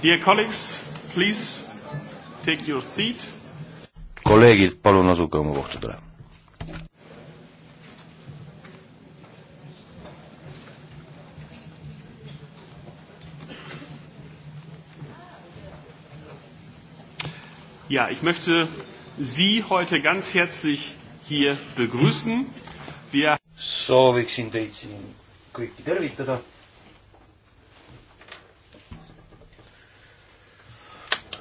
Dear colleagues, please take your seat. kolleegid, palun asuge oma kohtadele. Ja, ich möchte Sie heute ganz herzlich hier begrüßen. Wir sooviksin teid siin kõiki tervitada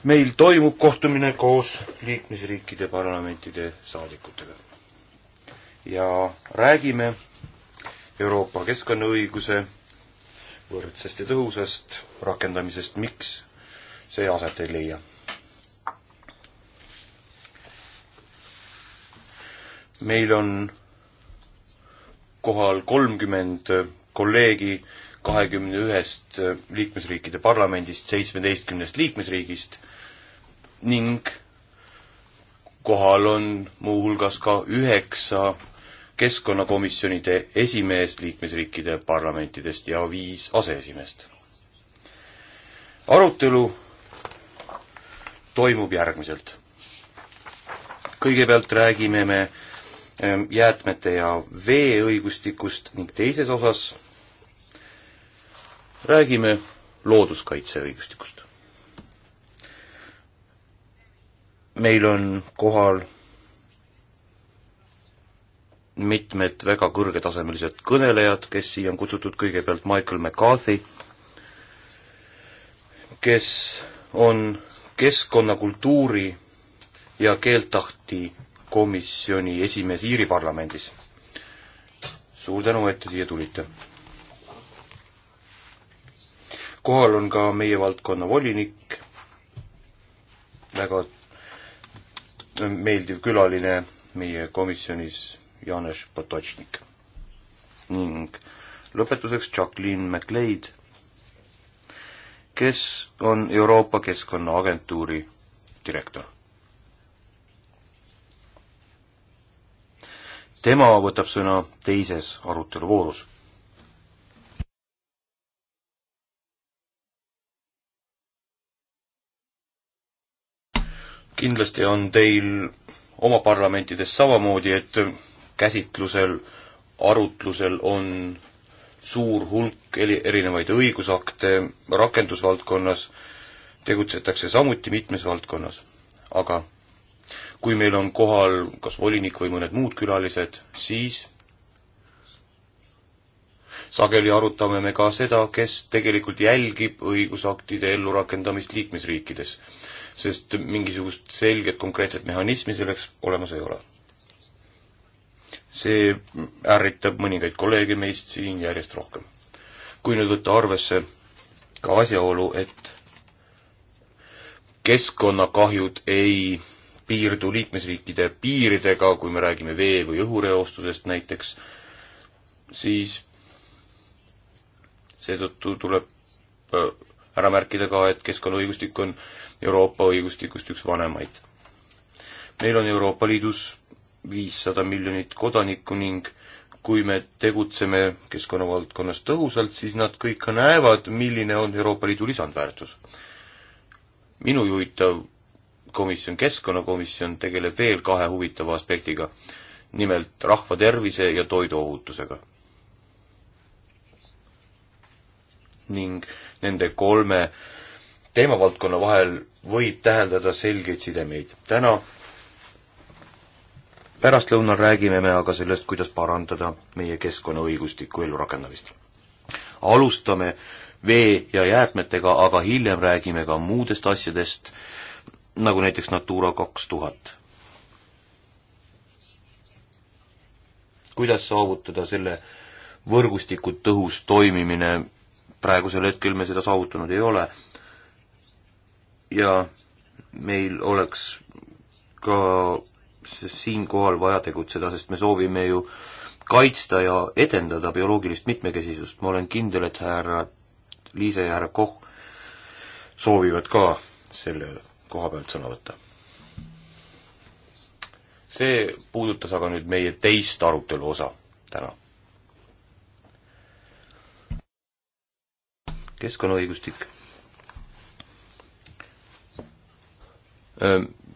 meil toimub kohtumine koos liikmesriikide parlamentide saadikutega. ja räägime Euroopa keskkonnaõiguse võrdsest ja tõhusast rakendamisest, miks see aset ei leia. meil on kohal kolmkümmend kolleegi kahekümne ühest liikmesriikide parlamendist, seitsmeteistkümnest liikmesriigist ning kohal on muuhulgas ka üheksa keskkonnakomisjonide esimeest liikmesriikide parlamentidest ja viis aseesimeest. arutelu toimub järgmiselt. kõigepealt räägime me ehm, jäätmete ja veeõigustikust ning teises osas räägime looduskaitseõigustikust. meil on kohal mitmed väga kõrgetasemelised kõnelejad, kes siia on kutsutud, kõigepealt Michael McCarthy, kes on keskkonnakultuuri ja keeltahti komisjoni esimees Iiri parlamendis. suur tänu, et te siia tulite. kohal on ka meie valdkonna volinik, väga meeldiv külaline meie komisjonis Janes Potočnik. ning lõpetuseks Jacqueline MacLeod, kes on Euroopa Keskkonnaagentuuri direktor. tema võtab sõna teises aruteluvoorus kindlasti on teil oma parlamentides samamoodi, et käsitlusel, arutlusel on suur hulk erinevaid õigusakte, rakendusvaldkonnas tegutsetakse samuti mitmes valdkonnas, aga kui meil on kohal kas volinik või mõned muud külalised, siis sageli arutame me ka seda, kes tegelikult jälgib õigusaktide ellurakendamist liikmesriikides sest mingisugust selget konkreetset mehhanismi selleks olemas ei ole. see ärritab mõningaid kolleege meist siin järjest rohkem. kui nüüd võtta arvesse ka asjaolu, et keskkonnakahjud ei piirdu liikmesriikide piiridega, kui me räägime vee- või õhureostusest näiteks, siis seetõttu tuleb äh, ära märkida ka, et keskkonnaõigustik on Euroopa õigustikust üks vanemaid. meil on Euroopa Liidus viissada miljonit kodanikku ning kui me tegutseme keskkonnavaldkonnas tõhusalt, siis nad kõik ka näevad, milline on Euroopa Liidu lisandväärtus. minu juhitav komisjon, keskkonnakomisjon tegeleb veel kahe huvitava aspektiga, nimelt rahva tervise ja toiduohutusega. ning nende kolme teemavaldkonna vahel võib täheldada selgeid sidemeid. täna pärastlõunal räägime me aga sellest, kuidas parandada meie keskkonnaõigustiku ellurakendamist. alustame vee ja jäätmetega, aga hiljem räägime ka muudest asjadest, nagu näiteks Natura kaks tuhat. kuidas saavutada selle võrgustiku tõhus toimimine praegusel hetkel me seda saavutanud ei ole. ja meil oleks ka siinkohal vaja tegutseda, sest me soovime ju kaitsta ja edendada bioloogilist mitmekesisust, ma olen kindel, et härra Liise ja härra Koch soovivad ka selle koha pealt sõna võtta. see puudutas aga nüüd meie teist arutelu osa täna keskkonnaõigustik.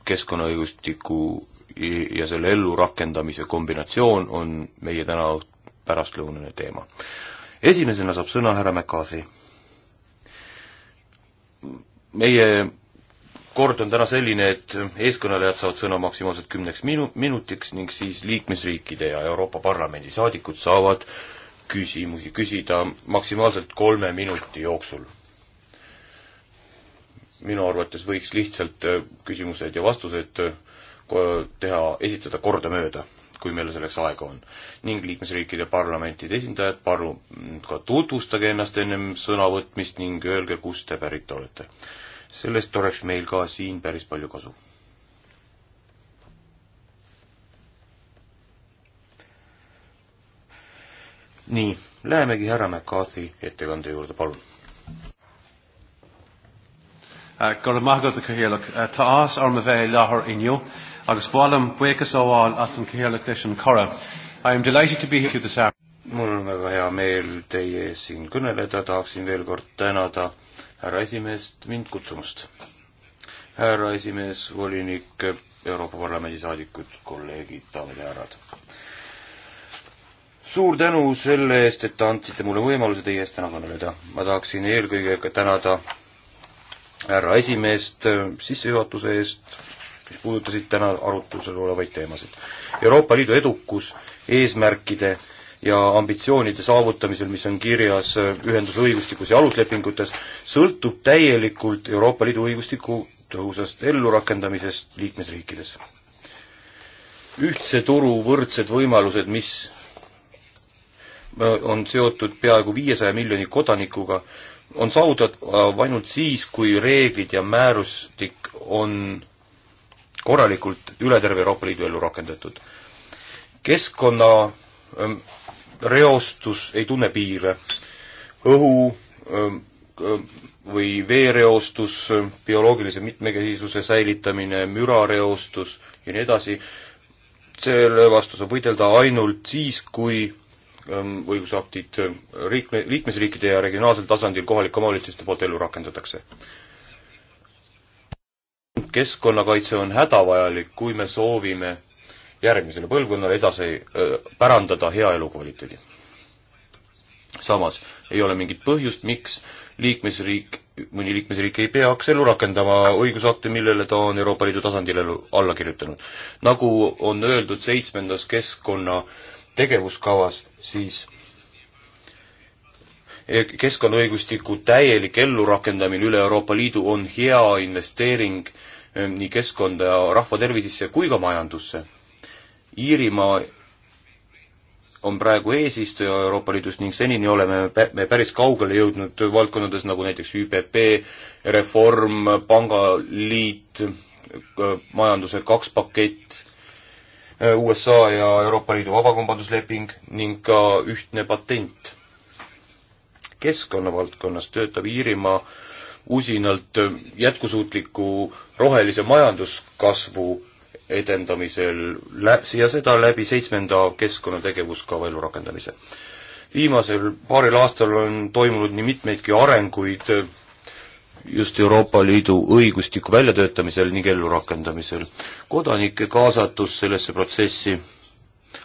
keskkonnaõigustiku ja selle ellurakendamise kombinatsioon on meie täna pärastlõunane teema. esimesena saab sõna härra McCarthy. meie kord on täna selline, et eeskõnelejad saavad sõna maksimaalselt kümneks minu-, minutiks ning siis liikmesriikide ja Euroopa Parlamendi saadikud saavad äh, küsimusi küsida maksimaalselt kolme minuti jooksul. minu arvates võiks lihtsalt äh, küsimused ja vastused äh, teha, esitada kordamööda, kui meil selleks aega on. ning liikmesriikide parlamentide esindajad, palun mm, ka tutvustage ennast ennem sõnavõtmist ning öelge, kust te pärit olete. sellest oleks meil ka siin päris palju kasu nii, lähemegi härra McCarthy ettekande juurde, palun. Gor magad y cyhyrlwg, taas ar my fe lahor inio, agus bwalam bwecas o wal as yn cyhyrlwg leis yn cora. I am delighted to be here this hour. mul on väga hea meel teie ees siin kõneleda, tahaksin veel kord tänada härra esimeest mind kutsumast. härra esimees, volinik, Euroopa Parlamendi saadikud, kolleegid, daamid ja härrad suur tänu selle eest, et andsite mulle võimaluse teie eest täna kõneleda. ma tahaksin eelkõige ka tänada härra esimeest äh, sissejuhatuse eest, mis puudutasid täna arutlusel olevaid teemasid. Euroopa Liidu edukus eesmärkide ja ambitsioonide saavutamisel, mis on kirjas äh, ühenduse õigustikus ja aluslepingutes, sõltub täielikult Euroopa Liidu õigustiku tõhusast ellurakendamisest liikmesriikides. ühtse turu võrdsed võimalused, mis on seotud peaaegu viiesaja miljoni kodanikuga, on saavutatav ainult siis, kui reeglid ja määrustik on korralikult üle terve Euroopa Liidu ellu rakendatud. keskkonna ähm, reostus ei tunne piire, õhu ähm, ähm, või veereostus, bioloogilise mitmekesisuse säilitamine, mürareostus ja nii edasi, selle vastu saab võidelda ainult siis, kui Ähm, õigusaktid äh, riikme, liikmesriikide ja regionaalsel tasandil kohalike omavalitsuste poolt ellu rakendatakse. keskkonnakaitse on hädavajalik, kui me soovime järgmisele põlvkonnale edasi äh, pärandada hea elukvaliteedi. samas ei ole mingit põhjust, miks liikmesriik, mõni liikmesriik ei peaks ellu rakendama õigusakte, millele ta on Euroopa Liidu tasandil ellu alla kirjutanud. nagu on öeldud seitsmendas keskkonna äh, tegevuskavas, siis e, keskkonnaõigustiku täielik ellurakendamine üle Euroopa Liidu on hea investeering e, nii keskkonda ja rahva tervisesse kui ka majandusse. Iirimaa on praegu eesistuja Euroopa Liidus ning senini oleme me päris kaugele jõudnud valdkondades nagu näiteks ÜPP, reform, pangaliit, majanduse kaks pakett Äh, USA ja Euroopa Liidu vabakaubandusleping ning ka ühtne patent. keskkonnavaldkonnas töötab Iirimaa usinalt jätkusuutliku rohelise majanduskasvu edendamisel lä-, ja seda läbi seitsmenda keskkonnategevuskava elurakendamise. viimasel paaril aastal on toimunud nii mitmeidki arenguid just Euroopa Liidu õigustiku väljatöötamisel ning ellurakendamisel. kodanike kaasatus sellesse protsessi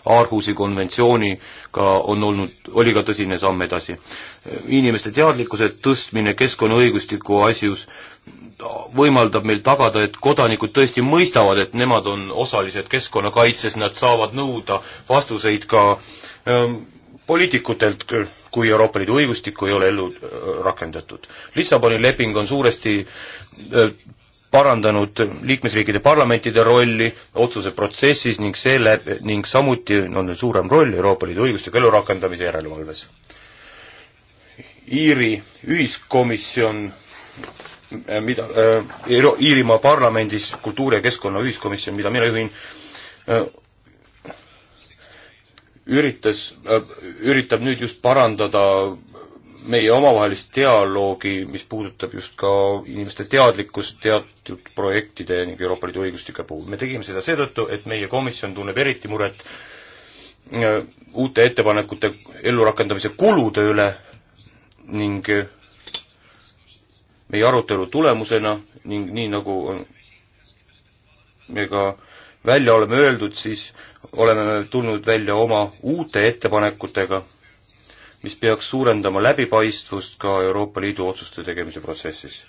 Aarhusi konventsiooniga on olnud, oli ka tõsine samm edasi. inimeste teadlikkuse tõstmine keskkonnaõigustiku asjus võimaldab meil tagada, et kodanikud tõesti mõistavad, et nemad on osalised keskkonnakaitses, nad saavad nõuda vastuseid ka ähm, poliitikutelt, kui Euroopa Liidu õigustikku ei ole ellu äh, rakendatud. Lissaboni leping on suuresti äh, parandanud liikmesriikide parlamentide rolli otsuse protsessis ning selle, ning samuti on neil suurem roll Euroopa Liidu õigustikku ellu rakendamise järelevalves. Iiri ühiskomisjon äh, mida äh, Iirimaa parlamendis kultuuri- ja keskkonnaühiskomisjon, mida mina juhin äh,, üritas, äh, üritab nüüd just parandada meie omavahelist dialoogi, mis puudutab just ka inimeste teadlikkust teatud projektide ning Euroopa Liidu õigustike puhul. me tegime seda seetõttu, et meie komisjon tunneb eriti muret äh, uute ettepanekute ellurakendamise kulude üle ning äh, meie arutelu tulemusena ning nii, nagu on me ka välja oleme öeldud, siis oleme me tulnud välja oma uute ettepanekutega, mis peaks suurendama läbipaistvust ka Euroopa Liidu otsuste tegemise protsessis.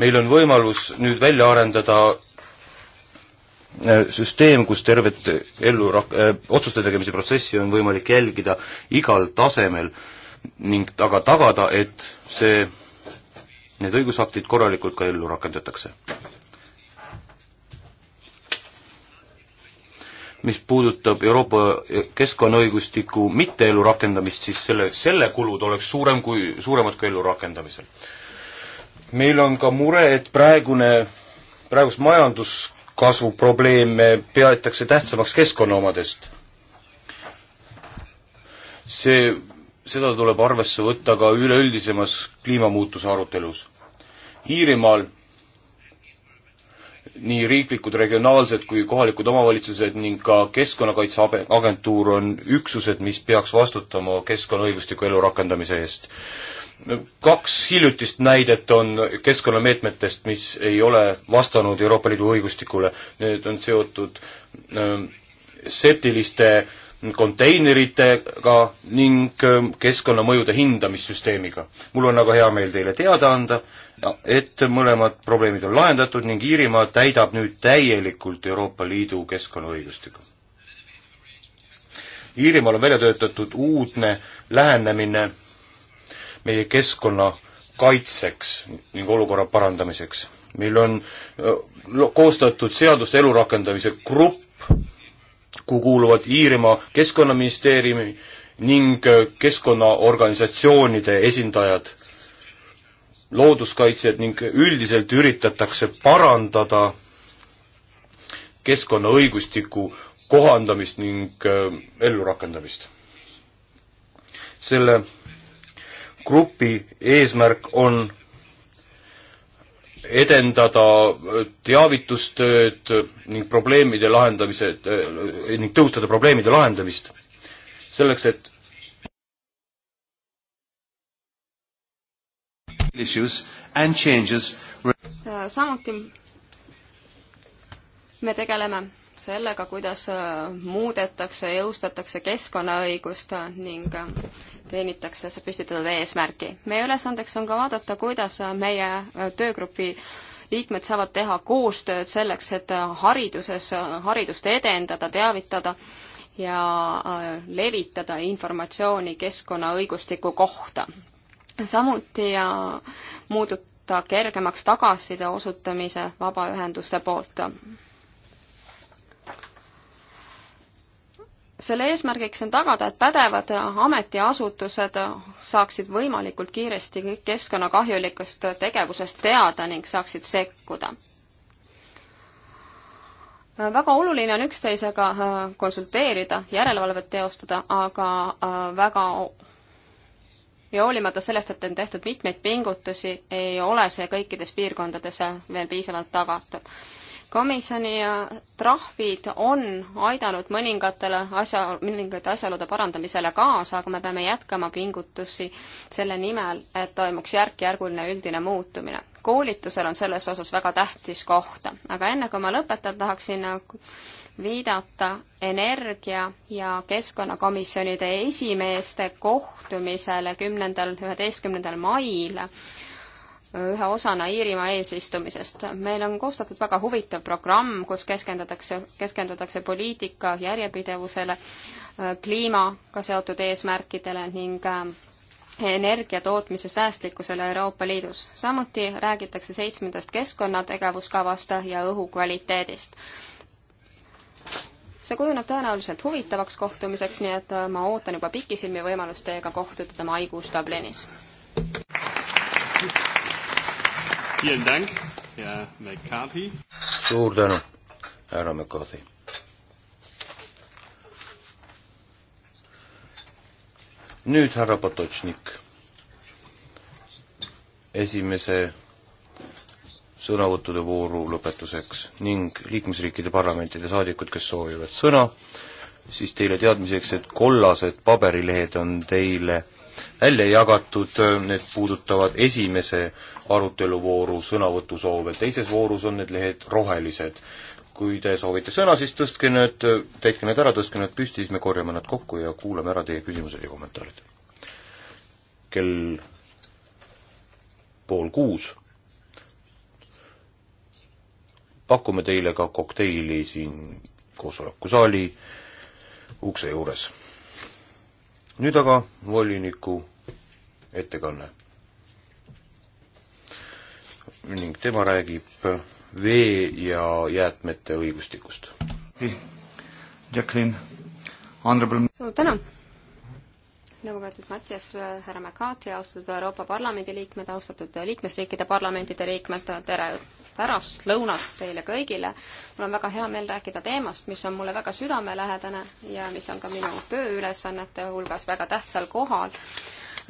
meil on võimalus nüüd välja arendada Äh, süsteem, kus tervet ellu rak-, äh, otsuste tegemise protsessi on võimalik jälgida igal tasemel ning aga tagada, et see, need õigusaktid korralikult ka ellu rakendatakse. mis puudutab Euroopa keskkonnaõigustiku mitte elu rakendamist, siis selle, selle kulud oleks suurem kui, suuremad kui elu rakendamisel. meil on ka mure, et praegune, praegust majandus kasvuprobleeme peetakse tähtsamaks keskkonna omadest. see, seda tuleb arvesse võtta ka üleüldisemas kliimamuutuse arutelus. Iirimaal nii riiklikud, regionaalsed kui kohalikud omavalitsused ning ka Keskkonnakaitseagentuur on üksused, mis peaks vastutama keskkonnaõigustiku elu rakendamise eest kaks hiljutist näidet on keskkonnameetmetest, mis ei ole vastanud Euroopa Liidu õigustikule. Need on seotud ähm, septiliste konteineritega ning ähm, keskkonnamõjude hindamissüsteemiga. mul on aga hea meel teile teada anda, et mõlemad probleemid on lahendatud ning Iirimaa täidab nüüd täielikult Euroopa Liidu keskkonnaõigustikku. Iirimaal on välja töötatud uudne lähenemine meie keskkonna kaitseks ning olukorra parandamiseks. meil on koostatud seaduste elurakendamise grupp, kuhu kuuluvad Iirimaa keskkonnaministeeriumi ning keskkonnaorganisatsioonide esindajad, looduskaitsjad ning üldiselt üritatakse parandada keskkonnaõigustiku kohandamist ning ellurakendamist. selle grupi eesmärk on edendada teavitustööd ning probleemide lahendamise, äh, ning tõhustada probleemide lahendamist, selleks et issues and changes samuti me tegeleme sellega, kuidas äh, muudetakse, jõustatakse keskkonnaõigust äh, ning äh, teenitakse see püstitatud eesmärki. meie ülesandeks on ka vaadata, kuidas meie töögrupi liikmed saavad teha koostööd selleks, et hariduses, haridust edendada, teavitada ja levitada informatsiooni keskkonnaõigustiku kohta. samuti muuduta kergemaks tagasiside osutamise vabaühenduste poolt selle eesmärgiks on tagada, et pädevad ametiasutused saaksid võimalikult kiiresti keskkonnakahjulikust tegevusest teada ning saaksid sekkuda. väga oluline on üksteisega äh, konsulteerida, järelevalvet teostada, aga äh, väga ja hoolimata sellest, et on tehtud mitmeid pingutusi, ei ole see kõikides piirkondades äh, veel piisavalt tagatud komisjoni äh, trahvid on aidanud mõningatele asja, mõningate asjaolude parandamisele kaasa, aga me peame jätkama pingutusi selle nimel, et toimuks järk-järguline üldine muutumine. koolitusel on selles osas väga tähtis koht, aga enne kui ma lõpetan, tahaksin äh, viidata energia- ja keskkonnakomisjonide esimeeste kohtumisele kümnendal, üheteistkümnendal mail ühe osana Iirimaa eesistumisest. meil on koostatud väga huvitav programm, kus keskendutakse, keskendutakse poliitika järjepidevusele, äh, kliimaga seotud eesmärkidele ning äh, energia tootmise säästlikkusele Euroopa Liidus. samuti räägitakse seitsmendast keskkonnategevuskavast ja õhukvaliteedist. see kujuneb tõenäoliselt huvitavaks kohtumiseks, nii et äh, ma ootan juba pikisilmi võimalust teiega kohtuda maikuus Dublinis. Vielen Dank, Herr McCarthy. suur tänu, härra McCarthy. nüüd härra Potočnik. esimese sõnavõttude vooru lõpetuseks ning liikmesriikide parlamentide saadikud, kes soovivad sõna, siis teile teadmiseks, et kollased paberilehed on teile välja jagatud, äh, need puudutavad esimese aruteluvooru sõnavõtusoove, teises voorus on need lehed rohelised. kui te soovite sõna, siis tõstke need, äh, täitke need ära, tõstke need püsti, siis me korjame nad kokku ja kuulame ära teie küsimused ja kommentaarid. kell pool kuus pakume teile ka kokteili siin koosolekusaali ukse juures. nüüd aga voliniku ettekanne. ning tema räägib vee ja jäätmete õigustikust. Jacqueline, honorable suur tänu! lugupeetud Mattias, härra Mäkati, austatud Euroopa Parlamendi liikmed, austatud liikmesriikide parlamentide liikmed, tere pärastlõunat teile kõigile! mul on väga hea meel rääkida teemast, mis on mulle väga südamelähedane ja mis on ka minu tööülesannete hulgas väga tähtsal kohal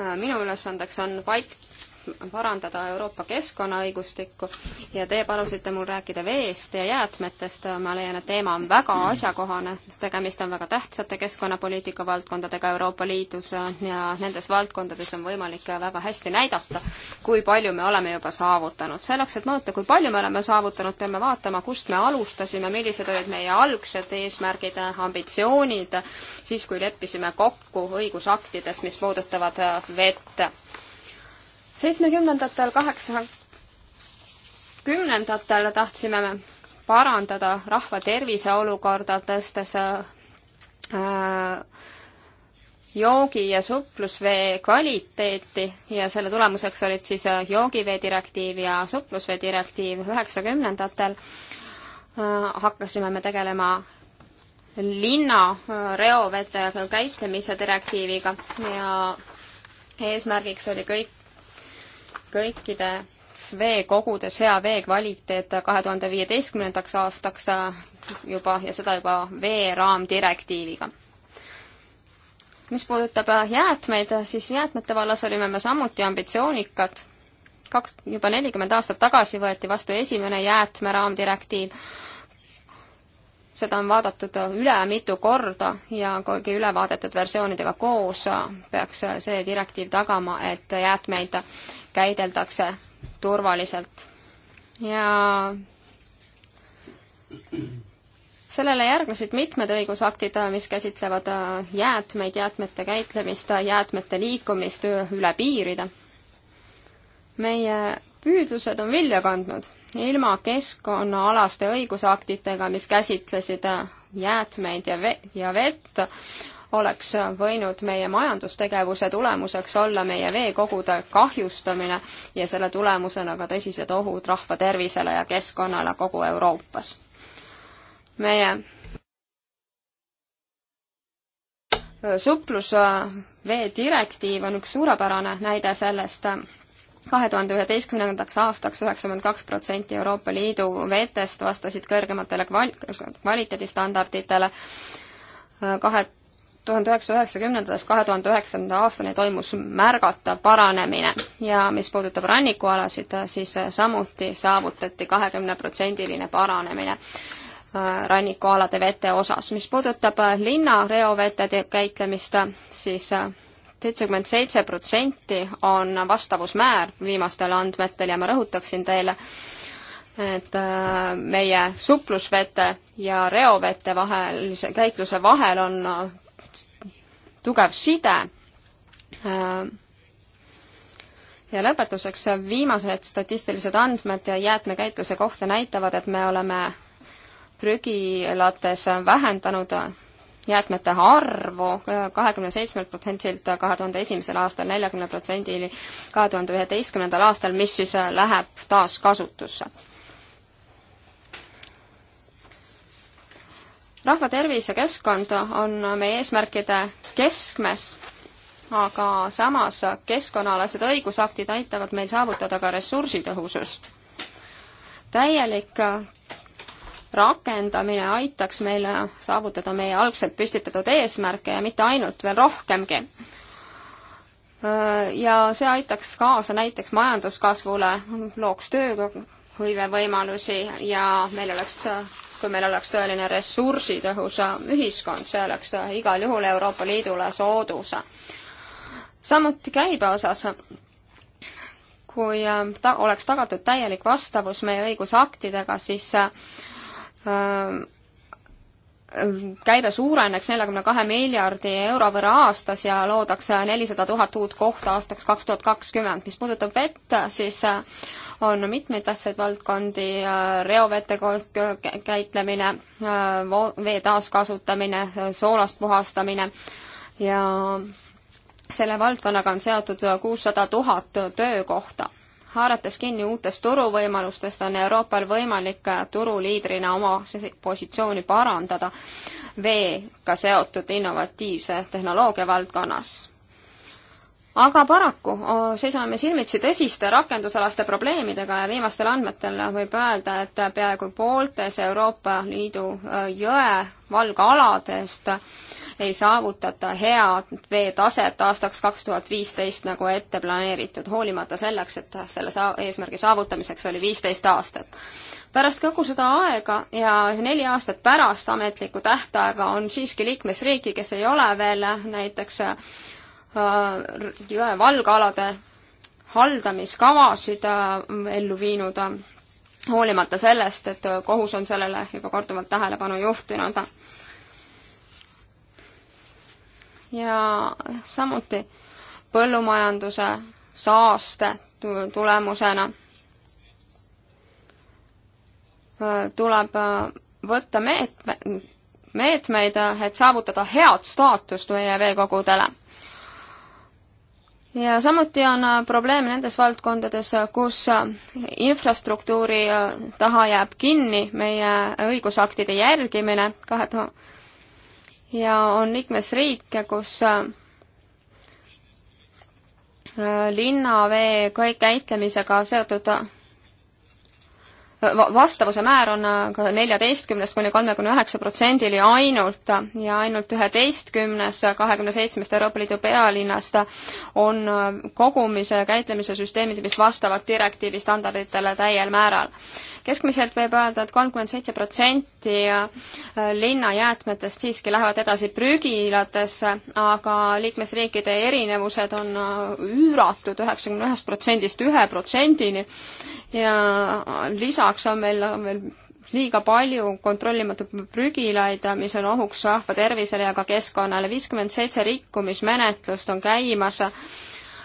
Äh, minu ülesandeks on vaik-, parandada Euroopa keskkonnaõigustikku ja te palusite mul rääkida veest ja jäätmetest. ma leian, et teema on väga asjakohane, tegemist on väga tähtsate keskkonnapoliitika valdkondadega Euroopa Liidus ja nendes valdkondades on võimalik väga hästi näidata, kui palju me oleme juba saavutanud. selleks, et mõõta, kui palju me oleme saavutanud, peame vaatama, kust me alustasime, millised olid meie algsed eesmärgid, ambitsioonid, siis kui leppisime kokku õigusaktides, mis puudutavad vett seitsmekümnendatel, kaheksakümnendatel tahtsime me parandada rahva tervise olukorda, tõstes äh, äh, joogi- ja suplusvee kvaliteeti ja selle tulemuseks olid siis äh, joogivee direktiiv ja suplusvee direktiiv üheksakümnendatel äh,. hakkasime me tegelema linna äh, reovete käitlemise direktiiviga ja eesmärgiks oli kõik kõikides veekogudes hea vee kvaliteet kahe tuhande viieteistkümnendaks aastaks juba ja seda juba veeraamdirektiiviga. mis puudutab jäätmeid, siis jäätmete vallas olime me samuti ambitsioonikad. kaks, juba nelikümmend aastat tagasi võeti vastu esimene jäätmeraamdirektiiv seda on vaadatud üle mitu korda ja kuigi ülevaadatud versioonidega koos peaks see direktiiv tagama, et jäätmeid käideldakse turvaliselt. ja sellele järgnesid mitmed õigusaktid, mis käsitlevad äh, jäätmeid, jäätmete käitlemist, jäätmete liikumist üle piiride. meie püüdlused on vilja kandnud. ilma keskkonnaalaste õigusaktidega, mis käsitlesid äh, jäätmeid ja ve-, ja vett, oleks võinud meie majandustegevuse tulemuseks olla meie veekogude kahjustamine ja selle tulemusena ka tõsised ohud rahva tervisele ja keskkonnale kogu Euroopas. meie suplusvee äh, direktiiv on üks suurepärane näide sellest, kahe tuhande üheteistkümnendaks aastaks üheksakümmend kaks protsenti Euroopa Liidu veetest vastasid kõrgematele kval-, kvaliteedistandarditele, kahe tuhande üheksasaja üheksakümnendast kahe tuhande üheksanda aastani toimus märgatav paranemine ja mis puudutab rannikualasid, siis samuti saavutati kahekümneprotsendiline paranemine äh, rannikualade vete osas. mis puudutab äh, linna reovete käitlemist, siis äh, seitsekümmend seitse protsenti on vastavusmäär viimastel andmetel ja ma rõhutaksin teile, et meie suplusvete ja reovete vahel, käitluse vahel on tugev side. Äh, ja lõpetuseks viimased statistilised andmed jäätmekäitluse kohta näitavad, et me oleme prügilates vähendanud jäätmete arvu kahekümne seitsmelt protsendilt kahe tuhande esimesel aastal neljakümne protsendini kahe tuhande üheteistkümnendal aastal, mis siis läheb taaskasutusse rahvatervis ja keskkond on meie eesmärkide keskmes, aga samas keskkonnaalased õigusaktid aitavad meil saavutada ka ressursitõhusust. täielik rakendamine aitaks meil saavutada meie algselt püstitatud eesmärke ja mitte ainult, veel rohkemgi. Ja see aitaks kaasa näiteks majanduskasvule, looks tööga hõivevõimalusi ja meil oleks kui meil oleks tõeline ressursitõhus ühiskond, see oleks igal juhul Euroopa Liidule soodus. samuti käibe osas, kui äh, ta-, oleks tagatud täielik vastavus meie õigusaktidega, siis äh, äh käive suureneks neljakümne kahe miljardi euro võrra aastas ja loodakse nelisada tuhat uut kohta aastaks kaks tuhat kakskümmend. mis puudutab vett, siis äh, on mitmeid tähtsaid valdkondi, äh, reovete käitlemine, äh, vee taaskasutamine, äh, soolast puhastamine ja selle valdkonnaga on seotud kuussada tuhat töökohta haarates kinni uutest turuvõimalustest, on Euroopal võimalik turuliidrina oma positsiooni parandada veega seotud innovatiivse tehnoloogia valdkonnas aga paraku seisame silmitsi tõsiste rakendusalaste probleemidega ja viimastel andmetel võib öelda, et peaaegu pooltes Euroopa Liidu jõe valgealadest ei saavutata head veetaset aastaks kaks tuhat viisteist nagu ette planeeritud, hoolimata selleks, et selle saa-, eesmärgi saavutamiseks oli viisteist aastat. pärast kogu seda aega ja neli aastat pärast ametlikku tähtaega on siiski liikmesriiki, kes ei ole veel näiteks Äh, jõe valgalade haldamiskavasid äh, ellu viinud, äh, hoolimata sellest, et kohus on sellele juba korduvalt tähelepanu juhtinud. ja samuti põllumajanduse saaste tulemusena tuleb võtta meetme, meetmeid, et saavutada head staatust meie veekogudele ja samuti on äh, probleem nendes valdkondades, äh, kus äh, infrastruktuuri taha jääb kinni meie õigusaktide järgimine kahe tuhande ja on liikmesriike, kus linnavee käitlemisega seotud vastavuse määr on ka neljateistkümnest kuni kolmekümne üheksa protsendini ainult ja ainult üheteistkümnes kahekümne seitsmest Euroopa Liidu pealinnast on kogumise ja käitlemise süsteemid, mis vastavad direktiivi standarditele täiel määral. keskmiselt võib öelda et, et kolmkümmend seitse protsenti linnajäätmetest siiski lähevad edasi prügilatesse, aga liikmesriikide erinevused on üüratud üheksakümne ühest protsendist ühe protsendini ja lisaks on meil veel liiga palju kontrollimatu prügilaid, mis on ohuks rahva tervisele ja ka keskkonnale. viiskümmend seitse rikkumismenetlust on käimas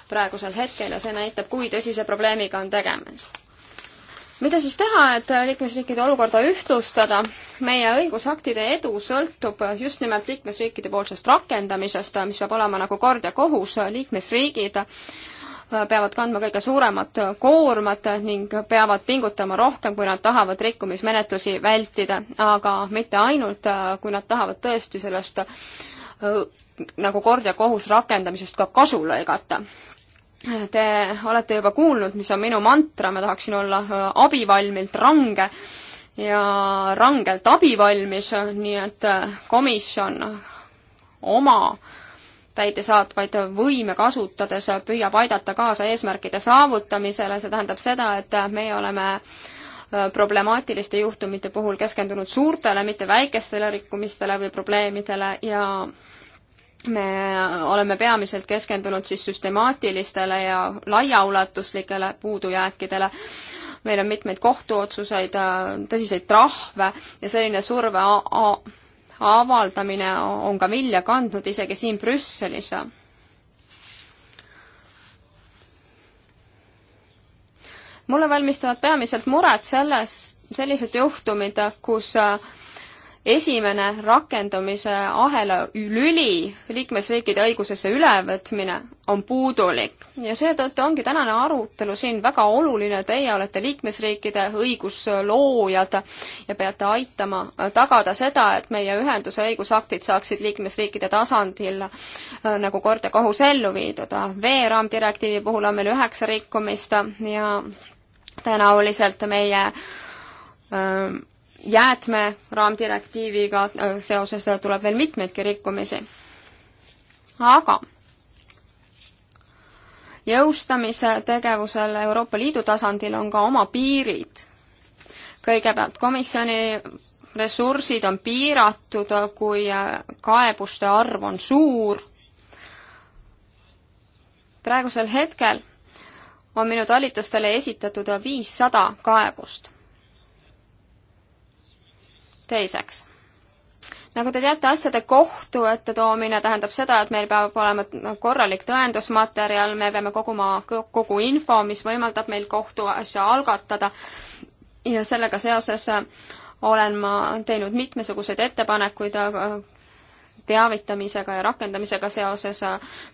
praegusel hetkel ja see näitab, kui tõsise probleemiga on tegemist. mida siis teha, et liikmesriikide olukorda ühtlustada? meie õigusaktide edu sõltub just nimelt liikmesriikide poolsest rakendamisest, mis peab olema nagu kord ja kohus, liikmesriigid peavad kandma kõige suuremat koormat ning peavad pingutama rohkem, kui nad tahavad rikkumismenetlusi vältida, aga mitte ainult, kui nad tahavad tõesti sellest äh, nagu kord ja kohus rakendamisest ka kasu lõigata. Te olete juba kuulnud, mis on minu mantra, ma tahaksin olla äh, abivalmilt range ja rangelt abivalmis, nii et äh, komisjon oma äh, täidesaatvaid võime kasutades püüab aidata kaasa eesmärkide saavutamisele, see tähendab seda, et meie oleme äh, problemaatiliste juhtumite puhul keskendunud suurtele, mitte väikestele rikkumistele või probleemidele ja me oleme peamiselt keskendunud siis süstemaatilistele ja laiaulatuslikele puudujääkidele meil on mitmeid kohtuotsuseid, äh, tõsiseid trahve ja selline surve avaldamine on ka vilja kandnud isegi siin Brüsselis. mulle valmistavad peamiselt muret selles, sellised juhtumid, kus äh, esimene rakendamise ahela lüli liikmesriikide õigusesse ülevõtmine on puudulik ja seetõttu ongi tänane arutelu siin väga oluline, teie olete liikmesriikide õigusloojad ja peate aitama tagada seda, et meie ühenduse õigusaktid saaksid liikmesriikide tasandil äh, nagu kord ja kohus ellu viidud. veeraamdirektiivi puhul on meil üheksa rikkumist ja tõenäoliselt meie öö, äh, jäätmeraamdirektiiviga seoses tuleb veel mitmeidki rikkumisi. aga jõustamise tegevusel Euroopa Liidu tasandil on ka oma piirid. kõigepealt komisjoni ressursid on piiratud, kui kaebuste arv on suur. praegusel hetkel on minu talitustele esitatud viissada kaebust teiseks, nagu te teate, asjade kohtu ette toomine tähendab seda, et meil peab olema korralik tõendusmaterjal, me peame koguma kogu info, mis võimaldab meil kohtuasja algatada ja sellega seoses olen ma teinud mitmesuguseid ettepanekuid teavitamisega ja rakendamisega seoses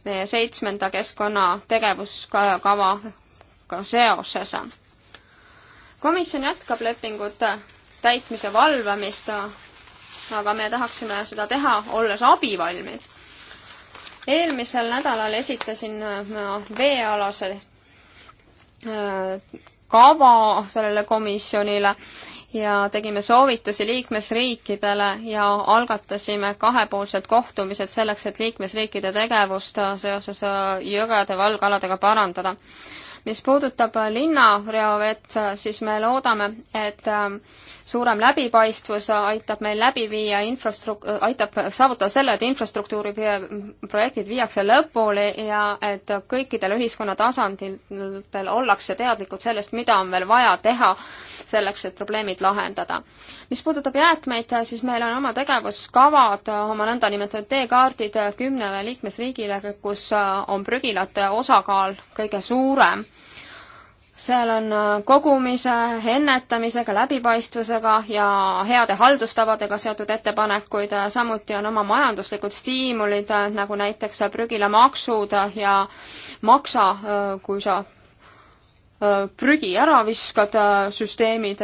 meie seitsmenda keskkonna tegevuskavaga seoses. komisjon jätkab lepingut täitmise valvamist, aga me tahaksime seda teha, olles abivalmid. eelmisel nädalal esitasin ma veealase äh, kava sellele komisjonile ja tegime soovitusi liikmesriikidele ja algatasime kahepoolsed kohtumised selleks, et liikmesriikide tegevust seoses äh, jõgede valgaladega parandada. mis puudutab linnareovett, siis me loodame, et äh, suurem läbipaistvus aitab meil läbi viia infrastruk-, äh, aitab saavutada selle, et infrastruktuuri projektid viiakse lõpule ja et kõikidel ühiskonna tasanditel ollakse teadlikud sellest, mida on veel vaja teha selleks, et probleemid lahendada. mis puudutab jäätmeid, siis meil on oma tegevuskavad, oma nõndanimetatud teekaardid kümnele liikmesriigile, kus on prügilate osakaal kõige suurem seal on äh, kogumise, ennetamisega, läbipaistvusega ja heade haldustavadega seotud ettepanekuid, äh, samuti on oma majanduslikud stiimulid, äh, nagu näiteks prügile maksud ja maksa, kui sa prügi ära viskad, süsteemid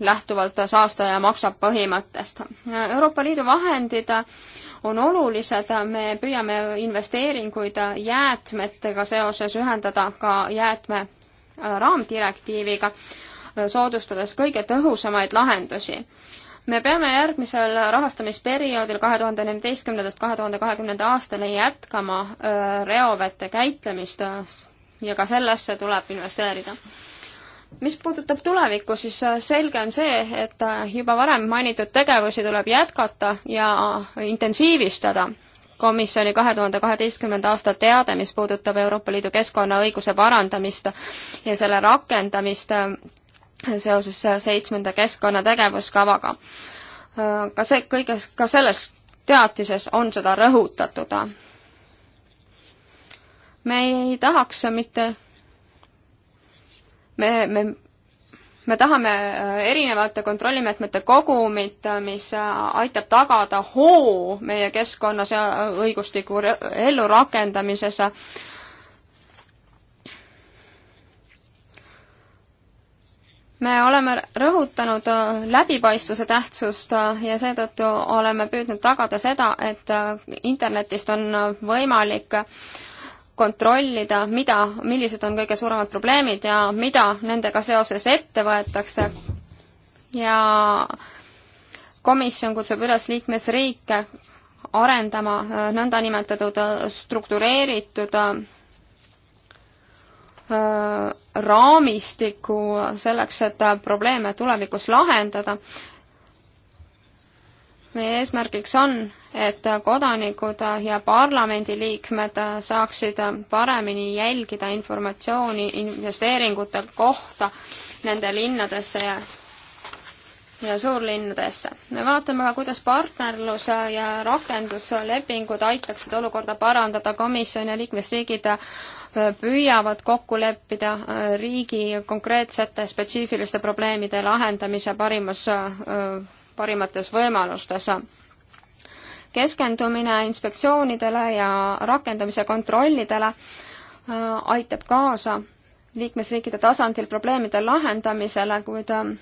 lähtuvalt saastaja maksab põhimõttest. Euroopa Liidu vahendid on olulised, me püüame investeeringuid jäätmetega seoses ühendada ka jäätme Äh, raamdirektiiviga, äh, soodustades kõige tõhusamaid lahendusi me peame järgmisel rahastamisperioodil kahe tuhande neljateistkümnendast kahe tuhande kahekümnenda aastani jätkama äh, reovete käitlemist ja ka sellesse tuleb investeerida. mis puudutab tulevikku, siis selge on see, et juba varem mainitud tegevusi tuleb jätkata ja intensiivistada komisjoni kahe tuhande kaheteistkümnenda aasta teade, mis puudutab Euroopa Liidu keskkonnaõiguse parandamist ja selle rakendamist äh, seoses äh, seitsmenda keskkonnategevuskavaga. Äh, ka see, kõiges, ka selles teatises on seda rõhutatud. me ei tahaks mitte me, me me tahame äh, erinevate kontrollimeetmete kogumit, äh, mis äh, aitab tagada hoo meie keskkonnas ja õigustiku ellurakendamises. me oleme rõhutanud läbipaistvuse tähtsust ja seetõttu oleme püüdnud tagada seda, et internetist on võimalik äh, kontrollida, mida, millised on kõige suuremad probleemid ja mida nendega seoses ette võetakse. ja komisjon kutsub üles liikmesriike arendama äh, nõndanimetatud äh, struktureeritud äh, raamistiku selleks, et probleeme tulevikus lahendada meie eesmärgiks on, et kodanikud ja parlamendiliikmed saaksid paremini jälgida informatsiooni investeeringute kohta nende linnadesse ja ja suurlinnadesse. me vaatame ka, kuidas partnerlus ja rakenduslepingud aitaksid olukorda parandada, komisjon ja liikmesriigid püüavad kokku leppida riigi konkreetsete spetsiifiliste probleemide lahendamise parimas parimates võimalustes. keskendumine inspektsioonidele ja rakendamise kontrollidele äh, aitab kaasa liikmesriikide tasandil probleemide lahendamisele, kuid äh,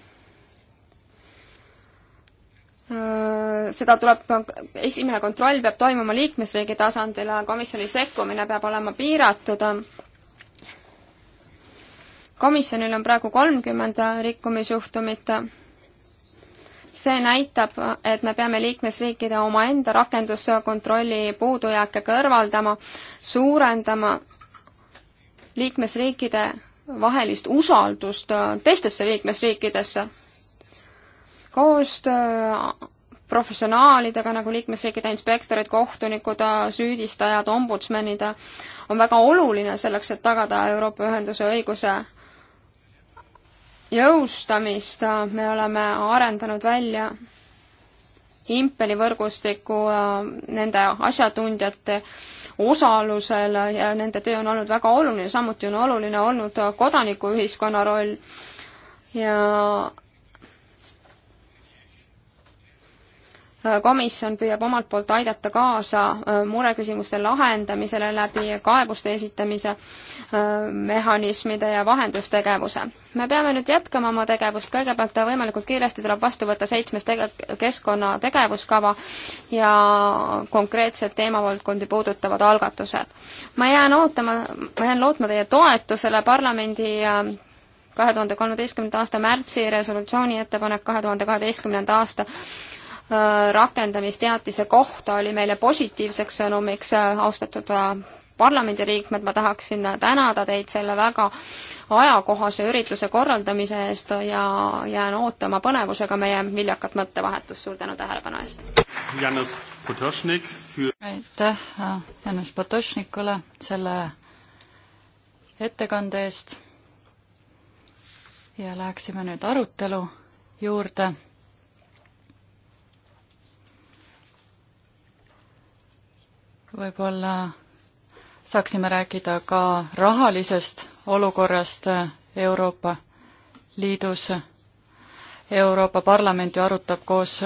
seda tuleb, esimene kontroll peab toimuma liikmesriigi tasandil ja komisjoni sekkumine peab olema piiratud. komisjonil on praegu kolmkümmend rikkumisjuhtumit see näitab, et me peame liikmesriikide omaenda rakenduskontrolli puudujääke kõrvaldama, suurendama liikmesriikide vahelist usaldust teistesse liikmesriikidesse. koostöö professionaalidega nagu liikmesriikide inspektorid, kohtunikud, süüdistajad, ombudsmanid on väga oluline selleks, et tagada Euroopa Ühenduse õiguse jõustamist me oleme arendanud välja Impeli võrgustiku äh, nende asjatundjate osalusel ja nende töö on olnud väga oluline, samuti on oluline olnud kodanikuühiskonna roll ja komisjon püüab omalt poolt aidata kaasa äh, mureküsimuste lahendamisele läbi kaebuste esitamise äh, mehhanismide ja vahendustegevuse. me peame nüüd jätkama oma tegevust, kõigepealt võimalikult kiiresti tuleb vastu võtta seitsmes tege-, keskkonna tegevuskava ja konkreetsed teemavaldkondi puudutavad algatused. ma jään ootama, ma jään lootma teie toetusele parlamendi äh, kahe tuhande kolmeteistkümnenda aasta märtsi resolutsiooni ettepanek kahe tuhande kaheteistkümnenda aasta Äh, rakendamisteatise kohta oli meile positiivseks sõnumiks, äh, austatud äh, parlamendiliikmed, ma tahaksin tänada teid selle väga ajakohase ürituse korraldamise eest ja jään ootama põnevusega meie viljakat mõttevahetust, suur tänu tähelepanu eest! aitäh Janis Potošnikule selle ettekande eest ja läheksime nüüd arutelu juurde võib-olla saaksime rääkida ka rahalisest olukorrast Euroopa Liidus. Euroopa Parlament ju arutab koos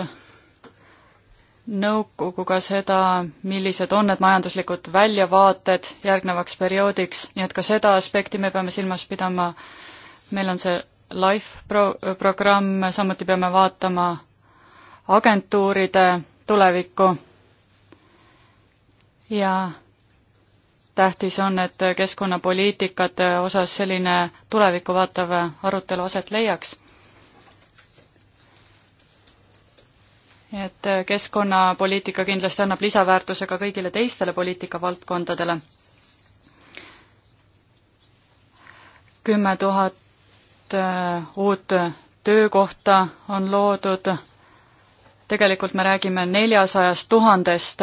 nõukoguga seda, millised on need majanduslikud väljavaated järgnevaks perioodiks, nii et ka seda aspekti me peame silmas pidama. meil on see LIFE pro-, programm, samuti peame vaatama agentuuride tulevikku ja tähtis on, et keskkonnapoliitikate äh, osas selline tulevikku vaatav äh, arutelu aset leiaks. et äh, keskkonnapoliitika kindlasti annab lisaväärtuse ka kõigile teistele poliitikavaldkondadele. kümme tuhat uut töökohta on loodud, tegelikult me räägime neljasajast tuhandest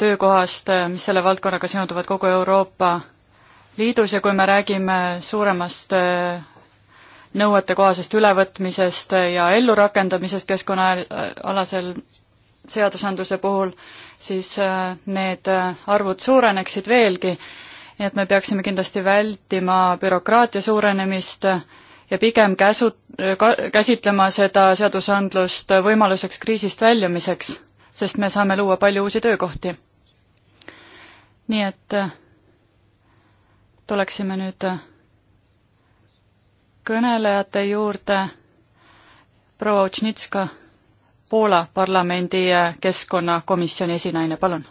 töökohast, äh, mis selle valdkonnaga seonduvad kogu Euroopa Liidus ja kui me räägime suuremast äh, nõuetekohasest ülevõtmisest äh, ja ellurakendamisest keskkonnaalasel seadusandluse puhul, siis need arvud suureneksid veelgi. nii et me peaksime kindlasti vältima bürokraatia suurenemist ja pigem käsu, käsitlema seda seadusandlust võimaluseks kriisist väljumiseks sest me saame luua palju uusi töökohti. nii et äh, tuleksime nüüd äh, kõnelejate juurde. proua Otsnitska, Poola parlamendi äh, keskkonnakomisjoni esinaine, palun.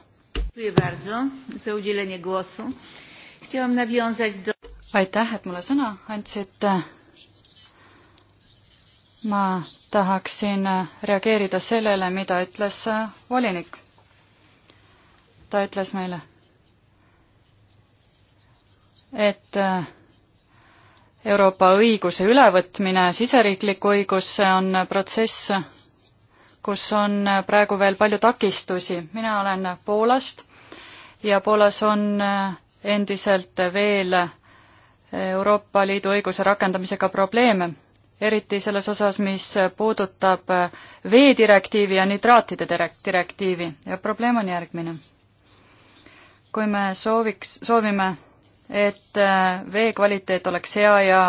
aitäh, et mulle sõna andsite ma tahaksin reageerida sellele, mida ütles volinik. ta ütles meile, et Euroopa õiguse ülevõtmine siseriiklikku õigusse on protsess, kus on praegu veel palju takistusi. mina olen Poolast ja Poolas on endiselt veel Euroopa Liidu õiguse rakendamisega probleeme eriti selles osas, mis puudutab veedirektiivi ja nitraatide direktiivi ja probleem on järgmine. kui me sooviks, soovime, et äh, vee kvaliteet oleks hea ja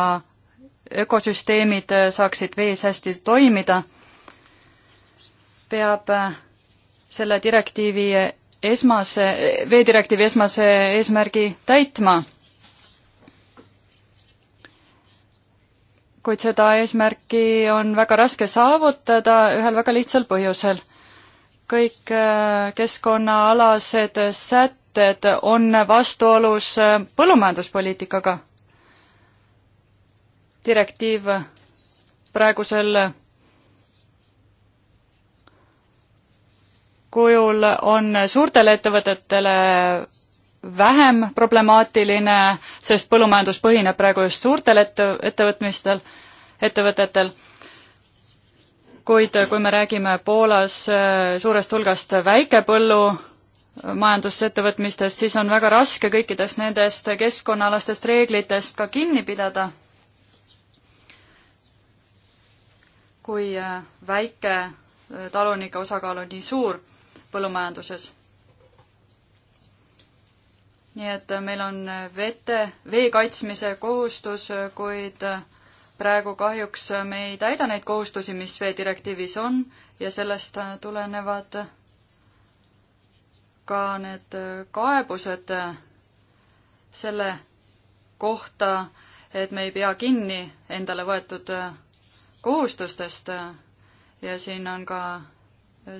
ökosüsteemid äh, saaksid vees hästi toimida, peab äh, selle direktiivi esmase, veedirektiivi esmase eesmärgi täitma kuid seda eesmärki on väga raske saavutada ühel väga lihtsal põhjusel. kõik äh, keskkonnaalased sätted on vastuolus äh, põllumajanduspoliitikaga. direktiiv praegusel kujul on suurtele ettevõtetele vähem problemaatiline, sest põllumajandus põhineb praegu just suurtel ette, ettevõtmistel, ettevõtetel, kuid kui me räägime Poolas eh, suurest hulgast väikepõllu eh, majandusettevõtmistest, siis on väga raske kõikidest nendest keskkonnaalastest reeglitest ka kinni pidada. kui eh, väike talunike osakaal on nii suur põllumajanduses nii et äh, meil on äh, vete, vee kaitsmise kohustus, äh, kuid praegu kahjuks me ei täida neid kohustusi, mis veedirektiivis on ja sellest tulenevad ka need kaebused selle kohta, et me ei pea kinni endale võetud kohustustest ja siin on ka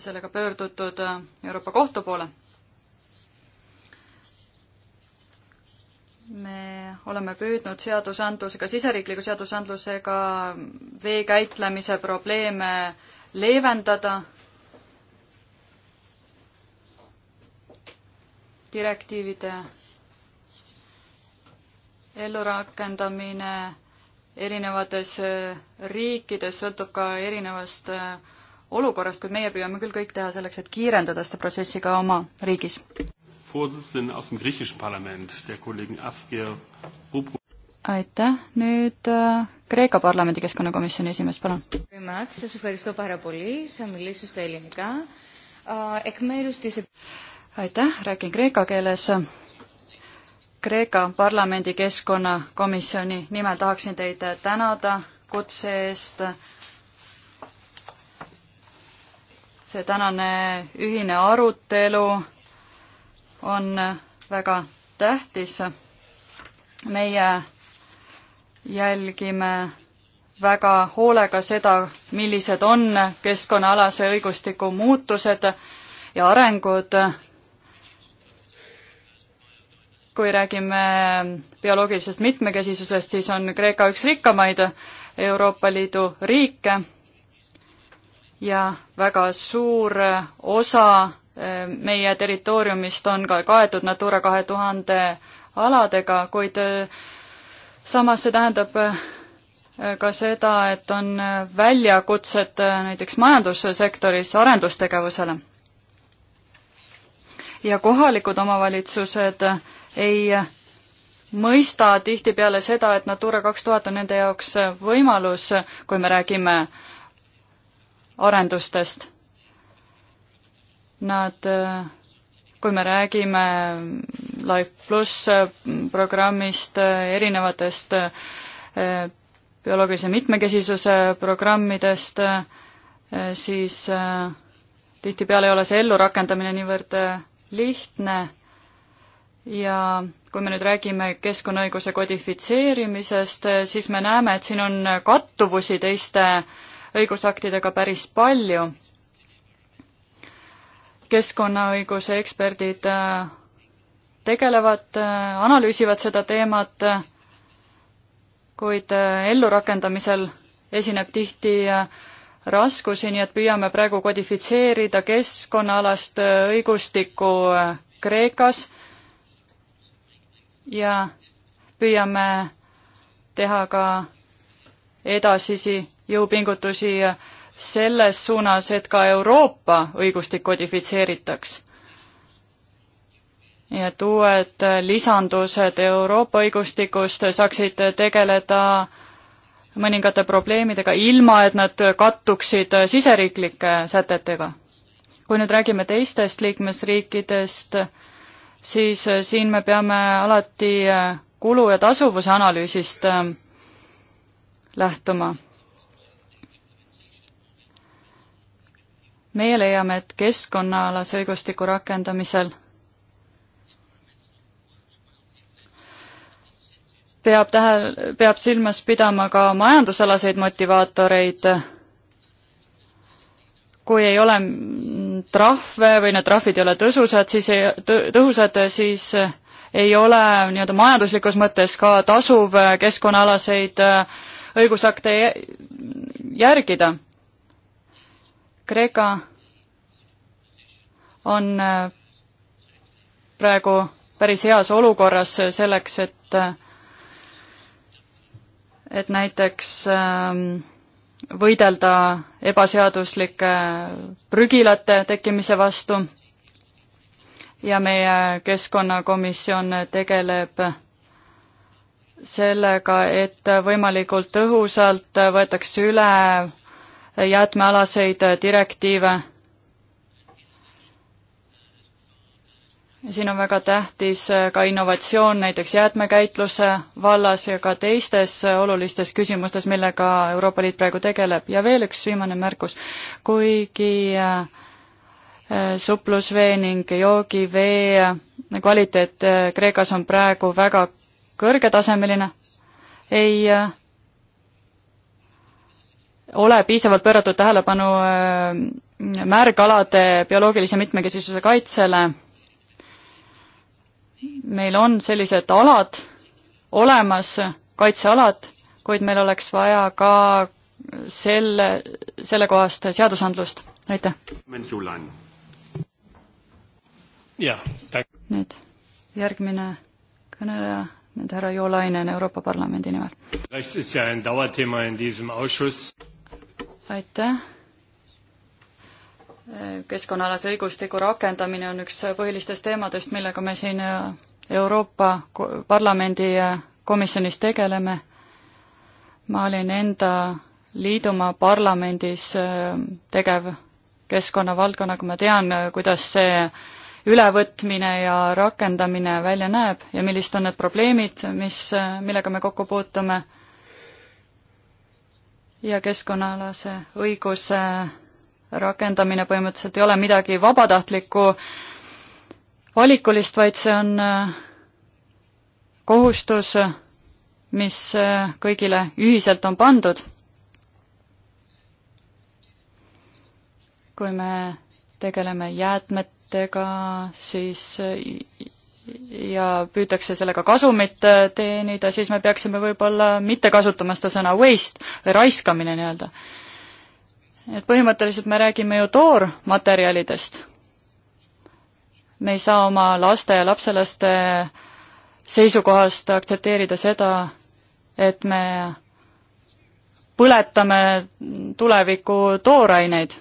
sellega pöördutud Euroopa Kohtu poole me oleme püüdnud seadusandlusega, siseriikliku seadusandlusega vee käitlemise probleeme leevendada. direktiivide ellurakendamine erinevates äh, riikides sõltub ka erinevast äh, olukorrast, kuid meie püüame küll kõik teha selleks, et kiirendada seda protsessi ka oma riigis. Vorsitzenden aus dem griechischen Parlament, der Kollegin Afgir Rupru. aitäh, nüüd äh, Kreeka parlamendi keskkonnakomisjoni esimees, palun. aitäh, räägin kreeka keeles. Kreeka parlamendi keskkonnakomisjoni nimel tahaksin teid tänada kutse eest see tänane ühine arutelu on väga tähtis. meie jälgime väga hoolega seda, millised on keskkonnaalase õigustiku muutused ja arengud. kui räägime bioloogilisest mitmekesisusest, siis on Kreeka üks rikkamaid Euroopa Liidu riike ja väga suur osa meie territooriumist on ka kaetud Natura kahe tuhande aladega, kuid äh, samas see tähendab äh, ka seda, et on äh, väljakutsed näiteks majandussektoris arendustegevusele. ja kohalikud omavalitsused ei mõista tihtipeale seda, et Natura kaks tuhat on nende jaoks võimalus, kui me räägime arendustest Nad, kui me räägime Life pluss programmist, erinevatest eh, bioloogilise mitmekesisuse programmidest, eh, siis eh, tihtipeale ei ole see ellurakendamine niivõrd lihtne ja kui me nüüd räägime keskkonnaõiguse kodifitseerimisest, siis me näeme, et siin on kattuvusi teiste õigusaktidega päris palju keskkonnaõiguse eksperdid äh, tegelevad, äh, analüüsivad seda teemat, äh, kuid ellurakendamisel esineb tihti raskusi, nii et püüame praegu kodifitseerida keskkonnaalast õigustikku Kreekas ja püüame teha ka edasisi jõupingutusi selles suunas, et ka Euroopa õigustik kodifitseeritaks. nii et uued lisandused Euroopa õigustikust saaksid tegeleda mõningate probleemidega, ilma et nad kattuksid siseriiklike sätetega. kui nüüd räägime teistest liikmesriikidest, siis siin me peame alati kulu ja tasuvuse analüüsist lähtuma meie leiame, et keskkonnaalase õigustiku rakendamisel peab tähe, peab silmas pidama ka majandusalaseid motivaatoreid, kui ei ole trahve või need trahvid ei ole tõsusad, siis ei, tõhusad, siis ei ole nii-öelda majanduslikus mõttes ka tasuv keskkonnaalaseid õigusakte järgida Kreeka on äh, praegu päris heas olukorras selleks, et äh, et näiteks ähm, võidelda ebaseaduslike prügilate tekkimise vastu ja meie keskkonnakomisjon tegeleb sellega, et võimalikult tõhusalt võetakse üle jäätmealaseid direktiive. siin on väga tähtis ka innovatsioon näiteks jäätmekäitluse vallas ja ka teistes olulistes küsimustes, millega Euroopa Liit praegu tegeleb. ja veel üks viimane märkus, kuigi äh, suplusvee ning joogivee kvaliteet äh, Kreekas on praegu väga kõrgetasemeline, ei äh, ole piisavalt pööratud tähelepanu äh, märgalade bioloogilise mitmekesisuse kaitsele. meil on sellised alad olemas, kaitsealad, kuid meil oleks vaja ka selle, sellekohast seadusandlust, aitäh. nüüd järgmine kõneleja nüüd härra Joolainen Euroopa Parlamendi nimel aitäh. keskkonnaalase õigustiku rakendamine on üks põhilistest teemadest, millega me siin äh, Euroopa Parlamendi äh, komisjonis tegeleme. ma olin enda liidumaa parlamendis äh, tegev keskkonnavaldkonna, kui ma tean, kuidas see ülevõtmine ja rakendamine välja näeb ja millised on need probleemid, mis, millega me kokku puutume ja keskkonnaalase õiguse rakendamine põhimõtteliselt ei ole midagi vabatahtlikku, valikulist, vaid see on äh, kohustus, mis äh, kõigile ühiselt on pandud. kui me tegeleme jäätmetega, siis äh, ja püütakse sellega kasumit äh, teenida, siis me peaksime võib-olla mitte kasutama seda sõna waste või raiskamine nii-öelda. et põhimõtteliselt me räägime ju toormaterjalidest. me ei saa oma laste ja lapselaste seisukohast aktsepteerida seda, et me põletame tuleviku tooraineid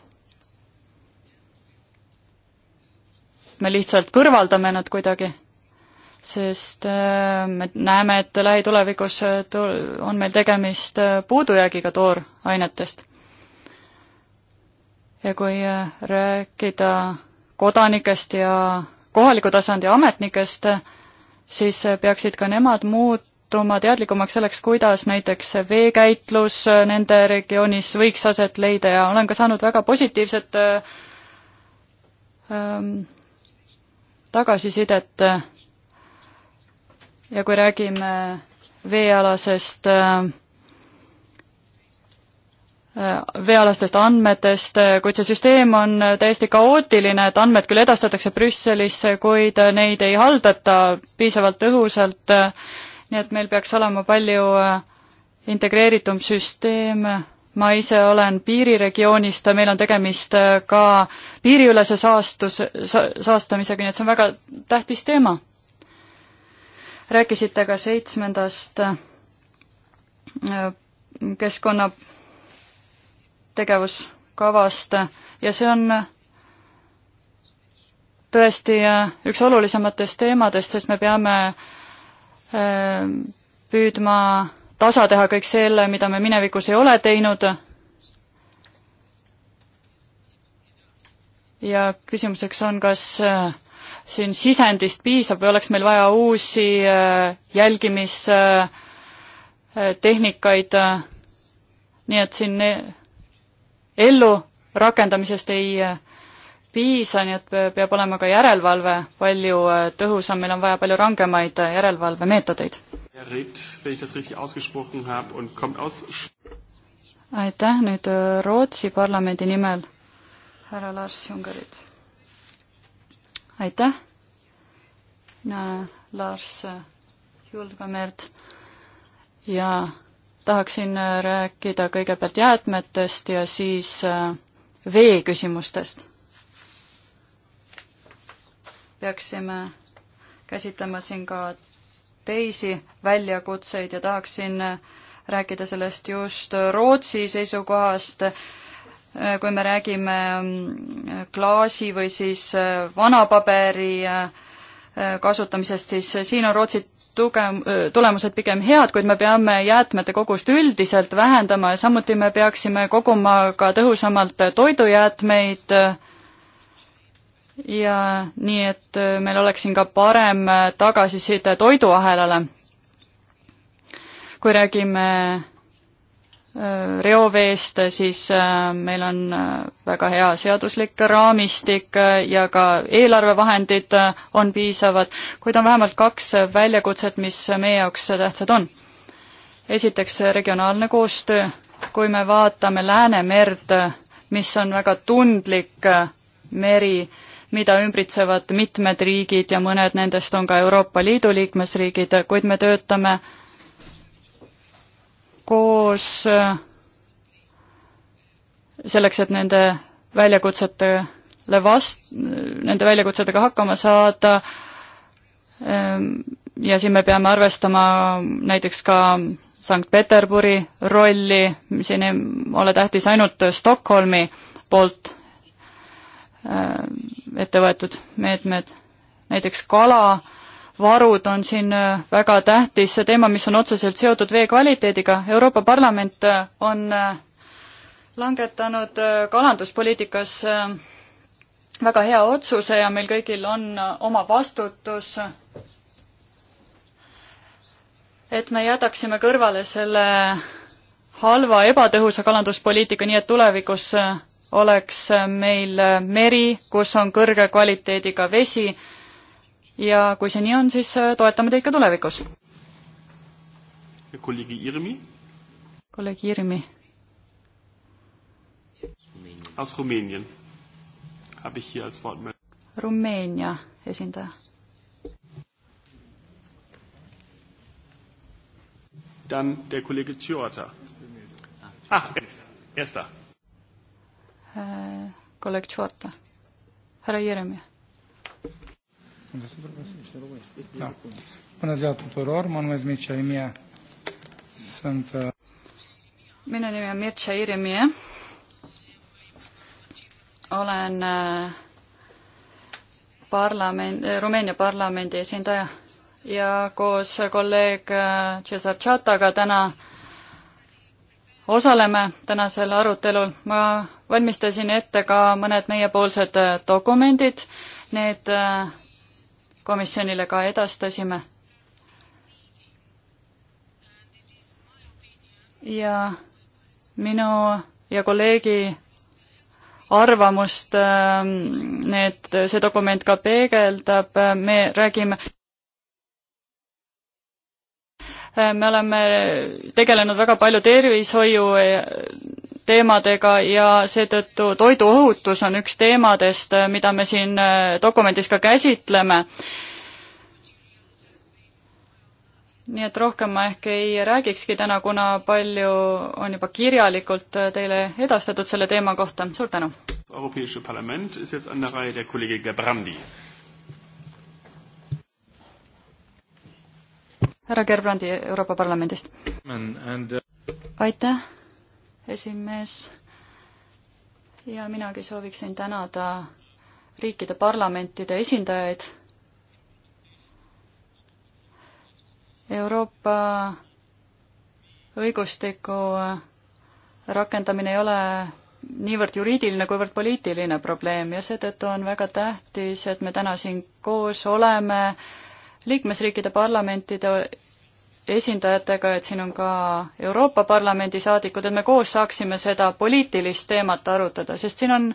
me lihtsalt kõrvaldame nad kuidagi sest äh, me näeme, et lähitulevikus äh, on meil tegemist äh, puudujäägiga toorainetest. ja kui rääkida kodanikest ja kohaliku tasandi ametnikest, siis peaksid ka nemad muutuma teadlikumaks selleks, kuidas näiteks veekäitlus nende regioonis võiks aset leida ja olen ka saanud väga positiivset ähm, tagasisidet äh, ja kui räägime veealasest äh, veealastest andmetest, kuid see süsteem on täiesti kaootiline, et andmed küll edastatakse Brüsselisse, kuid neid ei haldata piisavalt tõhusalt, nii et meil peaks olema palju äh, integreeritum süsteem, ma ise olen piiriregioonist, meil on tegemist äh, ka piiriülese saastus sa,, saastamisega, nii et see on väga tähtis teema rääkisite ka seitsmendast äh, keskkonna tegevuskavast ja see on tõesti äh, üks olulisematest teemadest, sest me peame äh, püüdma tasa teha kõik selle, mida me minevikus ei ole teinud. ja küsimuseks on, kas siin sisendist piisab või oleks meil vaja uusi äh, jälgimistehnikaid, äh, äh, nii et siin ellu rakendamisest ei piisa, nii et peab olema ka järelevalve palju tõhusam, meil on vaja palju rangemaid järelevalvemeetodeid. aitäh, nüüd Rootsi parlamendi nimel härra Lars Jungerit aitäh, Lars Julgemerd ja tahaksin rääkida kõigepealt jäätmetest ja siis äh, vee küsimustest. peaksime käsitlema siin ka teisi väljakutseid ja tahaksin äh, rääkida sellest just Rootsi seisukohast, Äh, kui me räägime mm, klaasi või siis äh, vanapaberi äh, kasutamisest, siis siin on Rootsi tugev, tulemused pigem head, kuid me peame jäätmete kogust üldiselt vähendama ja samuti me peaksime koguma ka tõhusamalt toidujäätmeid ja nii, et meil oleks siin ka parem tagasiside toiduahelale. kui räägime reoveest, siis äh, meil on äh, väga hea seaduslik raamistik äh, ja ka eelarvevahendid on piisavad, kuid on vähemalt kaks väljakutset, mis meie jaoks tähtsad on. esiteks regionaalne koostöö, kui me vaatame Läänemerd, mis on väga tundlik meri, mida ümbritsevad mitmed riigid ja mõned nendest on ka Euroopa Liidu liikmesriigid, kuid me töötame koos äh, selleks, et nende väljakutsetele vast-, nende väljakutsetega hakkama saada ähm, ja siin me peame arvestama näiteks ka Sankt-Peterburi rolli, siin ei ole tähtis ainult Stockholmi poolt äh, ette võetud meetmed, näiteks kala, varud on siin äh, väga tähtis teema, mis on otseselt seotud vee kvaliteediga. Euroopa Parlament äh, on äh, langetanud kalanduspoliitikas väga hea otsuse ja meil kõigil on oma vastutus, et me jätaksime kõrvale selle halva ebatõhusa kalanduspoliitika, nii et tulevikus oleks meil meri, kus on kõrge kvaliteediga vesi ja kui see nii on, siis äh, toetame teid ka tulevikus. kolleeg Irmi. kolleeg Irmi. Aus Rumänien habe ich hier als Wortmeldung. Rumeenia esindaja. Dann der Kollege Ciotta. Ah, erster. Äh, kolleeg Ciotta. Härra Jeremia. Da. Bună ziua tuturor, mă numesc Mircea Imie, sunt... Uh, Minu nimi on e Mircea Irmie, olen uh, parlament, uh, Rumeenia parlamendi esindaja ja koos kolleeg Cesar Chataga täna osaleme tänasel arutelul. ma valmistasin ette ka mõned meiepoolsed dokumendid, need komisjonile ka edastasime. ja minu ja kolleegi arvamust ähm, need, see dokument ka peegeldab, äh, me räägime äh, me oleme tegelenud väga palju tervishoiu äh, teemadega ja seetõttu toiduohutus on üks teemadest, mida me siin äh, dokumendis ka käsitleme. nii et rohkem ma ehk ei räägikski täna, kuna palju on juba kirjalikult äh, teile edastatud selle teema kohta, suur tänu! Europäische Parlament ist jetzt an der Reihe der Kollege Gabrandi. härra Gerbrandi Euroopa Parlamendist. Äh, aitäh! esimees ja minagi sooviksin tänada riikide parlamentide esindajaid. Euroopa õigustiku rakendamine ei ole niivõrd juriidiline, kuivõrd poliitiline probleem ja seetõttu on väga tähtis, et me täna siin koos oleme liikmesriikide parlamentide esindajatega, et siin on ka Euroopa Parlamendi saadikud, et me koos saaksime seda poliitilist teemat arutada, sest siin on,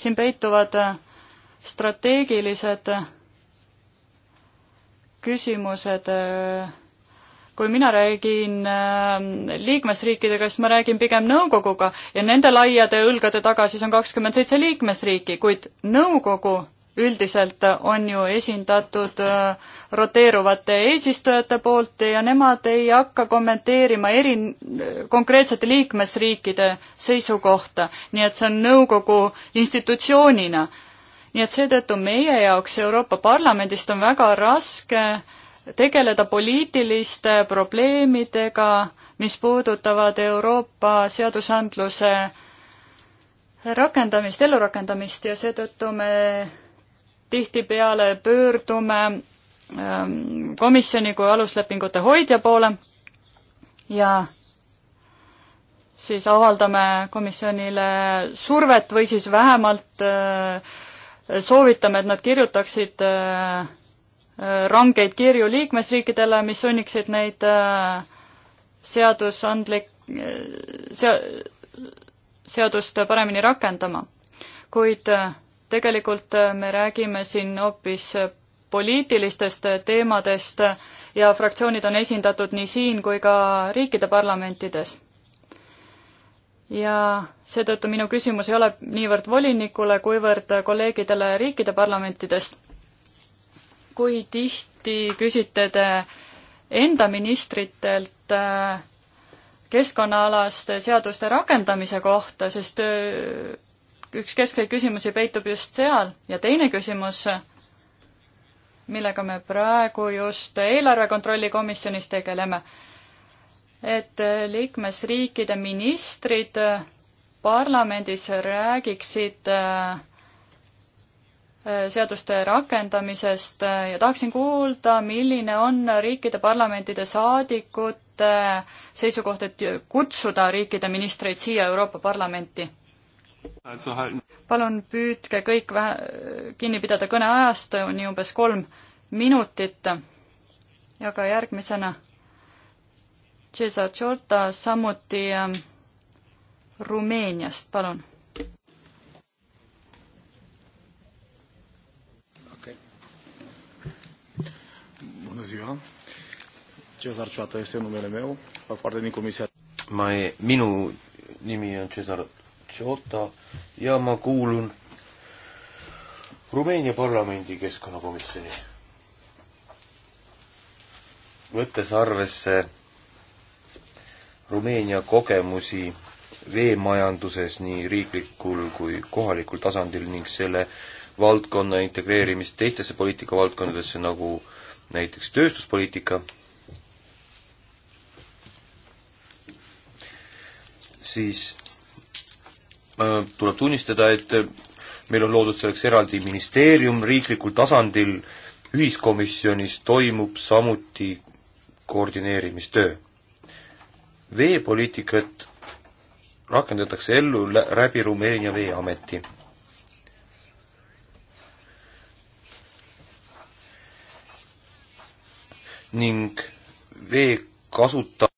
siin peituvad strateegilised küsimused. kui mina räägin ähm, liikmesriikidega, siis ma räägin pigem nõukoguga ja nende laiade õlgade taga siis on kakskümmend seitse liikmesriiki, kuid nõukogu üldiselt on ju esindatud äh, roteeruvate eesistujate poolt ja nemad ei hakka kommenteerima eri, konkreetsete liikmesriikide seisukohta, nii et see on nõukogu institutsioonina. nii et seetõttu meie jaoks Euroopa Parlamendist on väga raske tegeleda poliitiliste probleemidega, mis puudutavad Euroopa seadusandluse rakendamist, ellurakendamist ja seetõttu me tihtipeale pöördume ähm, komisjoni kui aluslepingute hoidja poole ja siis avaldame komisjonile survet või siis vähemalt äh, soovitame, et nad kirjutaksid äh, äh, rangeid kirju liikmesriikidele, mis sunniksid neid seadusandlik, sea-, seadust paremini rakendama. kuid tegelikult äh, me räägime siin hoopis äh, poliitilistest äh, teemadest ja fraktsioonid on esindatud nii siin kui ka riikide parlamentides. ja seetõttu minu küsimus ei ole niivõrd volinikule, kuivõrd kolleegidele riikide parlamentidest. kui tihti küsite te enda ministritelt keskkonnaaalaste seaduste rakendamise kohta, sest üks keskseid küsimusi peitub just seal ja teine küsimus, millega me praegu just eelarve kontrolli komisjonis tegeleme, et liikmesriikide ministrid parlamendis räägiksid äh, seaduste rakendamisest äh, ja tahaksin kuulda, milline on riikide parlamentide saadikute seisukoht, et kutsuda riikide ministreid siia Euroopa Parlamenti palun püüdke kõik vähe, kinni pidada kõneajast, nii umbes kolm minutit. ja ka järgmisena Cesar Ciorta, samuti ähm, Rumeeniast, palun okay.. Bună ziua! Cezar Cioata este numele meu, fac parte din comisia... Mai, minu nimi on e Cezar Ciotta ja ma kuulun Rumeenia parlamendi keskkonnakomisjoni. võttes arvesse Rumeenia kogemusi veemajanduses nii riiklikul kui kohalikul tasandil ning selle valdkonna integreerimist teistesse poliitikavaldkondadesse, nagu näiteks tööstuspoliitika, siis Äh, tuleb tunnistada, et äh, meil on loodud selleks eraldi ministeerium riiklikul tasandil, ühiskomisjonis toimub samuti koordineerimistöö. veepoliitikat rakendatakse ellu läbi Rumeenia Veeameti. ning vee kasuta-,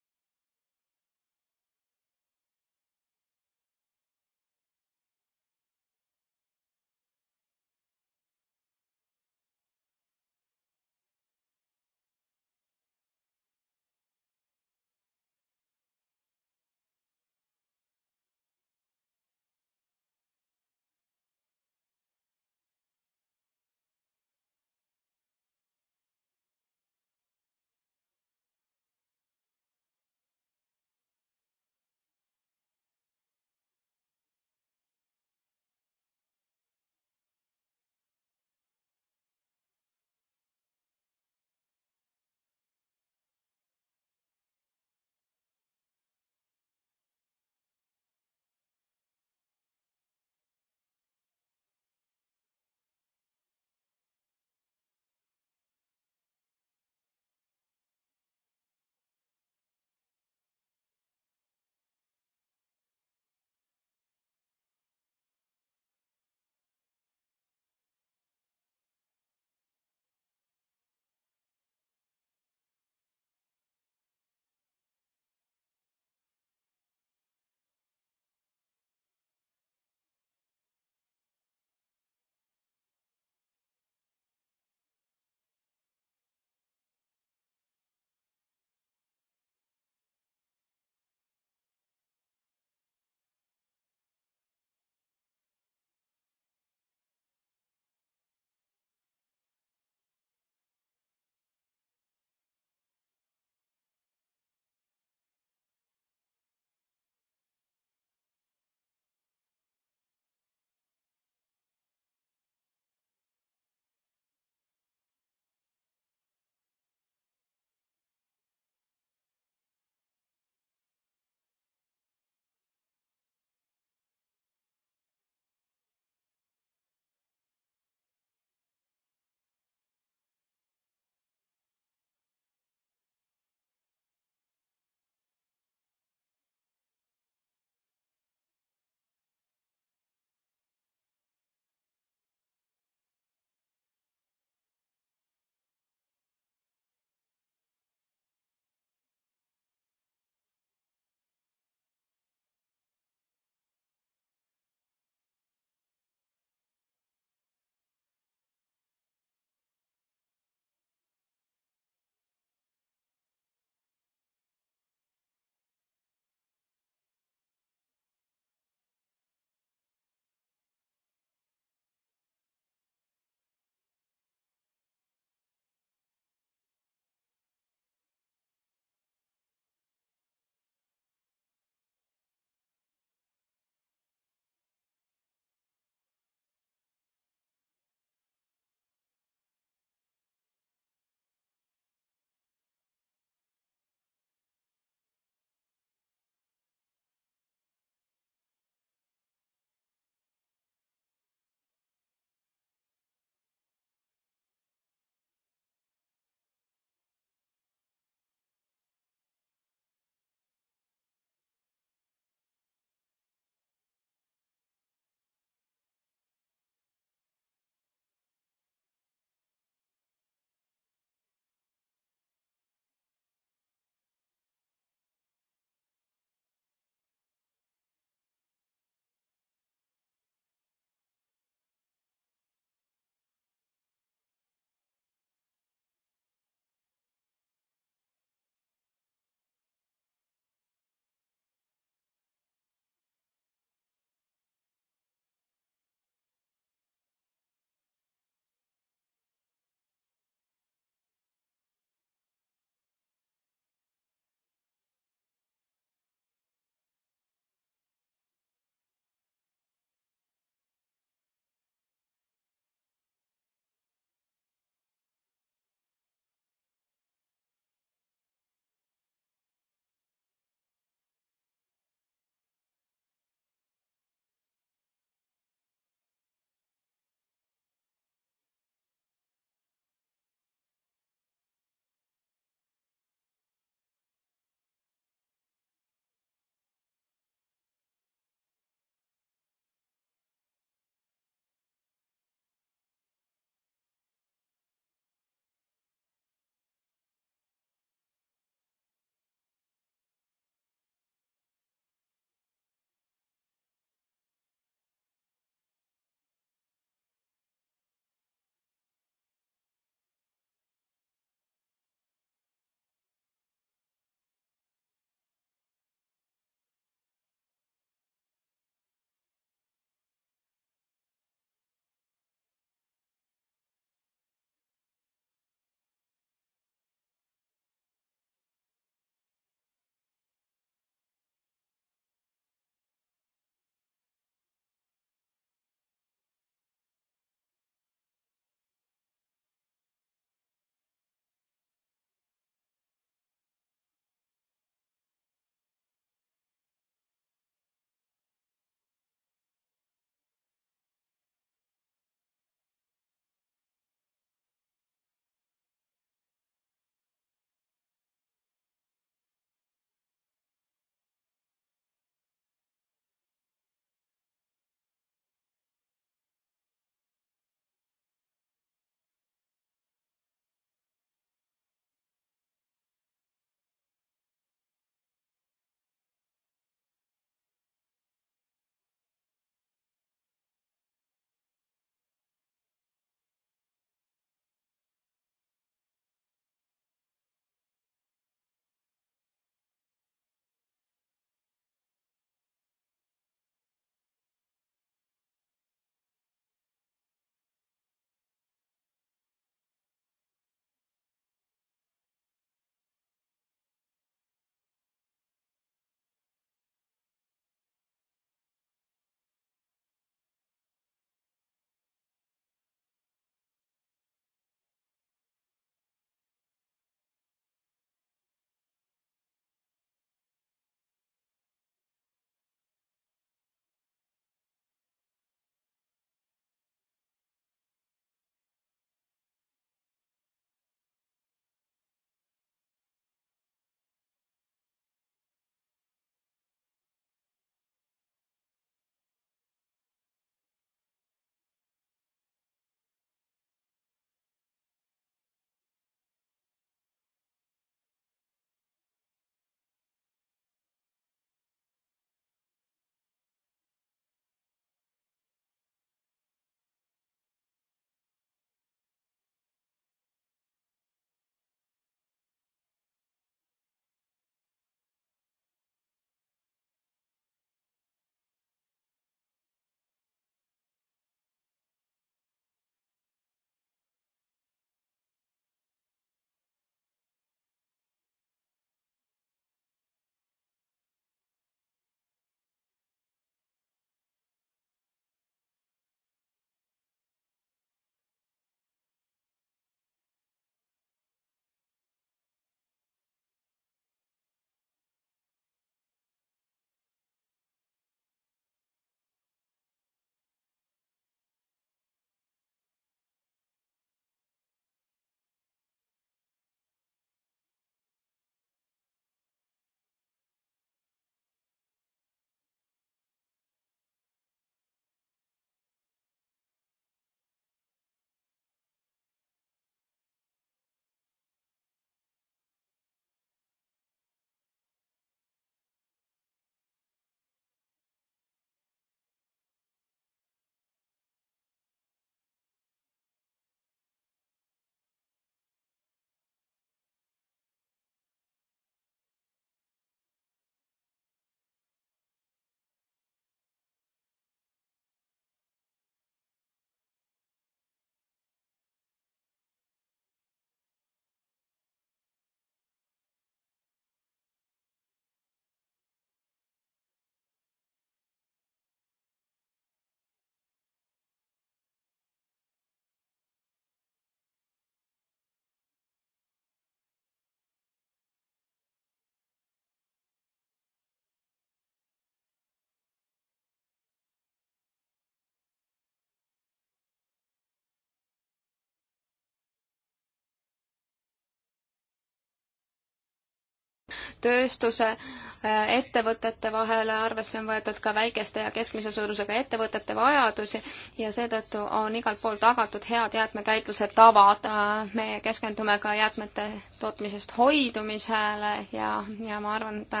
tööstuse äh, ettevõtete vahele, arvesse on võetud ka väikeste ja keskmise suurusega ettevõtete vajadusi ja seetõttu on igal pool tagatud head jäätmekäitluse tavad. Äh, me keskendume ka jäätmete tootmisest hoidumisele ja, ja ma arvan, et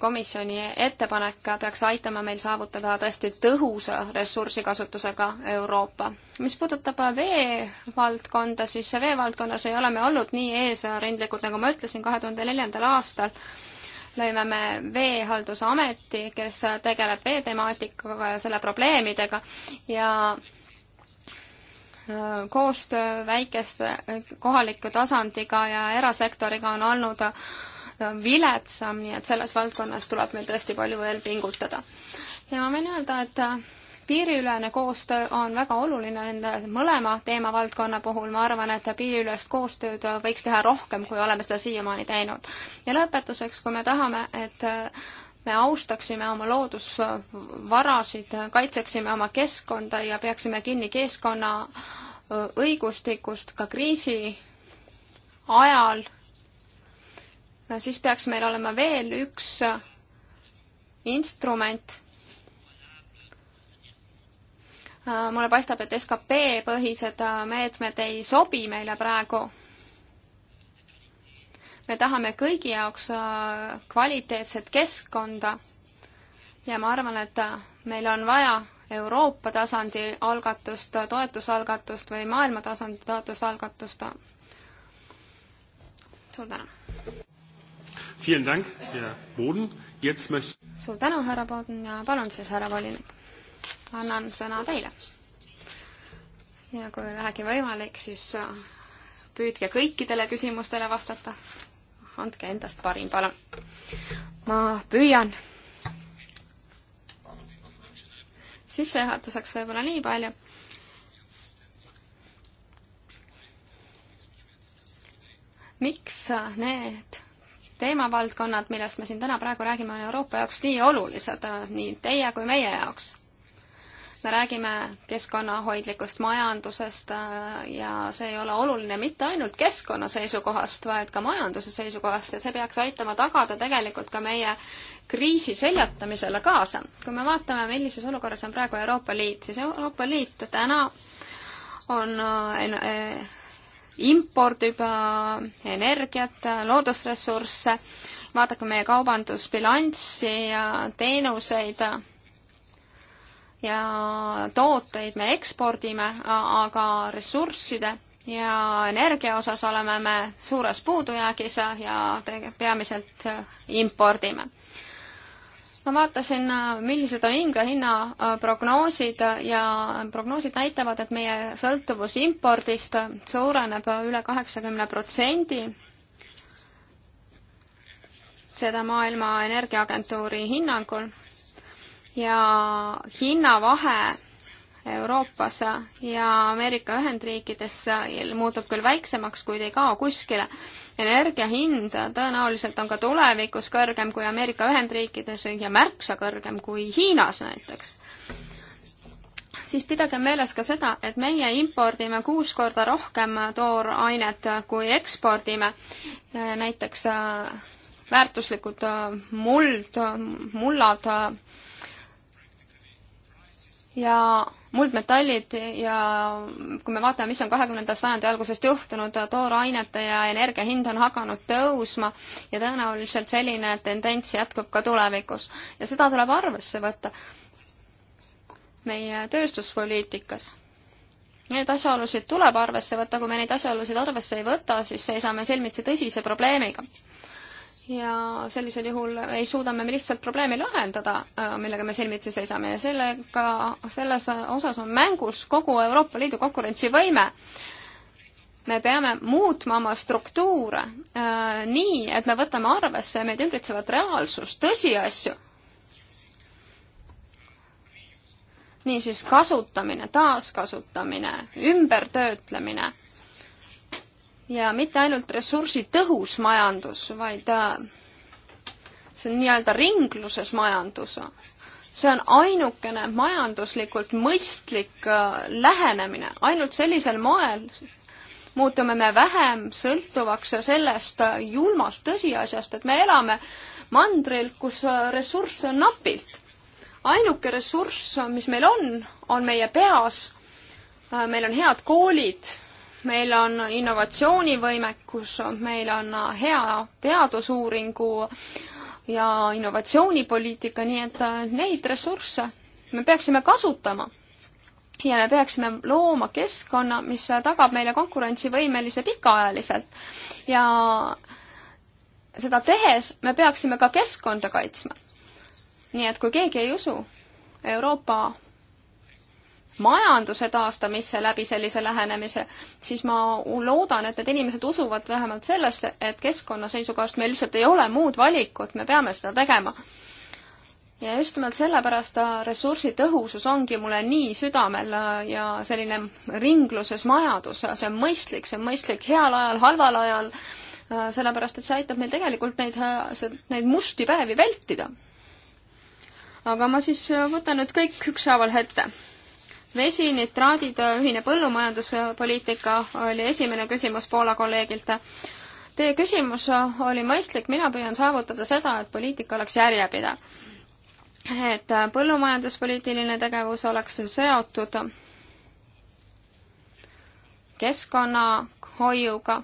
komisjoni ettepanek peaks aitama meil saavutada tõesti tõhusa ressursikasutusega Euroopa. mis puudutab veevaldkonda, siis veevaldkonnas ei ole me olnud nii eesrindlikud, nagu ma ütlesin, kahe tuhande neljandal aastal lõime me Veehaldusameti, kes tegeleb veetemaatikaga ja selle probleemidega ja äh, koostöö väikeste kohaliku tasandiga ja erasektoriga on olnud äh, viletsam, nii et selles valdkonnas tuleb meil tõesti palju veel pingutada. ja ma võin öelda, et äh, piiriülene koostöö on väga oluline nende mõlema teemavaldkonna puhul, ma arvan, et piiriülest koostööd võiks teha rohkem, kui oleme seda siiamaani teinud. ja lõpetuseks, kui me tahame, et äh, me austaksime oma loodusvarasid, kaitseksime oma keskkonda ja peaksime kinni keskkonna äh, õigustikust ka kriisi ajal siis peaks meil olema veel üks äh, instrument. Äh, mulle paistab, et skp põhised äh, meetmed ei sobi meile praegu. me tahame kõigi jaoks kvaliteetset keskkonda ja ma arvan, et meil on vaja Euroopa tasandi algatust, toetusalgatust või maailma tasandi toetusalgatust. suur tänu! Vielen Dank, Herr Boden. Jetzt möchte suur tänu, härra Boden ja palun siis, härra volinik, annan sõna teile. ja kui vähegi võimalik, siis äh, püüdke kõikidele küsimustele vastata. andke endast parim, palun. ma püüan. sissejuhatuseks võib-olla nii palju miks need teemavaldkonnad, millest me siin täna praegu räägime, on Euroopa jaoks nii olulised, nii teie kui meie jaoks. me räägime keskkonnahoidlikust majandusest äh, ja see ei ole oluline mitte ainult keskkonna seisukohast, vaid ka majanduse seisukohast ja see peaks aitama tagada tegelikult ka meie kriisi seljatamisele kaasa. kui me vaatame, millises olukorras on praegu Euroopa Liit, siis Euroopa Liit täna on äh, impordib äh, energiat, loodusressursse, vaadake meie kaubandusbilanssi ja teenuseid ja tooteid me ekspordime, aga ressursside ja energia osas oleme me suures puudujäägis ja peamiselt impordime ma vaatasin, äh, millised on ingla hinna äh, prognoosid äh, ja prognoosid näitavad, et meie sõltuvus impordist suureneb üle kaheksakümne protsendi. seda Maailma Energiaagentuuri hinnangul ja hinnavahe Euroopas ja Ameerika Ühendriikides muutub küll väiksemaks, kuid ei kao kuskile. energia hind tõenäoliselt on ka tulevikus kõrgem kui Ameerika Ühendriikides ja märksa kõrgem kui Hiinas näiteks siis pidage meeles ka seda, et meie impordime kuus korda rohkem toorainet, kui ekspordime. näiteks äh, väärtuslikud äh, muld, mullad äh, ja muldmetallid ja kui me vaatame, mis on kahekümnenda sajandi algusest juhtunud, toorainete ja energia hind on hakanud tõusma ja tõenäoliselt selline tendents jätkub ka tulevikus. ja seda tuleb arvesse võtta meie tööstuspoliitikas. Neid asjaolusid tuleb arvesse võtta, kui me neid asjaolusid arvesse ei võta, siis seisame silmitsi tõsise probleemiga ja sellisel juhul ei suuda me lihtsalt probleemi lahendada, äh, millega me silmitsi seisame ja sellega, selles osas on mängus kogu Euroopa Liidu konkurentsivõime. me peame muutma oma struktuure äh, nii, et me võtame arvesse meid ümbritsevat reaalsust, tõsiasju. niisiis kasutamine, taaskasutamine, ümbertöötlemine ja mitte ainult ressursitõhus majandus, vaid äh, see on nii-öelda ringluses majandus. see on ainukene majanduslikult mõistlik äh, lähenemine, ainult sellisel moel muutume me vähem sõltuvaks sellest äh, julmast tõsiasjast, et me elame mandril, kus ressursse on napilt. ainuke ressurss, mis meil on, on meie peas, meil on head koolid, meil on innovatsioonivõimekus, meil on hea teadusuuringu ja innovatsioonipoliitika, nii et äh, neid ressursse me peaksime kasutama. ja me peaksime looma keskkonna, mis tagab meile konkurentsivõimelise pikaajaliselt. ja seda tehes me peaksime ka keskkonda kaitsma. nii et kui keegi ei usu Euroopa majanduse taastamisse läbi sellise lähenemise, siis ma loodan, et need inimesed usuvad vähemalt sellesse, et keskkonna seisukohast meil lihtsalt ei ole muud valikut, me peame seda tegema. ja just nimelt sellepärast ressursitõhusus ongi mulle nii südamel ja selline ringluses majandus, see on mõistlik, see on mõistlik heal ajal, halval ajal, sellepärast et see aitab meil tegelikult neid, neid musti päevi vältida. aga ma siis võtan nüüd kõik ükshaaval ette vesi, nitraadid, ühine põllumajanduspoliitika oli esimene küsimus Poola kolleegilt. Teie küsimus oli mõistlik, mina püüan saavutada seda, et poliitika oleks järjepidev. et põllumajanduspoliitiline tegevus oleks seotud keskkonnahoiuga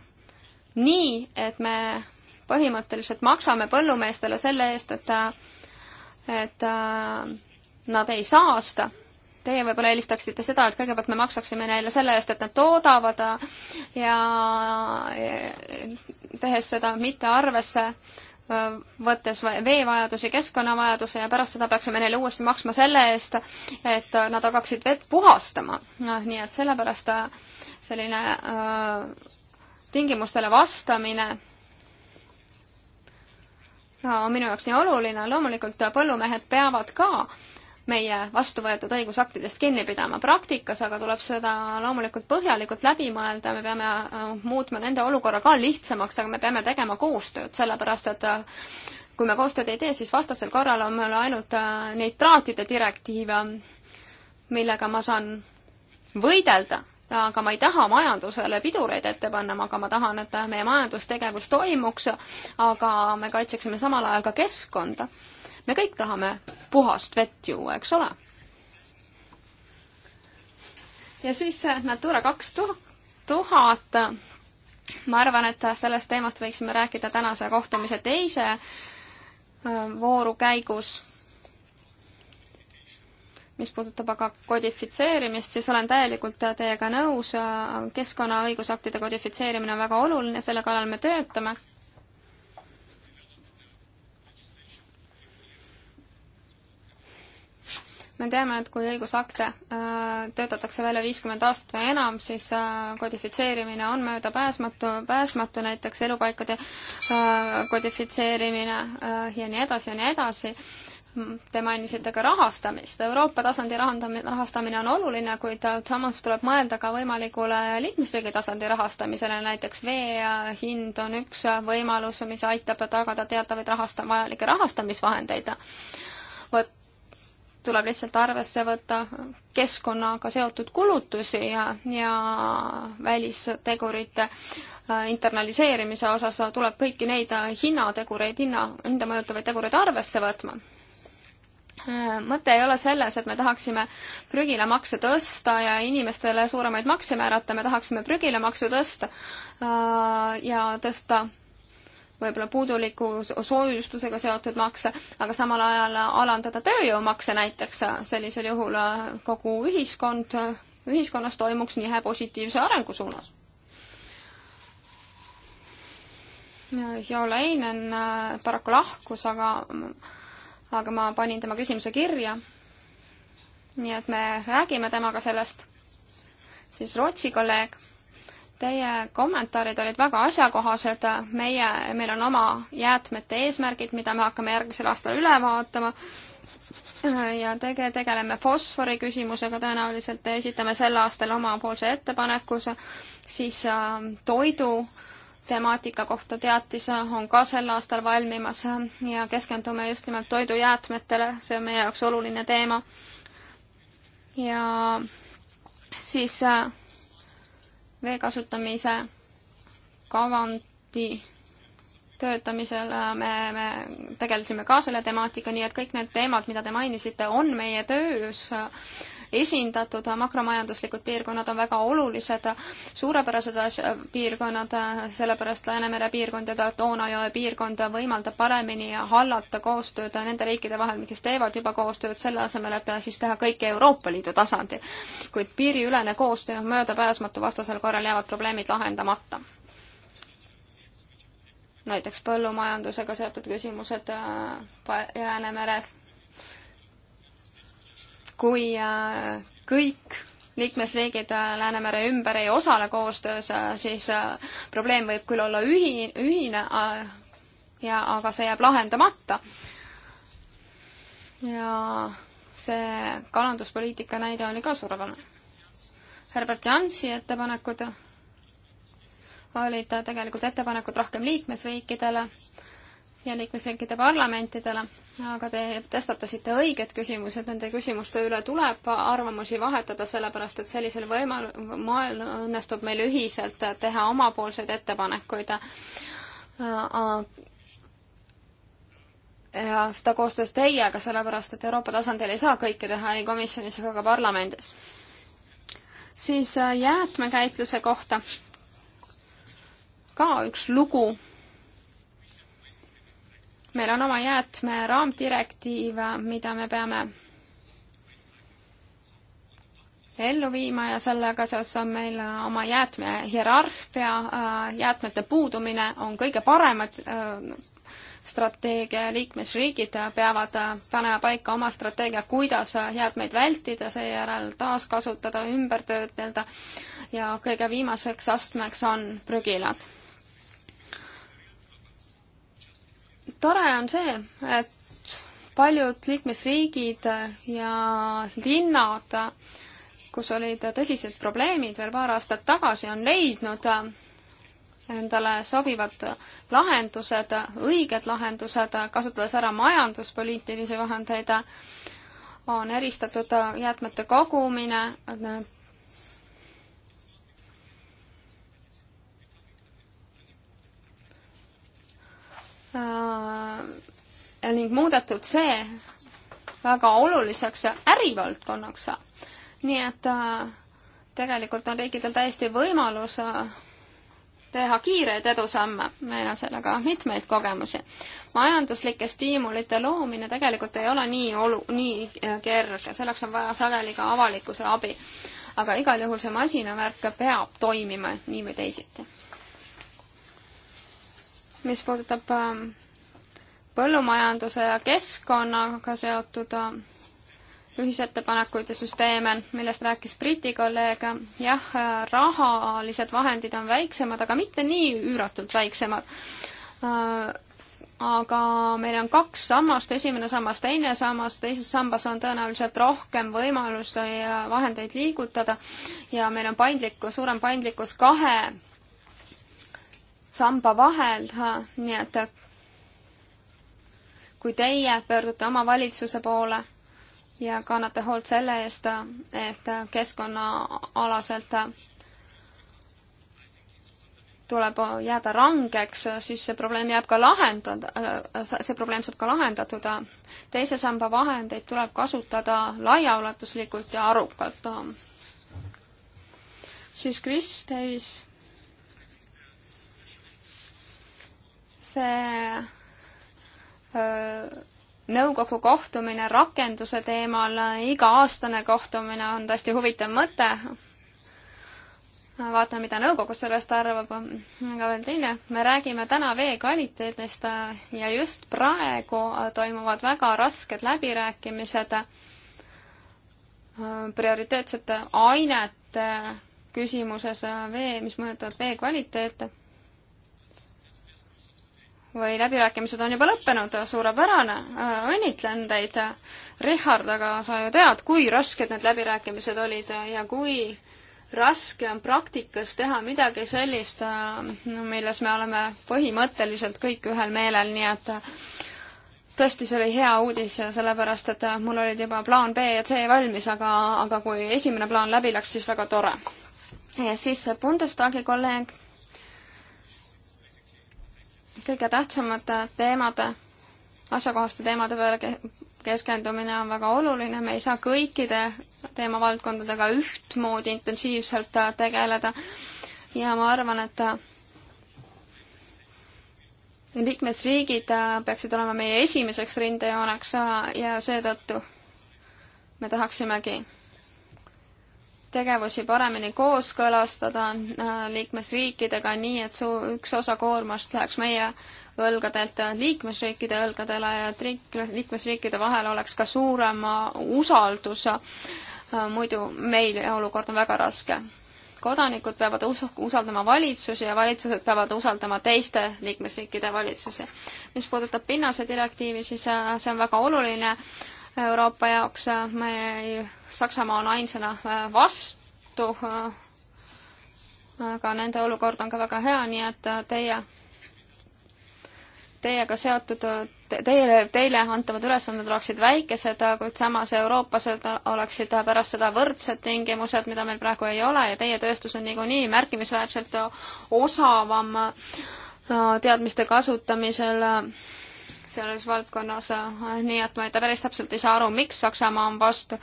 nii, et me põhimõtteliselt maksame põllumeestele selle eest, et, et nad ei saasta teie võib-olla eelistaksite seda, et kõigepealt me maksaksime neile selle eest, et nad toodavad äh, ja tehes seda mitte arvesse äh, võttes veevajadusi, keskkonnavajaduse ja pärast seda peaksime neile uuesti maksma selle eest, et nad hakkaksid vett puhastama. Noh, nii et sellepärast äh, selline tingimustele vastamine on minu jaoks nii oluline, loomulikult põllumehed peavad ka meie vastu võetud õigusaktidest kinni pidama. praktikas aga tuleb seda loomulikult põhjalikult läbi mõelda, me peame äh, muutma nende olukorra ka lihtsamaks, aga me peame tegema koostööd, sellepärast et äh, kui me koostööd ei tee, siis vastasel korral on meil ainult äh, nitraatide direktiiv, millega ma saan võidelda, aga ma ei taha majandusele pidureid ette panna, aga ma tahan, et meie majandustegevus toimuks, aga me kaitseksime samal ajal ka keskkonda me kõik tahame puhast vett juua, eks ole? ja siis äh, Natura kaks tuhat, ma arvan, et sellest teemast võiksime rääkida tänase kohtumise teise äh, vooru käigus. mis puudutab aga kodifitseerimist, siis olen täielikult teiega nõus, äh, keskkonnaõigusaktide kodifitseerimine on väga oluline, selle kallal me töötame me teame, et kui õigusakte äh, töötatakse välja viiskümmend aastat või enam, siis äh, kodifitseerimine on möödapääsmatu, pääsmatu, näiteks elupaikade äh, kodifitseerimine ja nii edasi ja nii edasi te mainisite ka rahastamist. Euroopa tasandi rahandamine, rahastamine on oluline, kuid samas tuleb mõelda ka võimalikule liikmesriigi tasandi rahastamisele, näiteks vee hind on üks võimalus, mis aitab tagada teatavaid rahasta-, vajalikke rahastamisvahendeid. vot tuleb lihtsalt arvesse võtta keskkonnaga seotud kulutusi ja, ja välistegurite äh, internaliseerimise osas tuleb kõiki neid äh, hinnategureid, hinna, hinda mõjutavaid tegureid arvesse võtma äh, mõte ei ole selles, et me tahaksime prügilamakse tõsta ja inimestele suuremaid makse määrata, me tahaksime prügilamaksu tõsta ja tõsta võib-olla puuduliku soojustusega seotud makse, aga samal ajal alandada tööjõumakse näiteks, sellisel juhul kogu ühiskond, ühiskonnas toimuks nihe positiivse arengu suunas. Jo Leinen paraku lahkus, aga, aga ma panin tema küsimuse kirja. nii et me räägime temaga sellest, siis Rootsi kolleeg Teie kommentaarid olid väga asjakohased, meie, meil on oma jäätmete eesmärgid, mida me hakkame järgmisel aastal üle vaatama ja tege-, tegeleme fosfori küsimusega tõenäoliselt, esitame sel aastal omapoolse ettepaneku, siis äh, toidu temaatika kohta teatis on ka sel aastal valmimas ja keskendume just nimelt toidujäätmetele, see on meie jaoks oluline teema. ja siis äh, vee kasutamise kavandi töötamisel äh, me, me tegelesime ka selle temaatikaga, nii et kõik need teemad, mida te mainisite, on meie töös esindatud, makromajanduslikud piirkonnad on väga olulised, suurepärased asja, piirkonnad, sellepärast Läänemere piirkond ja Doonajõe piirkond võimaldab paremini hallata koostööd nende riikide vahel, kes teevad juba koostööd, selle asemel, et siis teha kõike Euroopa Liidu tasandil. kuid piiriülene koostöö on möödapääsmatu, vastasel korral jäävad probleemid lahendamata näiteks põllumajandusega seotud küsimused äh, Jäänemeres. kui äh, kõik liikmesriigid äh, Läänemere ümber ei osale koostöös, siis probleem võib küll olla ühi-, ühine ja aga see jääb lahendamata. ja see kalanduspoliitika näide oli ka suurepärane. Herbert Jansi ettepanekud olid tegelikult ettepanekud rohkem liikmesriikidele ja liikmesriikide parlamentidele, aga te tõstatasite õiged küsimused, nende küsimuste üle tuleb arvamusi vahetada, sellepärast et sellisel võimal-, moel õnnestub meil ühiselt teha omapoolseid ettepanekuid äh, ja seda koostöös teiega, sellepärast et Euroopa tasandil ei saa kõike teha ei komisjonis ega ka parlamendis. siis äh, jäätmekäitluse kohta ka üks lugu. meil on oma jäätme raamdirektiiv, mida me peame ellu viima ja sellega seoses on meil oma jäätme hierarhia, jäätmete puudumine on kõige paremad äh, strateegia ja liikmesriigid peavad äh, panema paika oma strateegia, kuidas jäätmeid vältida, seejärel taaskasutada, ümber töötelda ja kõige viimaseks astmeks on prügilad. tore on see, et paljud liikmesriigid ja linnad, kus olid tõsised probleemid veel paar aastat tagasi, on leidnud endale sobivad lahendused, õiged lahendused, kasutades ära majanduspoliitilisi vahendeid, on eristatud jäätmete kogumine, Äh, ning muudetud see väga oluliseks ärivaldkonnaks. nii et äh, tegelikult on riikidel täiesti võimalus äh, teha kiireid edusamme, meil on sellega mitmeid kogemusi. majanduslike stiimulite loomine tegelikult ei ole nii olu-, nii kerge, selleks on vaja sageli ka avalikkuse abi. aga igal juhul see masinavärk peab toimima nii või teisiti mis puudutab ähm, põllumajanduse ja keskkonnaga seotud äh, ühisettepanekuid ja süsteeme, millest rääkis Briti kolleeg, jah, rahalised vahendid on väiksemad, aga mitte nii üüratult väiksemad. Äh, aga meil on kaks sammast, esimene sammas, teine sammas, teises sambas on tõenäoliselt rohkem võimalusi vahendeid liigutada ja meil on paindlikkus, suurem paindlikkus kahe samba vahel, nii et kui teie pöördute oma valitsuse poole ja kannate hoolt selle eest, et keskkonnaalaselt tuleb jääda rangeks, siis see probleem jääb ka lahendada, see probleem saab ka lahendatud. teise samba vahendeid tuleb kasutada laiaulatuslikult ja arukalt. siis Kris Teis see öö, nõukogu kohtumine rakenduse teemal, iga-aastane kohtumine on tõesti huvitav mõte. vaatame, mida nõukogu sellest arvab. aga veel teine, me räägime täna vee kvaliteedist ja just praegu toimuvad väga rasked läbirääkimised prioriteetsete ainete küsimuses vee, mis mõjutavad vee kvaliteete või läbirääkimised on juba lõppenud, suurepärane, äh, õnnitlen teid. Richard, aga sa ju tead, kui rasked need läbirääkimised olid ja kui raske on praktikas teha midagi sellist, äh, milles me oleme põhimõtteliselt kõik ühel meelel, nii et äh, tõesti, see oli hea uudis, sellepärast et mul olid juba plaan B ja C valmis, aga, aga kui esimene plaan läbi läks, siis väga tore. ja siis Bundestagi kolleeg kõige tähtsamate teemade, asjakohaste teemade peale keskendumine on väga oluline, me ei saa kõikide teemavaldkondadega ühtmoodi intensiivselt tegeleda ja ma arvan, et liikmesriigid peaksid olema meie esimeseks rindejooneks ja seetõttu me tahaksimegi tegevusi paremini kooskõlastada äh, liikmesriikidega, nii et suu, üks osa koormast läheks meie õlgadelt liikmesriikide õlgadele ja et riik, liikmesriikide vahel oleks ka suurema usaldus. Äh, muidu meil olukord on väga raske. kodanikud peavad usaldama valitsusi ja valitsused peavad usaldama teiste liikmesriikide valitsusi. mis puudutab pinnase direktiivi, siis äh, see on väga oluline Euroopa jaoks. Äh, me, Saksamaa on ainsana äh, vastu, äh, aga nende olukord on ka väga hea, nii et teie, teiega seotud Teile, teile antavad ülesanded oleksid väikesed, kuid samas Euroopas oleksid pärast seda võrdsed tingimused, mida meil praegu ei ole ja teie tööstus on niikuinii märkimisväärselt osavam teadmiste kasutamisel selles valdkonnas, nii et ma ei, päris täpselt ei saa aru, miks Saksamaa on vastu,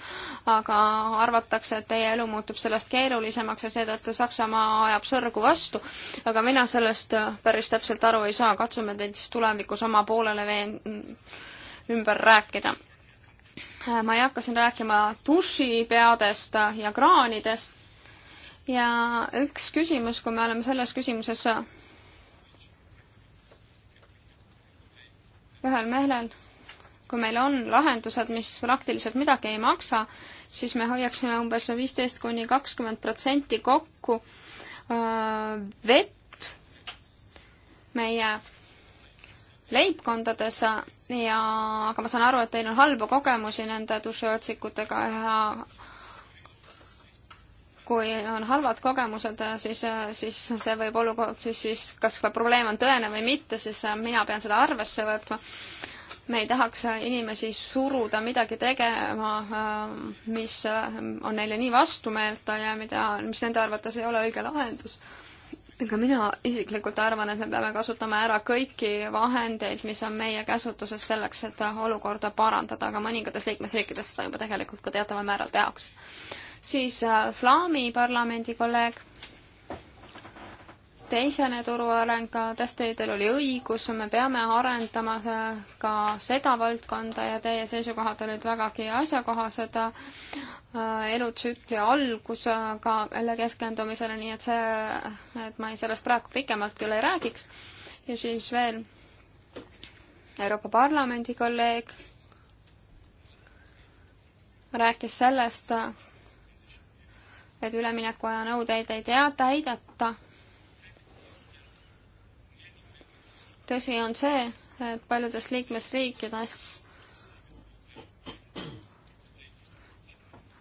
aga arvatakse, et teie elu muutub sellest keerulisemaks ja seetõttu Saksamaa ajab sõrgu vastu. aga mina sellest äh, päris täpselt aru ei saa, katsume teid siis tulevikus oma poolele veen-, ümber rääkida. Äh, ma ei hakka siin rääkima dušipeadest ja kraanidest ja üks küsimus, kui me oleme selles küsimuses ühel meelel. kui meil on lahendused, mis praktiliselt midagi ei maksa, siis me hoiaksime umbes viisteist kuni kakskümmend protsenti kokku vett meie leibkondades ja, aga ma saan aru, et teil on halbu kogemusi nende dušiotsikutega ja kui on halvad kogemused, siis, siis see võib olukord, siis, siis kas ka probleem on tõene või mitte, siis mina pean seda arvesse võtma. me ei tahaks inimesi suruda midagi tegema, mis on neile nii vastumeelt ja mida, mis nende arvates ei ole õige lahendus ega mina isiklikult arvan, et me peame kasutama ära kõiki vahendeid, mis on meie käsutuses selleks, et olukorda parandada, aga mõningates liikmesriikides seda juba tegelikult ka teataval määral tehakse siis äh, Flaami parlamendi kolleeg, teisene turuareng, kas teil oli õigus, me peame arendama äh, ka seda valdkonda ja teie seisukohad olid vägagi asjakohased äh, elutsükli algusega jälle keskendumisele, nii et see, et ma sellest praegu pikemalt küll ei räägiks. ja siis veel Euroopa Parlamendi kolleeg rääkis sellest, et üleminekuaja nõudeid ei tea täideta. tõsi on see, et paljudes liikmesriikides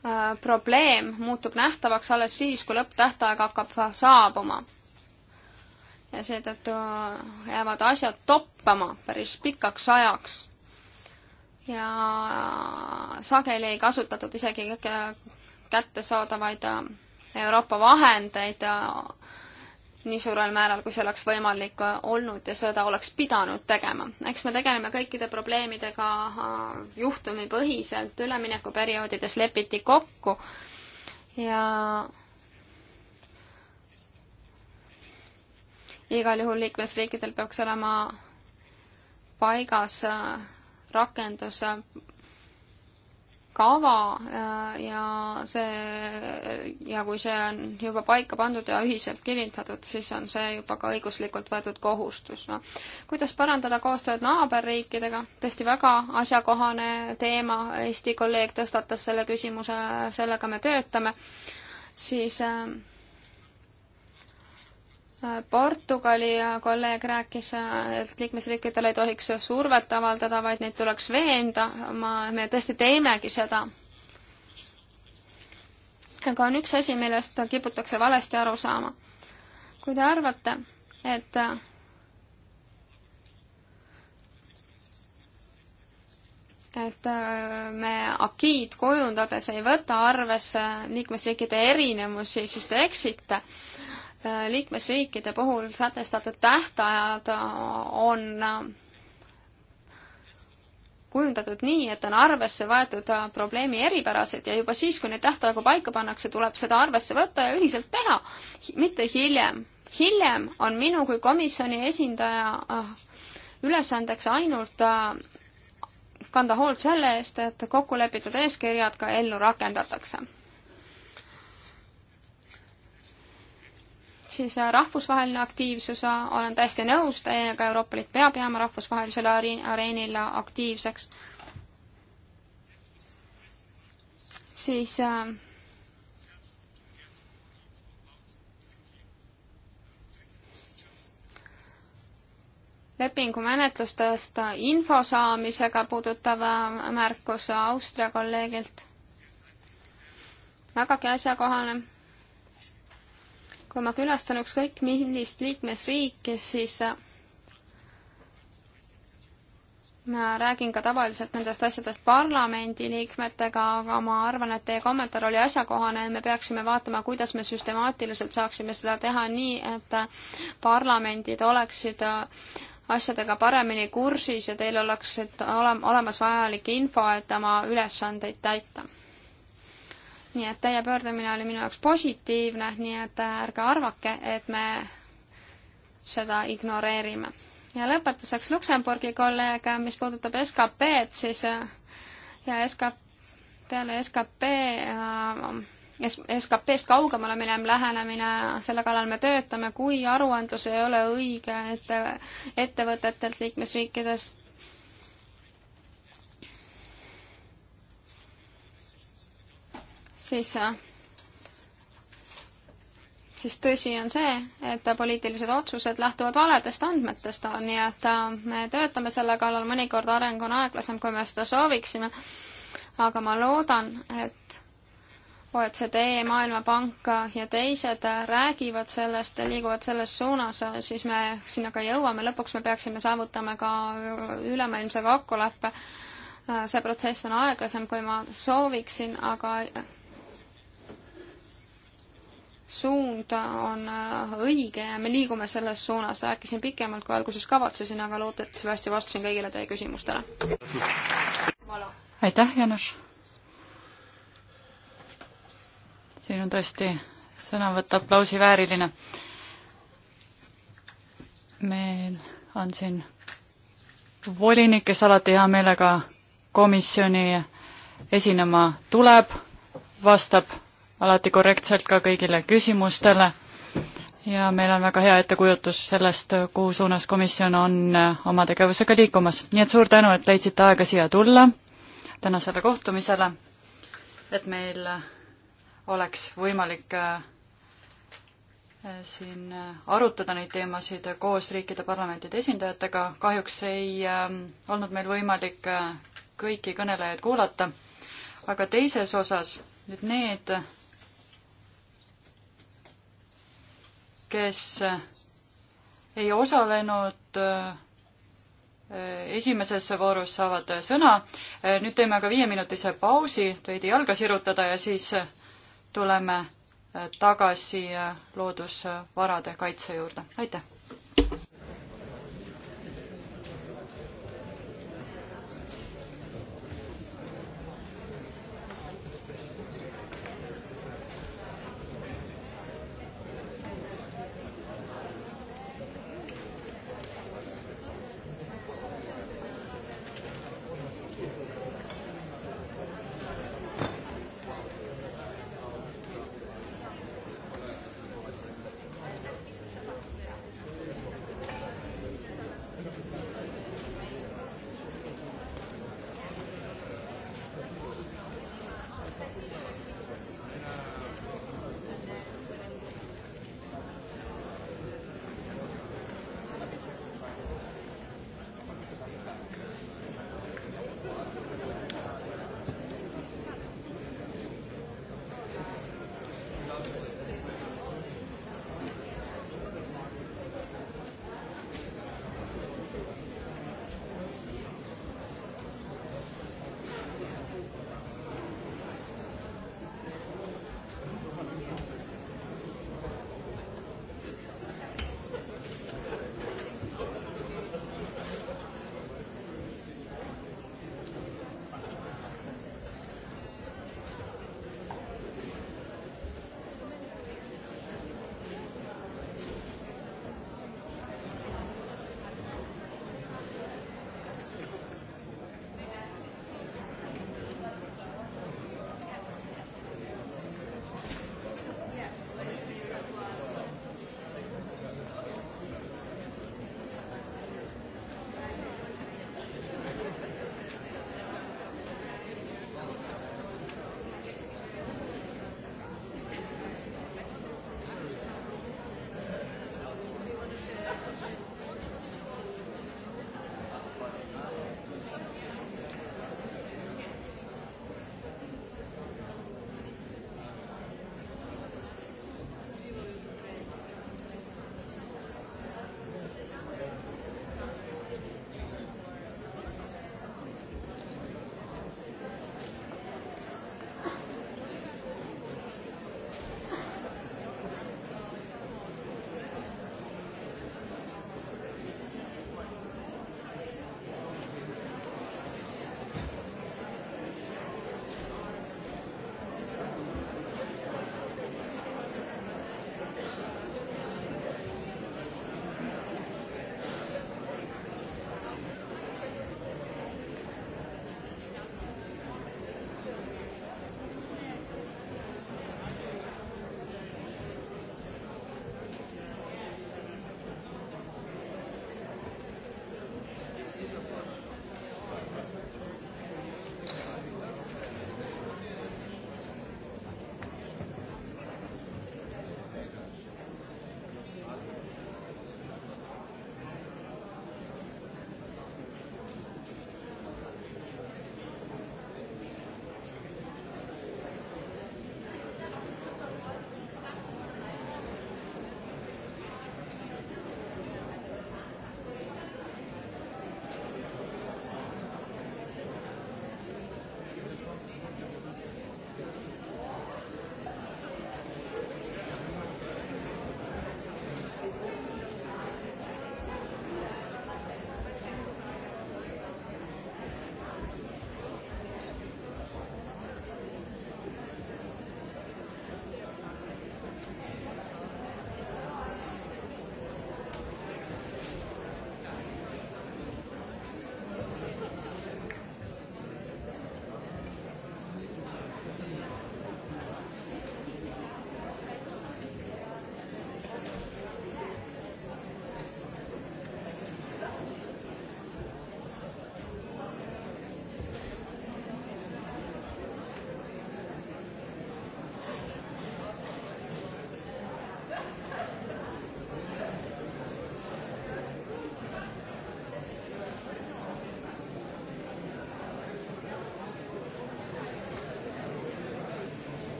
äh, probleem muutub nähtavaks alles siis, kui lõpptähtaeg hakkab saabuma. ja seetõttu jäävad asjad toppama päris pikaks ajaks. ja sageli ei kasutatud isegi kättesaadavaid äh, Euroopa vahendeid äh, nii suurel määral, kui see oleks võimalik äh, olnud ja seda oleks pidanud tegema. eks me tegeleme kõikide probleemidega juhtumipõhiselt, üleminekuperioodides lepiti kokku ja igal juhul liikmesriikidel peaks olema paigas rakendus kava äh, ja see, ja kui see on juba paika pandud ja ühiselt kinnitatud, siis on see juba ka õiguslikult võetud kohustus, noh. kuidas parandada koostööd naaberriikidega, tõesti väga asjakohane teema, Eesti kolleeg tõstatas selle küsimuse, sellega me töötame, siis äh, Portugali kolleeg rääkis, et liikmesriikidele ei tohiks survet avaldada, vaid neid tuleks veenda, ma, me tõesti teemegi seda. aga on üks asi, millest kiputakse valesti aru saama. kui te arvate, et et äh, me agiid kujundades ei võta arvesse liikmesriikide erinevusi, siis te eksite liikmesriikide puhul sätestatud tähtajad on kujundatud nii, et on arvesse võetud probleemi eripärasid ja juba siis, kui neid tähtaegu paika pannakse, tuleb seda arvesse võtta ja ühiselt teha, mitte hiljem. hiljem on minu kui komisjoni esindaja ah, ülesandeks ainult ah, kanda hoolt selle eest, et kokkulepitud eeskirjad ka ellu rakendatakse siis äh, rahvusvaheline aktiivsus, äh, olen täiesti nõus teiega, Euroopa Liit peab jääma rahvusvahelisele areenile aktiivseks. siis äh, lepingumenetlustest äh, info saamisega puudutav märkus Austria kolleegilt. vägagi asjakohane kui ma külastan ükskõik millist liikmesriiki, siis äh, ma räägin ka tavaliselt nendest asjadest parlamendi liikmetega, aga ma arvan, et teie kommentaar oli asjakohane ja me peaksime vaatama, kuidas me süstemaatiliselt saaksime seda teha nii, et äh, parlamendid oleksid äh, asjadega paremini kursis ja teil oleks ole, olemas vajalik info, et oma ülesandeid täita nii et teie pöördumine oli minu jaoks positiivne, nii et ärge arvake, et me seda ignoreerime. ja lõpetuseks Luksemburgi kolleeg, mis puudutab SKP-d, siis ja SK, peale SKP äh, SKP-st kaugemale minev lähenemine, selle kallal me töötame, kui aruandlus ei ole õige ette, ettevõtetelt liikmesriikidest siis siis tõsi on see, et poliitilised otsused lähtuvad valedest andmetest, nii et äh, me töötame selle kallal, mõnikord areng on aeglasem, kui me seda sooviksime, aga ma loodan, et OECD, Maailmapank ja teised räägivad sellest ja liiguvad selles suunas, siis me sinna ka jõuame, lõpuks me peaksime saavutama ka ülemaailmse kokkuleppe. Äh, see protsess on aeglasem, kui ma sooviksin, aga suund on äh, õige ja me liigume selles suunas. rääkisin pikemalt, kui alguses kavatsesin, aga loodetavasti hästi vastasin kõigile teie küsimustele. aitäh, Janus! siin on tõesti sõnavõtt aplausi vääriline. meil on siin volinik, kes alati hea meelega komisjoni esinema tuleb, vastab alati korrektselt ka kõigile küsimustele ja meil on väga hea ettekujutus sellest, kuhu suunas komisjon on äh, oma tegevusega liikumas. nii et suur tänu, et leidsite aega siia tulla tänasele kohtumisele, et meil äh, oleks võimalik äh, siin arutada neid teemasid koos riikide parlamentide esindajatega, kahjuks ei olnud meil võimalik kõiki kõnelejaid kuulata, aga teises osas nüüd need kes ei osalenud äh, esimeses voorus, saavad sõna. Äh, nüüd teeme aga viieminutise pausi, et veidi jalga sirutada ja siis äh, tuleme tagasi loodusvarade kaitse juurde. aitäh!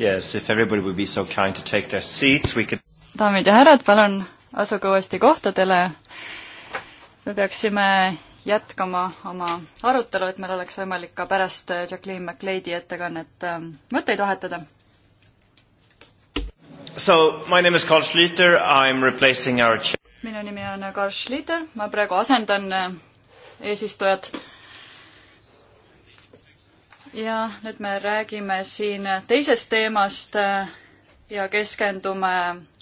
Yes, if everybody would be so kind to take their seats, we could daamid ja härrad, palun asuge uuesti kohtadele. me peaksime jätkama oma arutelu, et meil oleks võimalik ka pärast Jacqueline McLeodi ettekannet ähm, mõtteid vahetada. So my name is Carl Schlitter, I am replacing our minu nimi on Carl Schlitter, ma praegu asendan äh, eesistujat ja nüüd me räägime siin teisest teemast äh, ja keskendume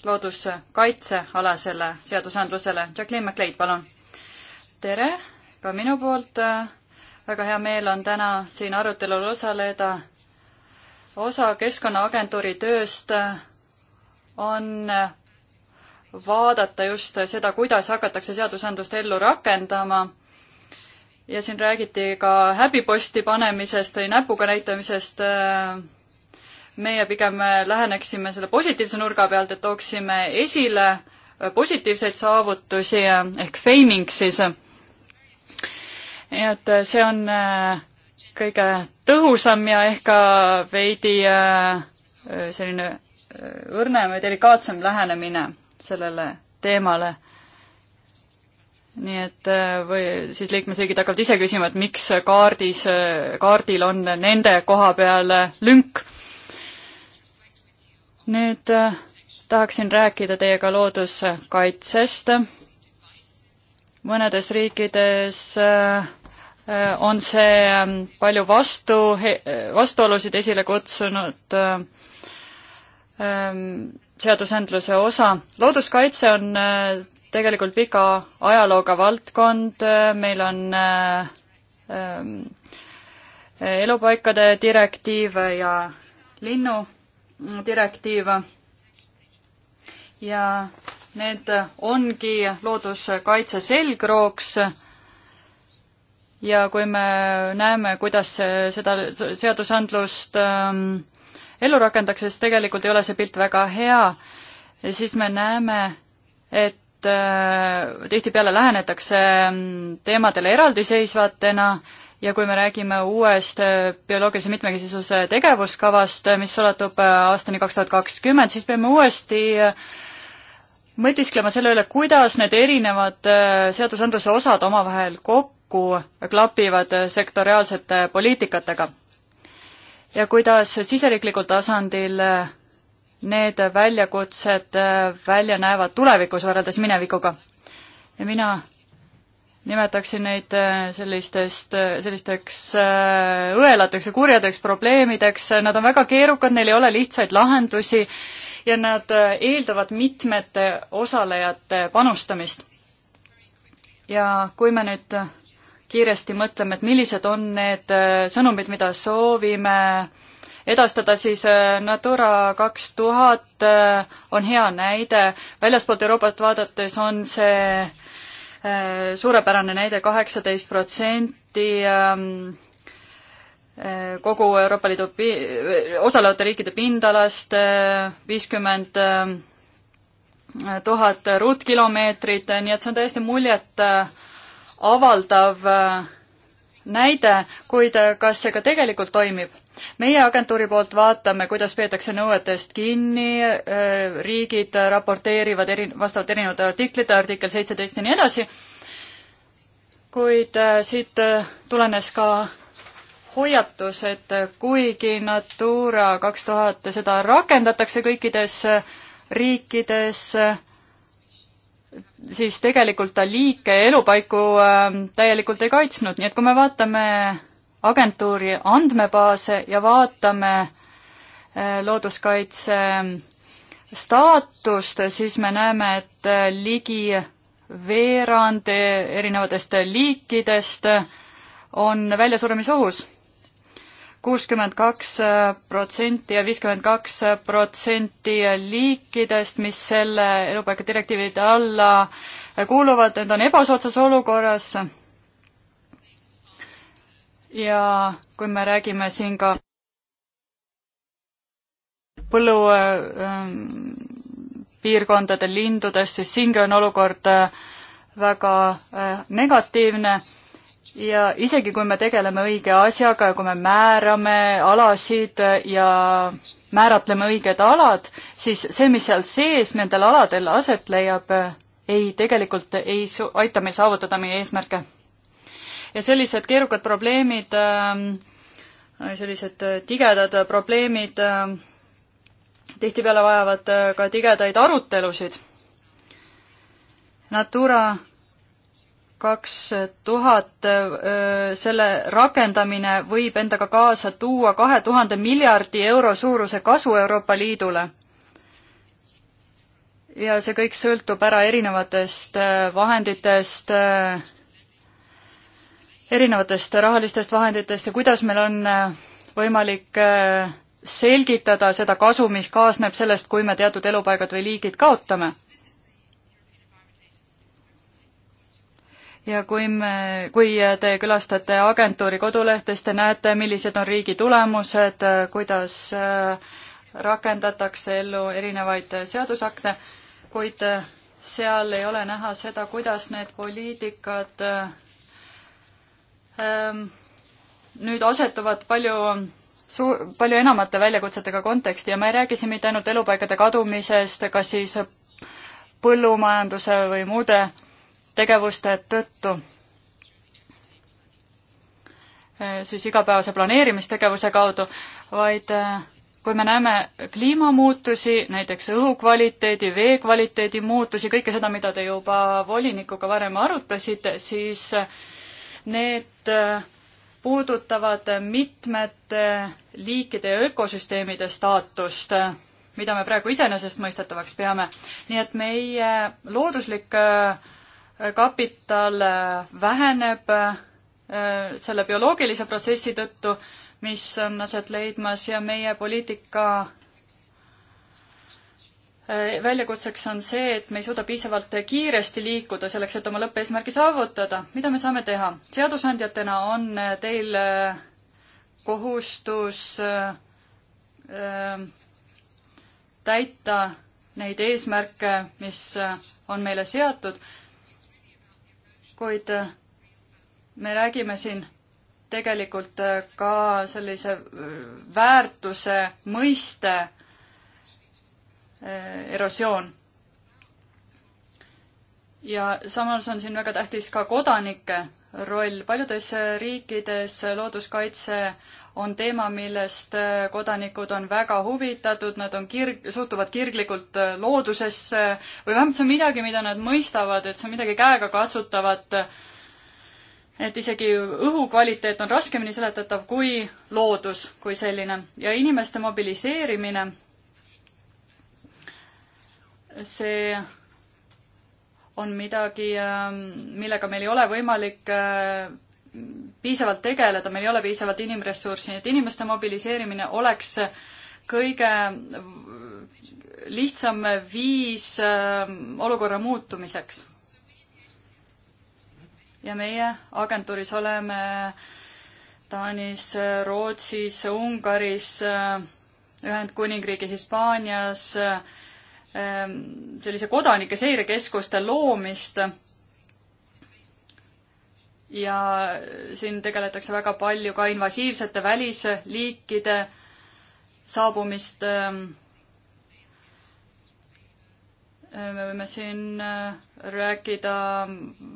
looduskaitsealasele seadusandlusele. Jacqueline MacLeod, palun. tere ka minu poolt. Äh, väga hea meel on täna siin arutelul osaleda. osa Keskkonnaagentuuri tööst äh, on vaadata just seda, kuidas hakatakse seadusandlust ellu rakendama ja siin räägiti ka häbiposti panemisest või näpuga näitamisest. meie pigem läheneksime selle positiivse nurga pealt, et tooksime esile positiivseid saavutusi ehk faming siis. nii et see on äh, kõige tõhusam ja ehk ka veidi äh, selline äh, õrnem või delikaatsem lähenemine sellele teemale nii et äh, või siis liikmesriigid hakkavad ise küsima, et miks kaardis, äh, kaardil on nende koha peal äh, lünk. nüüd tahaksin rääkida teiega looduskaitsest. mõnedes riikides on see ähm, palju vastu, vastuolusid esile kutsunud ähm, seadusandluse osa. looduskaitse on tegelikult pika ajalooga valdkond, meil on äh, äh, elupaikade direktiiv ja linnudirektiiv ja need ongi looduskaitse selgrooks ja kui me näeme, kuidas seda seadusandlust ähm, ellu rakendatakse, siis tegelikult ei ole see pilt väga hea. ja siis me näeme, et Äh, tihtipeale lähenetakse mm, teemadele eraldiseisvatena ja kui me räägime uuest äh, bioloogilise mitmekesisuse tegevuskavast, äh, mis ulatub aastani kaks tuhat kakskümmend, siis peame uuesti mõtisklema selle üle, kuidas need erinevad seadusandluse osad omavahel kokku klapivad sektoriaalsete poliitikatega. ja kuidas siseriiklikul tasandil need väljakutsed äh, välja näevad tulevikus võrreldes minevikuga. ja mina nimetaksin neid äh, sellistest, äh, sellisteks õelateks ja kurjadeks probleemideks, nad on väga keerukad, neil ei ole lihtsaid lahendusi ja nad eeldavad mitmete osalejate panustamist. ja kui me nüüd kiiresti mõtleme, et millised on need sõnumid, mida soovime äh, edastada, siis äh, Natura kaks tuhat äh, on hea näide, väljaspoolt Euroopat vaadates on see äh, suurepärane näide, kaheksateist protsenti ähm, kogu Euroopa Liidu pi-, osalevate riikide pindalast, viiskümmend tuhat ruutkilomeetrit, nii et see on täiesti muljet avaldav näide, kuid kas see ka tegelikult toimib? meie agentuuri poolt vaatame, kuidas peetakse nõuetest kinni, äh, riigid raporteerivad eri, vastavalt erinevatele artiklitele, artikkel seitseteist ja nii edasi, kuid äh, siit äh, tulenes ka hoiatus, et kuigi Natura kaks tuhat seda rakendatakse kõikides riikides, siis tegelikult ta liike ja elupaiku täielikult ei kaitsnud, nii et kui me vaatame agentuuri andmebaase ja vaatame eh, looduskaitse staatust, siis me näeme, et eh, ligi veerand e-, erinevatest liikidest on väljasuremisohus. kuuskümmend kaks eh, protsenti ja viiskümmend kaks protsenti liikidest, mis selle elupaika direktiivide alla kuuluvad, need on ebasoodsas olukorras ja kui me räägime siin ka põllupiirkondade ähm, lindudest, siis siingi on olukord äh, väga äh, negatiivne ja isegi, kui me tegeleme õige asjaga ja kui me määrame alasid äh, ja määratleme õiged alad, siis see, mis seal sees nendel aladel aset leiab, ei, tegelikult ei aita meil saavutada meie eesmärke ja sellised keerukad probleemid, ähm, äh, sellised äh, tigedad probleemid ähm, tihtipeale vajavad äh, ka tigedaid arutelusid. Natura kaks tuhat, selle rakendamine võib endaga kaasa tuua kahe tuhande miljardi euro suuruse kasu Euroopa Liidule. ja see kõik sõltub ära erinevatest vahenditest, erinevatest rahalistest vahenditest ja kuidas meil on äh, võimalik äh, selgitada seda kasu, mis kaasneb sellest, kui me teatud elupaigad või liigid kaotame. ja kui me, kui te külastate agentuuri kodulehte, siis te näete, millised on riigi tulemused, äh, kuidas rakendatakse ellu erinevaid seadusakte, kuid seal ei ole näha seda, kuidas need poliitikad äh, Ehm, nüüd asetuvad palju suu-, palju enamate väljakutsetega konteksti ja ma ei räägi siin mitte ainult elupaikade kadumisest, kas siis põllumajanduse või muude tegevuste tõttu ehm, siis igapäevase planeerimistegevuse kaudu, vaid ehm, kui me näeme kliimamuutusi, näiteks õhukvaliteedi, vee kvaliteedi muutusi, kõike seda, mida te juba volinikuga varem arutasite, siis äh, Need äh, puudutavad mitmete äh, liikide ja ökosüsteemide staatust, äh, mida me praegu iseenesestmõistetavaks peame. nii et meie looduslik kapital väheneb selle bioloogilise protsessi tõttu, mis on aset leidmas ja meie poliitika Äh, väljakutseks on see, et me ei suuda piisavalt kiiresti liikuda selleks, et oma lõppeesmärgi saavutada. mida me saame teha? seadusandjatena on äh, teil äh, kohustus täita neid eesmärke, mis on meile seatud, kuid me räägime siin tegelikult ka sellise väärtuse mõiste Äh, erosioon. ja samas on siin väga tähtis ka kodanike roll. paljudes riikides looduskaitse on teema, millest kodanikud on väga huvitatud, nad on kirg-, suhtuvad kirglikult äh, loodusesse või vähemalt see on midagi, mida nad mõistavad, et see on midagi käegakatsutavat. et isegi õhukvaliteet on raskemini seletatav kui loodus kui selline ja inimeste mobiliseerimine see on midagi, ähm, millega meil ei ole võimalik äh, piisavalt tegeleda, meil ei ole piisavalt inimressurssi, nii et inimeste mobiliseerimine oleks kõige lihtsam viis ähm, olukorra muutumiseks. ja meie agentuuris oleme Taanis, Rootsis, Ungaris, äh, Ühendkuningriigi, Hispaanias äh, Ähm, sellise kodanike seirekeskuste loomist. ja siin tegeletakse väga palju ka invasiivsete välisliikide saabumist. Ähm, äh, me võime siin äh, rääkida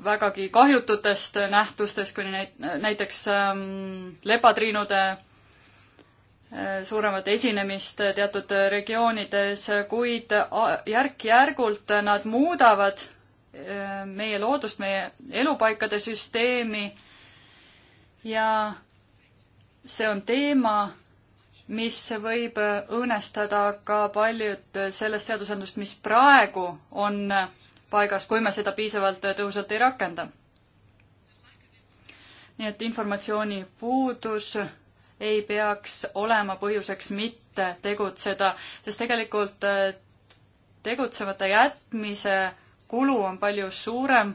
vägagi kahjututest nähtustest, kuni näiteks ähm, lepatriinude suuremat esinemist teatud regioonides, kuid järk-järgult nad muudavad äh, meie loodust, meie elupaikade süsteemi ja see on teema, mis võib õõnestada ka paljud sellest seadusandlust, mis praegu on paigas, kui me seda piisavalt tõhusalt ei rakenda. nii et informatsiooni puudus ei peaks olema põhjuseks mitte tegutseda, sest tegelikult äh, tegutsemata jätmise kulu on palju suurem,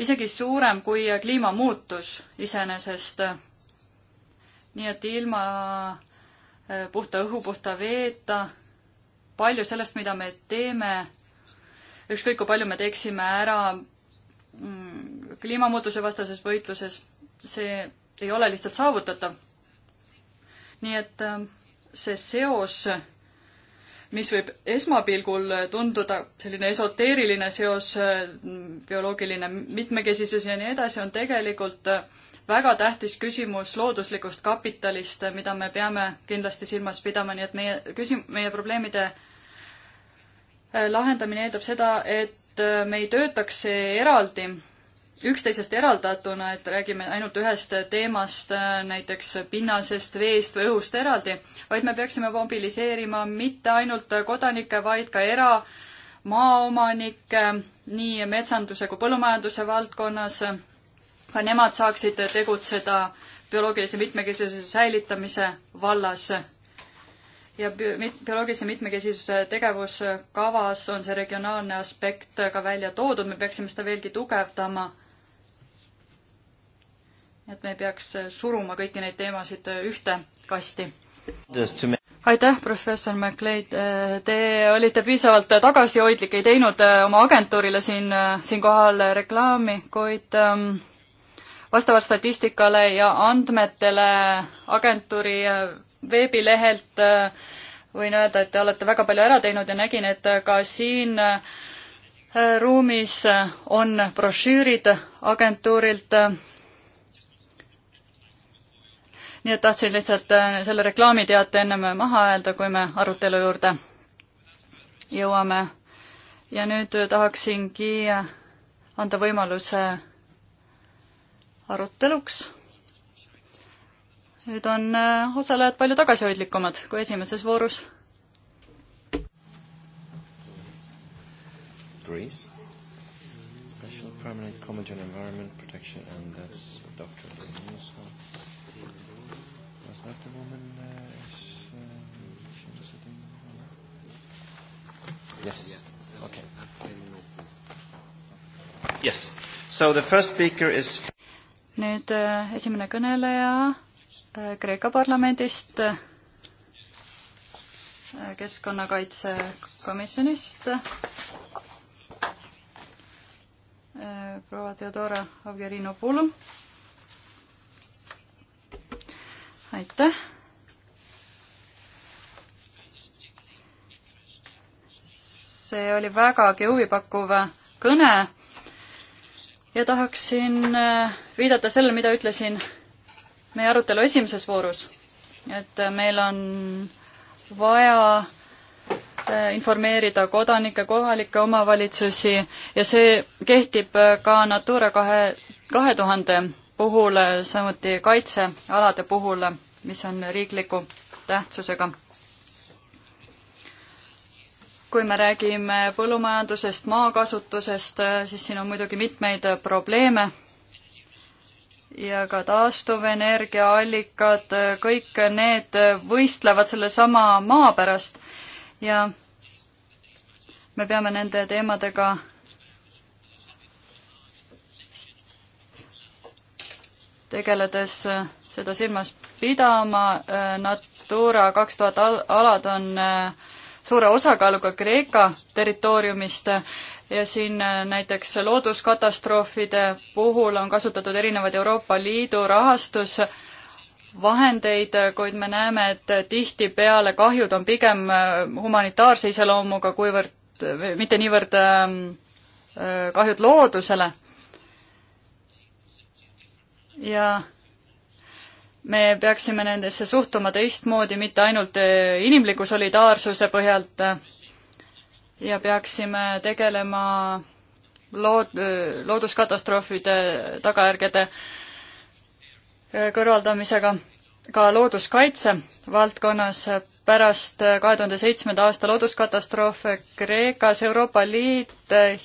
isegi suurem kui kliimamuutus iseenesest. nii et ilma äh, puhta õhu, puhta veeta, palju sellest, mida me teeme, ükskõik kui palju me teeksime ära mm, kliimamuutuse vastases võitluses see ei ole lihtsalt saavutatav. nii et äh, see seos, mis võib esmapilgul tunduda selline esoteeriline seos, äh, bioloogiline mitmekesisus ja nii edasi, on tegelikult äh, väga tähtis küsimus looduslikust kapitalist, mida me peame kindlasti silmas pidama, nii et meie küsim-, meie probleemide lahendamine eeldab seda, et me ei töötaks eraldi üksteisest eraldatuna, et räägime ainult ühest teemast, näiteks pinnasest, veest või õhust eraldi, vaid me peaksime mobiliseerima mitte ainult kodanikke, vaid ka eramaaomanikke nii metsanduse kui põllumajanduse valdkonnas, ka nemad saaksid tegutseda bioloogilise mitmekesisuse säilitamise vallas ja mit-, bioloogilise mitmekesisuse tegevuskavas on see regionaalne aspekt ka välja toodud, me peaksime seda veelgi tugevdama et me ei peaks suruma kõiki neid teemasid ühte kasti. aitäh, professor MacLeod, te olite piisavalt tagasihoidlik, ei teinud äh, oma agentuurile siin, äh, siinkohal reklaami, kuid ähm, vastavalt statistikale ja andmetele agentuuri äh, veebilehelt võin öelda, et te olete väga palju ära teinud ja nägin, et ka siin ruumis on brošüürid agentuurilt nii et tahtsin lihtsalt äh, selle reklaamiteate ennem maha öelda, kui me arutelu juurde jõuame. ja nüüd äh, tahaksingi äh, anda võimaluse aruteluks. nüüd on osalejad palju tagasihoidlikumad kui esimeses voorus. Greece, special permanent comment on environment protection and that's Yes. Okay. Yes. So the first speaker is nüüd äh, esimene kõneleja äh, Kreeka parlamendist, äh, keskkonnakaitsekomisjonist, proua Theodora Avgerino Pulu. aitäh see oli vägagi huvipakkuv kõne ja tahaksin äh, viidata sellele, mida ütlesin meie arutelu esimeses voorus. et äh, meil on vaja äh, informeerida kodanikke, kohalikke omavalitsusi ja see kehtib ka Natura kahe, kahe tuhande puhul, samuti kaitsealade puhul, mis on riikliku tähtsusega kui me räägime põllumajandusest, maakasutusest, siis siin on muidugi mitmeid probleeme ja ka taastuvenergiaallikad, kõik need võistlevad sellesama maa pärast ja me peame nende teemadega tegeledes seda silmas pidama, Natura kaks tuhat alad on äh, suure osakaaluga Kreeka territooriumist ja siin äh, näiteks looduskatastroofide puhul on kasutatud erinevaid Euroopa Liidu rahastusvahendeid, kuid me näeme, et tihtipeale kahjud on pigem äh, humanitaarse iseloomuga, kuivõrd, mitte niivõrd ähm, äh, kahjud loodusele. ja me peaksime nendesse suhtuma teistmoodi, mitte ainult eh, inimliku solidaarsuse põhjalt eh, ja peaksime tegelema lood, eh, looduskatastroofide tagajärgede kõrvaldamisega ka looduskaitse valdkonnas pärast kahe tuhande seitsmenda aasta looduskatastroofe Kreekas Euroopa Liit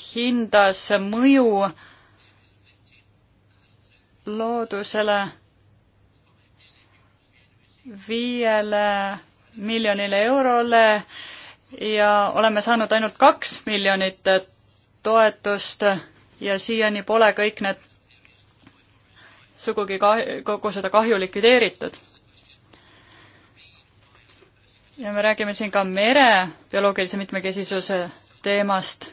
hindas mõju loodusele viiele miljonile eurole ja oleme saanud ainult kaks miljonit toetust ja siiani pole kõik need sugugi ka kogu seda kahju likvideeritud. ja me räägime siin ka mere bioloogilise mitmekesisuse teemast.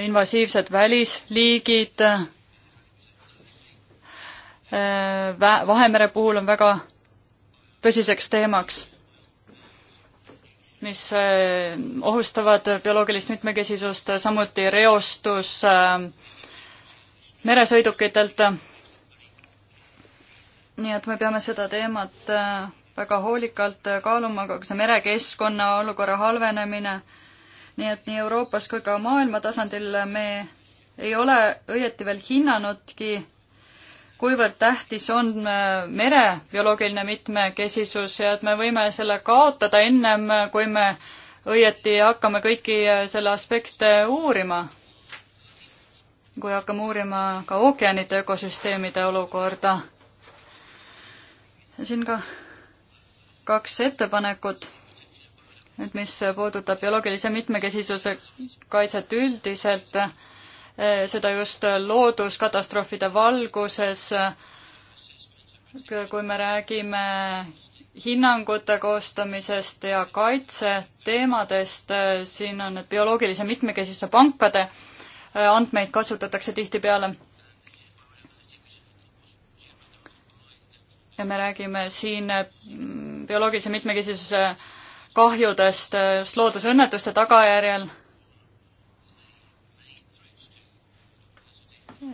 invasiivsed välisliigid Äh, Vahemere puhul on väga tõsiseks teemaks, mis äh, ohustavad bioloogilist mitmekesisust, samuti reostus äh, meresõidukitelt. nii et me peame seda teemat väga hoolikalt kaaluma, aga see merekeskkonna olukorra halvenemine, nii et nii Euroopas kui ka maailma tasandil me ei ole õieti veel hinnanudki kuivõrd tähtis on äh, mere bioloogiline mitmekesisus ja et me võime selle kaotada ennem, kui me õieti hakkame kõiki äh, selle aspekte uurima. kui hakkame uurima ka ookeanide ökosüsteemide olukorda. siin ka kaks ettepanekut et mis puudutab bioloogilise mitmekesisuse kaitset üldiselt, Eh, seda just looduskatastroofide valguses, kui me räägime hinnangute koostamisest ja kaitseteemadest, eh, siin on need bioloogilise mitmekesisuse pankade eh, andmeid kasutatakse tihtipeale. ja me räägime siin mm, bioloogilise mitmekesisuse kahjudest just loodusõnnetuste tagajärjel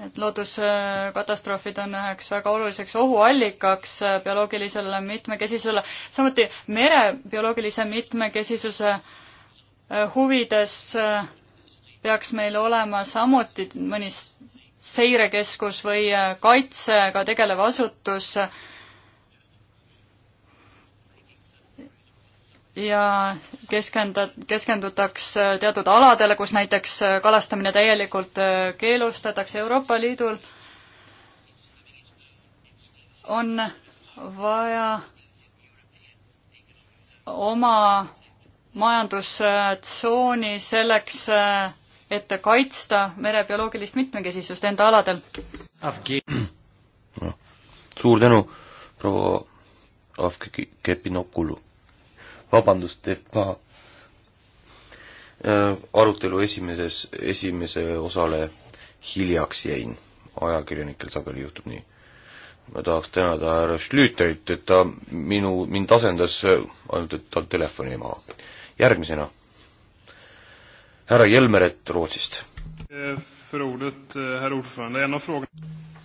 et looduskatastroofid on üheks väga oluliseks ohuallikaks bioloogilisele mitmekesisusele, samuti mere bioloogilise mitmekesisuse äh, huvides äh, peaks meil olema samuti mõni seirekeskus või äh, kaitsega tegelev asutus, ja keskenda-, keskendutaks teatud aladele, kus näiteks kalastamine täielikult äh, keelustatakse Euroopa Liidul, on vaja oma majandustsooni selleks, äh, et kaitsta mere bioloogilist mitmekesisust enda aladel. suur tänu, proua Avki Kepinokulu vabandust, et ma äh, arutelu esimeses, esimese osale hiljaks jäin. ajakirjanikel sageli juhtub nii. ma tahaks tänada härra Schlüterit, et ta minu, mind asendas, äh, ainult et tal telefon jäi maha. järgmisena härra Jelmeret Rootsist. Eh, eh,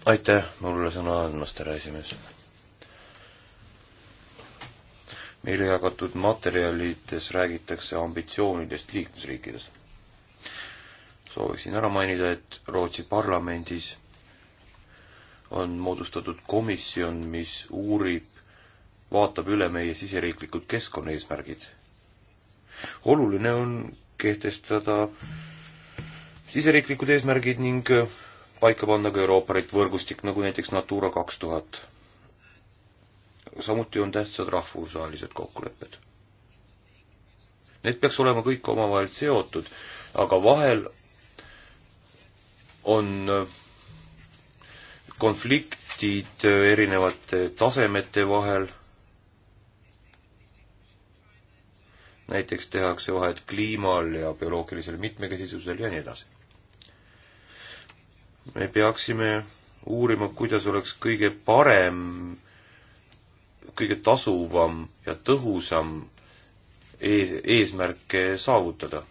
aitäh mulle sõna andmast, härra esimees meile jagatud materjalides räägitakse ambitsioonidest liikmesriikides. sooviksin ära mainida, et Rootsi parlamendis on moodustatud komisjon, mis uurib, vaatab üle meie siseriiklikud keskkonnaeesmärgid. oluline on kehtestada siseriiklikud eesmärgid ning paika panna ka Euroopa Liidu võrgustik, nagu näiteks Natura kaks tuhat samuti on tähtsad rahvusvahelised kokkulepped. Need peaks olema kõik omavahel seotud, aga vahel on äh, konfliktid äh, erinevate tasemete vahel. näiteks tehakse vahet kliimal ja bioloogilisel mitmekesisusel ja nii edasi. me peaksime uurima, kuidas oleks kõige parem kõige tasuvam ja tõhusam ees, eesmärke saavutada.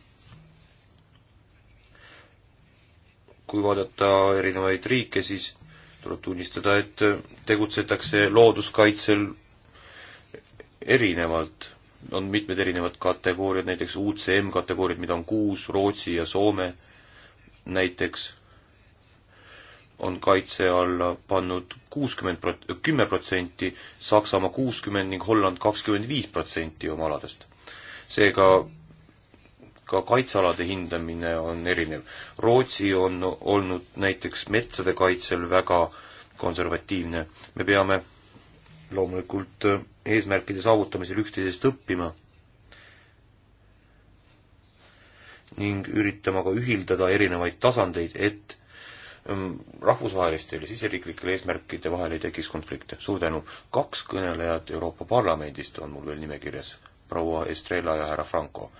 kui vaadata erinevaid riike, siis tuleb tunnistada, et tegutsetakse looduskaitsel erinevalt. on mitmed erinevad kategooriad, näiteks UCM kategooriad, mida on kuus, Rootsi ja Soome näiteks on kaitse alla pannud kuuskümmend prot-, kümme protsenti, Saksamaa kuuskümmend ning Holland kakskümmend viis protsenti oma aladest. seega ka kaitsealade hindamine on erinev. Rootsi on olnud näiteks metsade kaitsel väga konservatiivne, me peame loomulikult eesmärkide saavutamisel üksteisest õppima ning üritama ka ühildada erinevaid tasandeid, et Ehm, rahvusvaheliste ja siseriiklike eesmärkide vahel ei tekiks konflikte. suur tänu. kaks kõnelejat Euroopa Parlamendist on mul veel nimekirjas, proua Estrela ja härra Franco.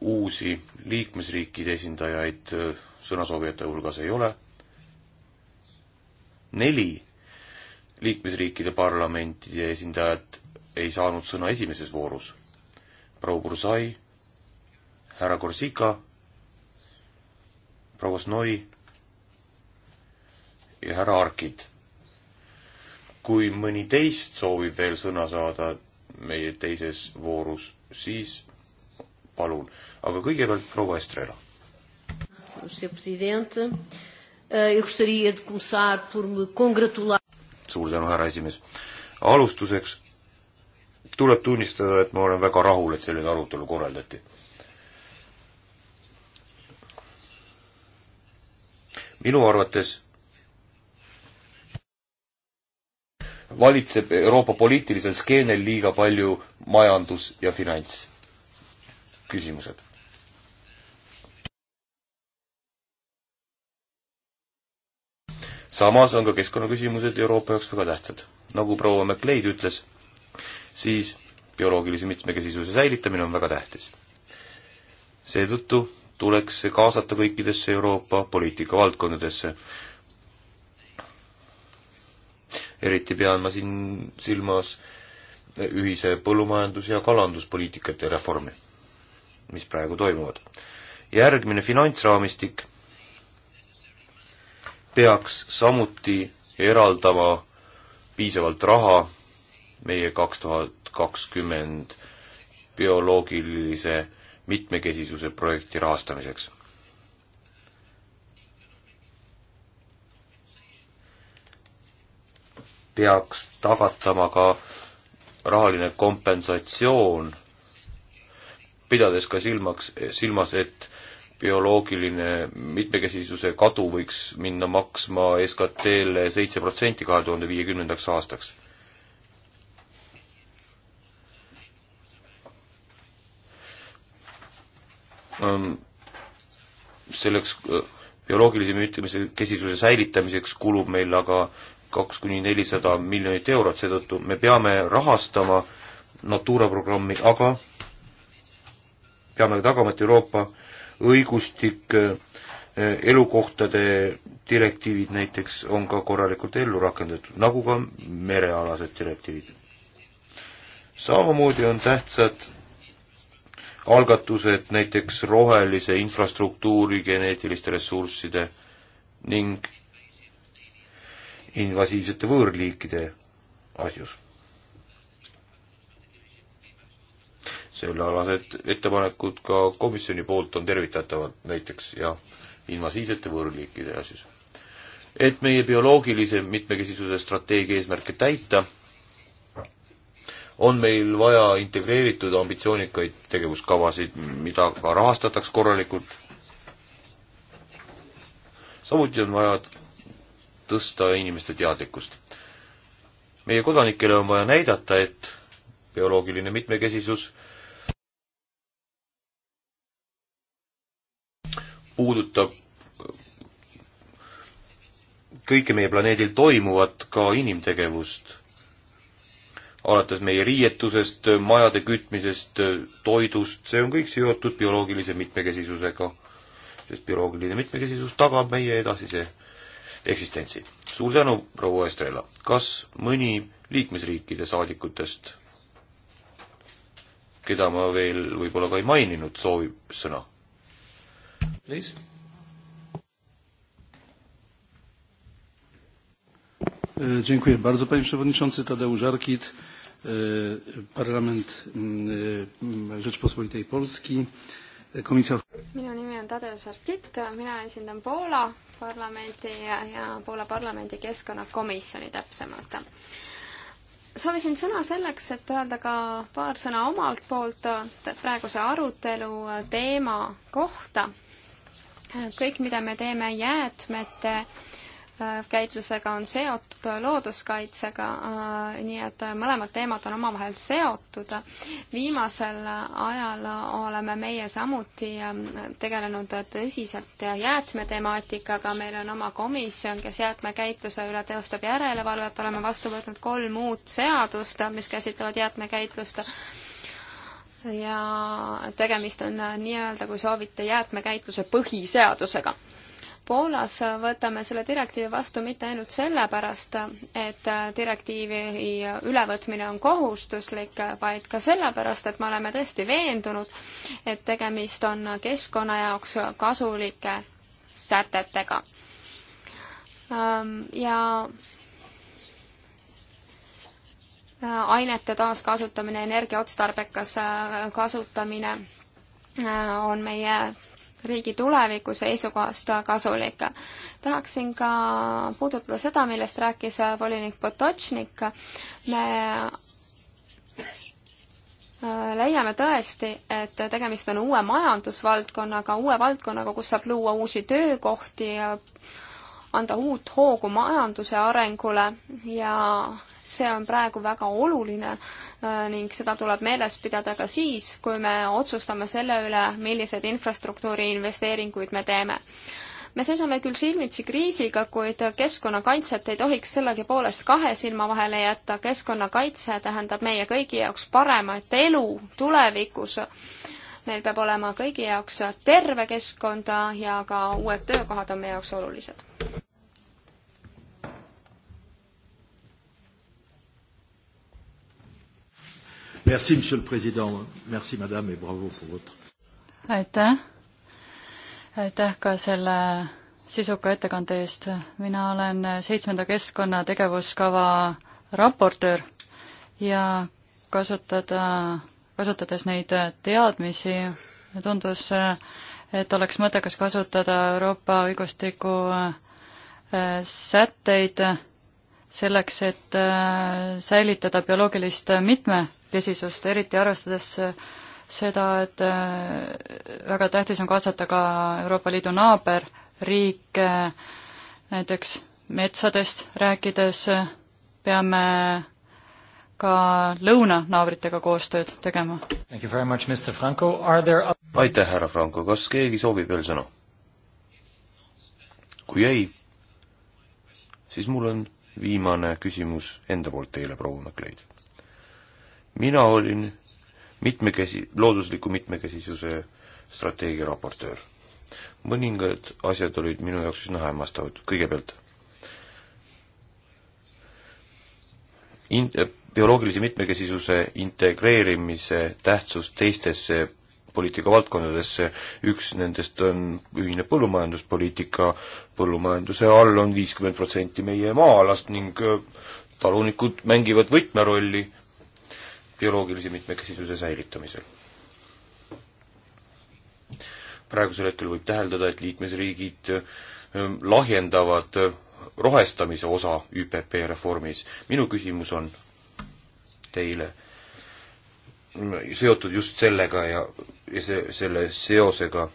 uusi liikmesriikide esindajaid eh, sõnasoovijate hulgas ei ole. neli liikmesriikide parlamentide esindajat ei saanud sõna esimeses voorus. proua Kursai, härra Korsika, proua Snoi ja härra Arkid. kui mõni teist soovib veel sõna saada meie teises voorus, siis palun, aga kõigepealt proua Estrela. Eh, suur tänu, härra esimees. alustuseks tuleb tunnistada, et ma olen väga rahul, et selline arutelu korraldati minu arvates valitseb Euroopa poliitilisel skeenel liiga palju majandus- ja finantsküsimused. samas on ka keskkonnaküsimused Euroopa jaoks väga tähtsad. nagu proua MacLeod ütles, siis bioloogilise mitmekesisuse säilitamine on väga tähtis. seetõttu tuleks see kaasata kõikidesse Euroopa poliitika valdkondadesse eriti pean ma siin silmas ühise põllumajandus- ja kalanduspoliitikate reformi, mis praegu toimuvad. järgmine finantsraamistik peaks samuti eraldama piisavalt raha meie kaks tuhat kakskümmend bioloogilise mitmekesisuse projekti rahastamiseks. peaks tagatama ka rahaline kompensatsioon, pidades ka silmaks, silmas, et bioloogiline mitmekesisuse kadu võiks minna maksma SKT-le seitse protsenti kahe tuhande viiekümnendaks aastaks. selleks bioloogilise mitmekesisuse säilitamiseks kulub meil aga kaks kuni nelisada miljonit eurot, seetõttu me peame rahastama Natura programmi, aga peame tagama, et Euroopa õigustik, eh, elukohtade direktiivid näiteks on ka korralikult ellu rakendatud, nagu ka merealased direktiivid. samamoodi on tähtsad algatused näiteks rohelise infrastruktuuri, geneetiliste ressursside ning invasiivsete võõrliikide asjus. sellealased ettepanekud ka komisjoni poolt on tervitatavad, näiteks jah, invasiivsete võõrliikide asjus. et meie bioloogilise mitmekesisuse strateegia eesmärke täita, on meil vaja integreeritud ambitsioonikaid tegevuskavasid, mida ka rahastataks korralikult. samuti on vaja tõsta inimeste teadlikkust. meie kodanikele on vaja näidata, et bioloogiline mitmekesisus puudutab kõike meie planeedil toimuvat, ka inimtegevust. alates meie riietusest, majade kütmisest, toidust, see on kõik seotud bioloogilise mitmekesisusega. sest bioloogiline mitmekesisus tagab meie edasise eksistentsi. suur tänu, proua Estrela. kas mõni liikmesriikide saadikutest, keda ma veel võib-olla ka ei maininud, soovib sõna? Please. E, dziękuję bardzo panie przewodniczący Tadeusz Arkit, e, Parlament e, Rzeczpospolitej Polski komisjon. minu nimi on Tadeusz Arkit, mina esindan Poola parlamenti ja, ja Poola parlamendi keskkonnakomisjoni täpsemalt. soovisin sõna selleks, et öelda ka paar sõna omalt poolt praeguse arutelu teema kohta. kõik, mida me teeme jäätmete äh, käitlusega on seotud looduskaitsega, äh, nii et mõlemad teemad on omavahel seotud. viimasel ajal oleme meie samuti ähm, tegelenud tõsiselt jäätmetemaatikaga, meil on oma komisjon, kes jäätmekäitluse üle teostab järelevalvet, oleme vastu võtnud kolm uut seadust, mis käsitlevad jäätmekäitlust ja tegemist on äh, nii-öelda, kui soovite, jäätmekäitluse põhiseadusega Poolas võtame selle direktiivi vastu mitte ainult sellepärast, et direktiivi ülevõtmine on kohustuslik, vaid ka sellepärast, et me oleme tõesti veendunud, et tegemist on keskkonna jaoks kasulike sätetega. Ehm, ja ainete taaskasutamine, energiaotstarbekas äh, kasutamine äh, on meie riigi tuleviku seisukohast kasulik. tahaksin ka puudutada seda, millest rääkis volinik Potočnik. me äh, leiame tõesti, et tegemist on uue majandusvaldkonnaga, uue valdkonnaga, kus saab luua uusi töökohti ja anda uut hoogu majanduse arengule ja see on praegu väga oluline Äh, ning seda tuleb meeles pidada ka siis, kui me otsustame selle üle, milliseid infrastruktuuri investeeringuid me teeme. me seisame küll silmitsi kriisiga, kuid keskkonnakaitset ei tohiks sellegipoolest kahe silma vahele jätta, keskkonnakaitse tähendab meie kõigi jaoks paremat elu tulevikus meil peab olema kõigi jaoks terve keskkond ja ka uued töökohad on meie jaoks olulised. Merci, monsieur le président. Merci, madame, et bravo pour votre. aitäh. aitäh ka selle sisuka ettekande eest. mina olen seitsmenda keskkonna tegevuskava raportöör ja kasutada, kasutades neid teadmisi, tundus, et oleks mõttekas kasutada Euroopa õigustiku äh, sätteid selleks, et äh, säilitada bioloogilist mitme mitmekesisust, eriti arvestades seda, et äh, väga tähtis on kaasata ka Euroopa Liidu naaberriike, näiteks metsadest rääkides peame ka lõunanaabritega koostööd tegema. There... aitäh, härra Franco, kas keegi soovib veel sõna? kui ei, siis mul on viimane küsimus enda poolt teile, proua McLeod mina olin mitmekesi, loodusliku mitmekesisuse strateegia raportöör. mõningad asjad olid minu jaoks üsna hämmastavad, kõigepealt in-, bioloogilise mitmekesisuse integreerimise tähtsus teistesse poliitikavaldkondadesse, üks nendest on ühine põllumajanduspoliitika, põllumajanduse all on viiskümmend protsenti meie maa-alast ning äh, talunikud mängivad võtmerolli bioloogilise mitmekesisuse säilitamisel. praegusel hetkel võib täheldada, et liikmesriigid ähm, lahjendavad äh, rohestamise osa ÜPP reformis. minu küsimus on teile mm, seotud just sellega ja, ja see, selle seosega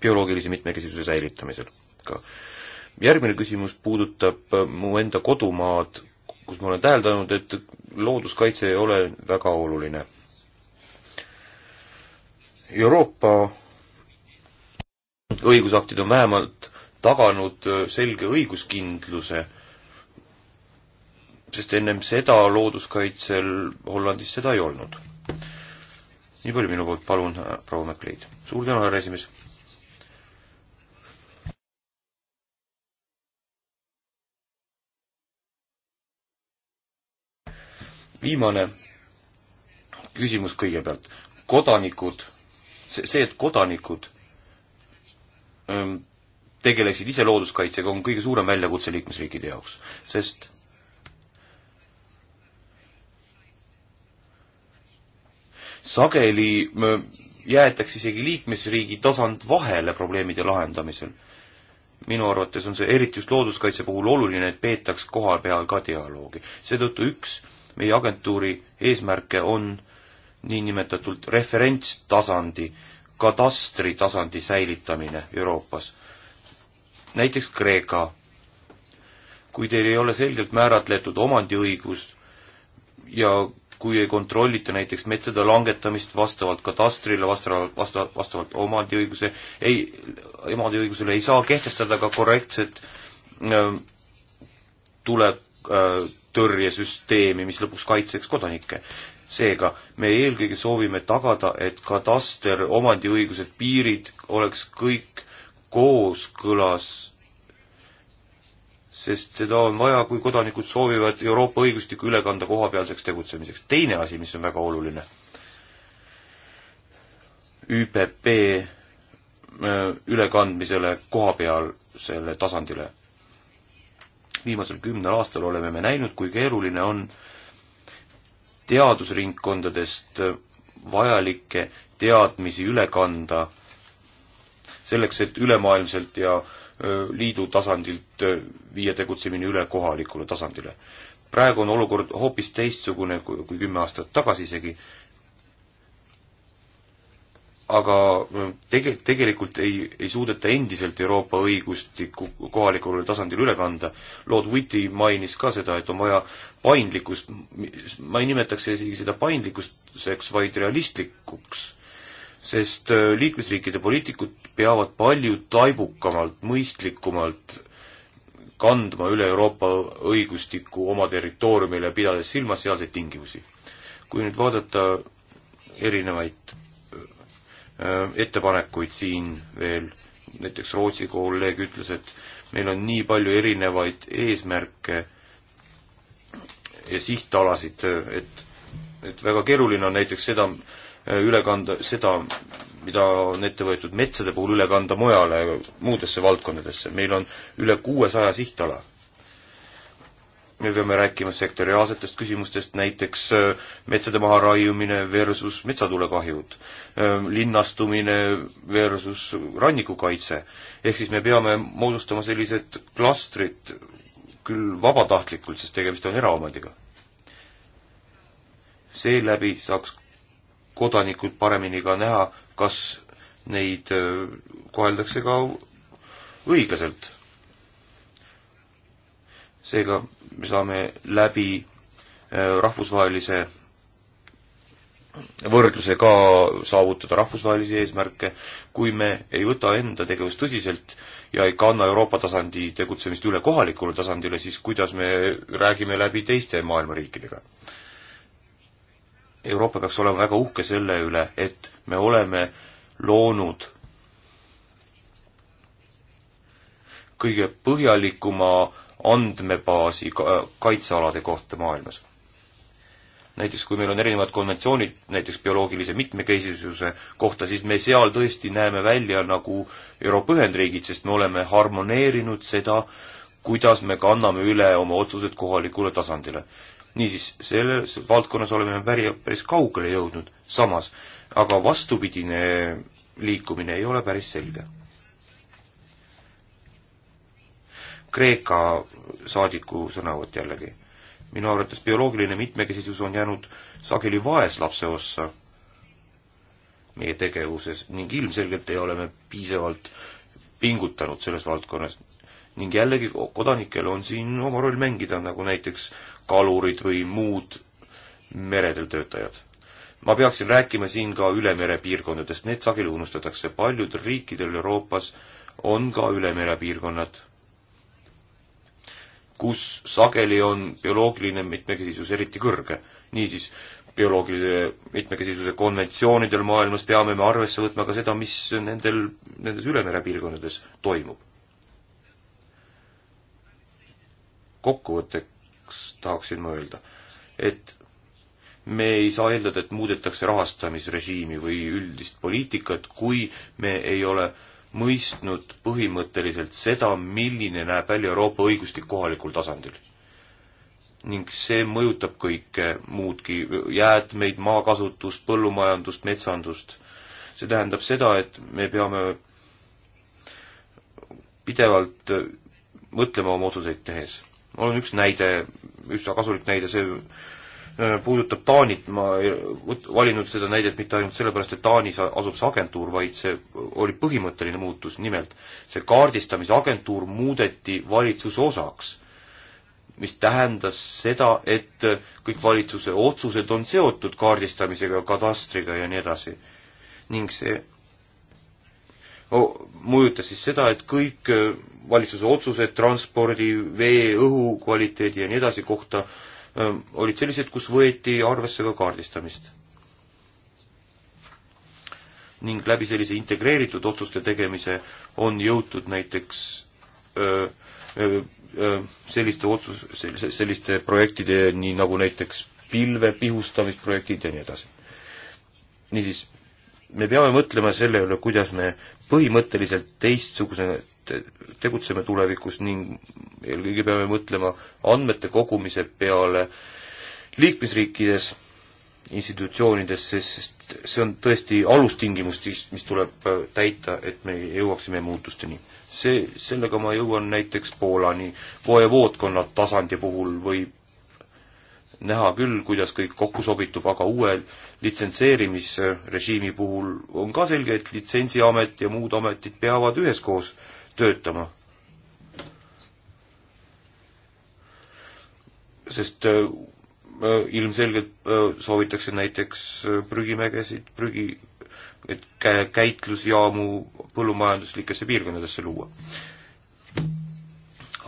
bioloogilise mitmekesisuse säilitamisel ka. järgmine küsimus puudutab äh, mu enda kodumaad kus ma olen täheldanud, et looduskaitse ei ole väga oluline. Euroopa õigusaktid on vähemalt taganud selge õiguskindluse, sest ennem seda looduskaitsel Hollandis seda ei olnud. nii palju minu poolt, palun, proua MacLeod. suur tänu, härra esimees! viimane küsimus kõigepealt. kodanikud, see, et kodanikud öö, ähm, tegeleksid ise looduskaitsega, on kõige suurem väljakutse liikmesriikide jaoks, sest sageli äh, jäetakse isegi liikmesriigi tasand vahele probleemide lahendamisel. minu arvates on see eriti just looduskaitse puhul oluline, et peetaks koha peal ka dialoogi. seetõttu üks meie agentuuri eesmärke on niinimetatult referentstasandi, katastritasandi säilitamine Euroopas. näiteks Kreeka. kui teil ei ole selgelt määratletud omandiõigust ja kui ei kontrollita näiteks metsade langetamist vastavalt katastrile, vastavalt, vasta-, vastavalt omandiõiguse, ei, omandiõigusele ei saa kehtestada ka korrektset ähm, tuleb äh, tõrjesüsteemi, mis lõpuks kaitseks kodanikke. seega me eelkõige soovime tagada, et kataster, omandiõigused, piirid oleks kõik kooskõlas, sest seda on vaja, kui kodanikud soovivad Euroopa õigustikku üle kanda kohapealseks tegutsemiseks. teine asi, mis on väga oluline, ÜPP äh, ülekandmisele kohapealsele tasandile viimasel kümnel aastal oleme me näinud, kui keeruline on teadusringkondadest vajalikke teadmisi üle kanda selleks, et ülemaailmselt ja liidu tasandilt viia tegutsemine üle kohalikule tasandile. praegu on olukord hoopis teistsugune kui, kui kümme aastat tagasi isegi aga äh, tege-, tegelikult ei, ei suudeta endiselt Euroopa õigustikku kohalikule tasandile üle kanda. Lord Whiti mainis ka seda, et on vaja paindlikkust, ma ei nimetaks isegi seda paindlikkuseks, vaid realistlikuks. sest äh, liikmesriikide poliitikud peavad palju taibukamalt, mõistlikumalt kandma üle Euroopa õigustikku oma territooriumile, pidades silmas sealseid tingimusi. kui nüüd vaadata erinevaid Äh, ettepanekuid siin veel, näiteks Rootsi kolleeg ütles, et meil on nii palju erinevaid eesmärke ja sihtalasid, et, et väga keeruline on näiteks seda äh, üle kanda, seda, mida on ette võetud metsade puhul, üle kanda mujale, muudesse valdkondadesse. meil on üle kuuesaja sihtala me peame rääkima sektoriaalsetest küsimustest, näiteks äh, metsade maharaiumine versus metsatulekahjud, äh, linnastumine versus rannikukaitse. ehk siis me peame moodustama sellised klastrid küll vabatahtlikult, sest tegemist on eraomandiga. seeläbi saaks kodanikud paremini ka näha, kas neid äh, koheldakse ka õiglaselt seega me saame läbi äh, rahvusvahelise võrdluse ka saavutada rahvusvahelisi eesmärke, kui me ei võta enda tegevust tõsiselt ja ei kanna Euroopa tasandi tegutsemist üle kohalikule tasandile, siis kuidas me räägime läbi teiste maailma riikidega? Euroopa peaks olema väga uhke selle üle, et me oleme loonud kõige põhjalikuma andmebaasi kaitsealade kohta maailmas. näiteks kui meil on erinevad konventsioonid näiteks bioloogilise mitmekesisuse kohta, siis me seal tõesti näeme välja nagu Euroopa Ühendriigid, sest me oleme harmoneerinud seda, kuidas me kanname üle oma otsused kohalikule tasandile. niisiis, selles valdkonnas oleme me päri, päris kaugele jõudnud, samas aga vastupidine liikumine ei ole päris selge. Kreeka saadiku sõnavõtt jällegi. minu arvates bioloogiline mitmekesisus on jäänud sageli vaeslapse ossa meie tegevuses ning ilmselgelt ei ole me piisavalt pingutanud selles valdkonnas. ning jällegi kodanikel on siin oma roll mängida, nagu näiteks kalurid või muud meredel töötajad ma peaksin rääkima siin ka ülemerepiirkondadest, need sageli unustatakse, paljudel riikidel Euroopas on ka ülemerepiirkonnad kus sageli on bioloogiline mitmekesisus eriti kõrge. niisiis, bioloogilise mitmekesisuse konventsioonidel maailmas peame me arvesse võtma ka seda, mis nendel, nendes ülemere piirkondades toimub. kokkuvõtteks tahaksin ma öelda, et me ei saa eeldada, et muudetakse rahastamisrežiimi või üldist poliitikat, kui me ei ole äh, mõistnud põhimõtteliselt seda, milline näeb välja Euroopa õigustik kohalikul tasandil. ning see mõjutab kõike muudki, jäätmeid, maakasutust, põllumajandust, metsandust. see tähendab seda, et me peame pidevalt mõtlema oma otsuseid tehes. mul on üks näide, üsna kasulik näide, see Äh, puudutab Taanit, ma ei valinud seda näidet mitte ainult sellepärast, et Taanis asub see agentuur, vaid see oli põhimõtteline muutus, nimelt see kaardistamise agentuur muudeti valitsuse osaks, mis tähendas seda, et kõik valitsuse otsused on seotud kaardistamisega, kadastriga ja nii edasi. ning see mõjutas siis seda, et kõik äh, valitsuse otsused transpordi, vee, õhu kvaliteedi ja nii edasi kohta äh, olid sellised, kus võeti arvesse ka kaardistamist. ning läbi sellise integreeritud otsuste tegemise on jõutud näiteks öö, öö, selliste otsus, selliste projektideni nagu näiteks pilve pihustamisprojektid ja nii edasi. niisiis, me peame mõtlema selle üle, kuidas me põhimõtteliselt teistsuguse tegutseme tulevikus ning eelkõige peame mõtlema andmete kogumise peale liikmesriikides, institutsioonides, sest see on tõesti alustingimus, mis tuleb äh, täita, et me jõuaksime muutusteni. see, sellega ma jõuan näiteks Poolani poevoodkonna tasandi puhul või näha küll, kuidas kõik kokku sobitub, aga uue litsenseerimisrežiimi puhul on ka selge, et litsentsiamet ja muud ametid peavad üheskoos töötama. sest äh, äh, ilmselgelt äh, soovitakse näiteks äh, prügimägesid, prügi, et kä-, käitlusjaamu põllumajanduslikesse piirkondadesse luua.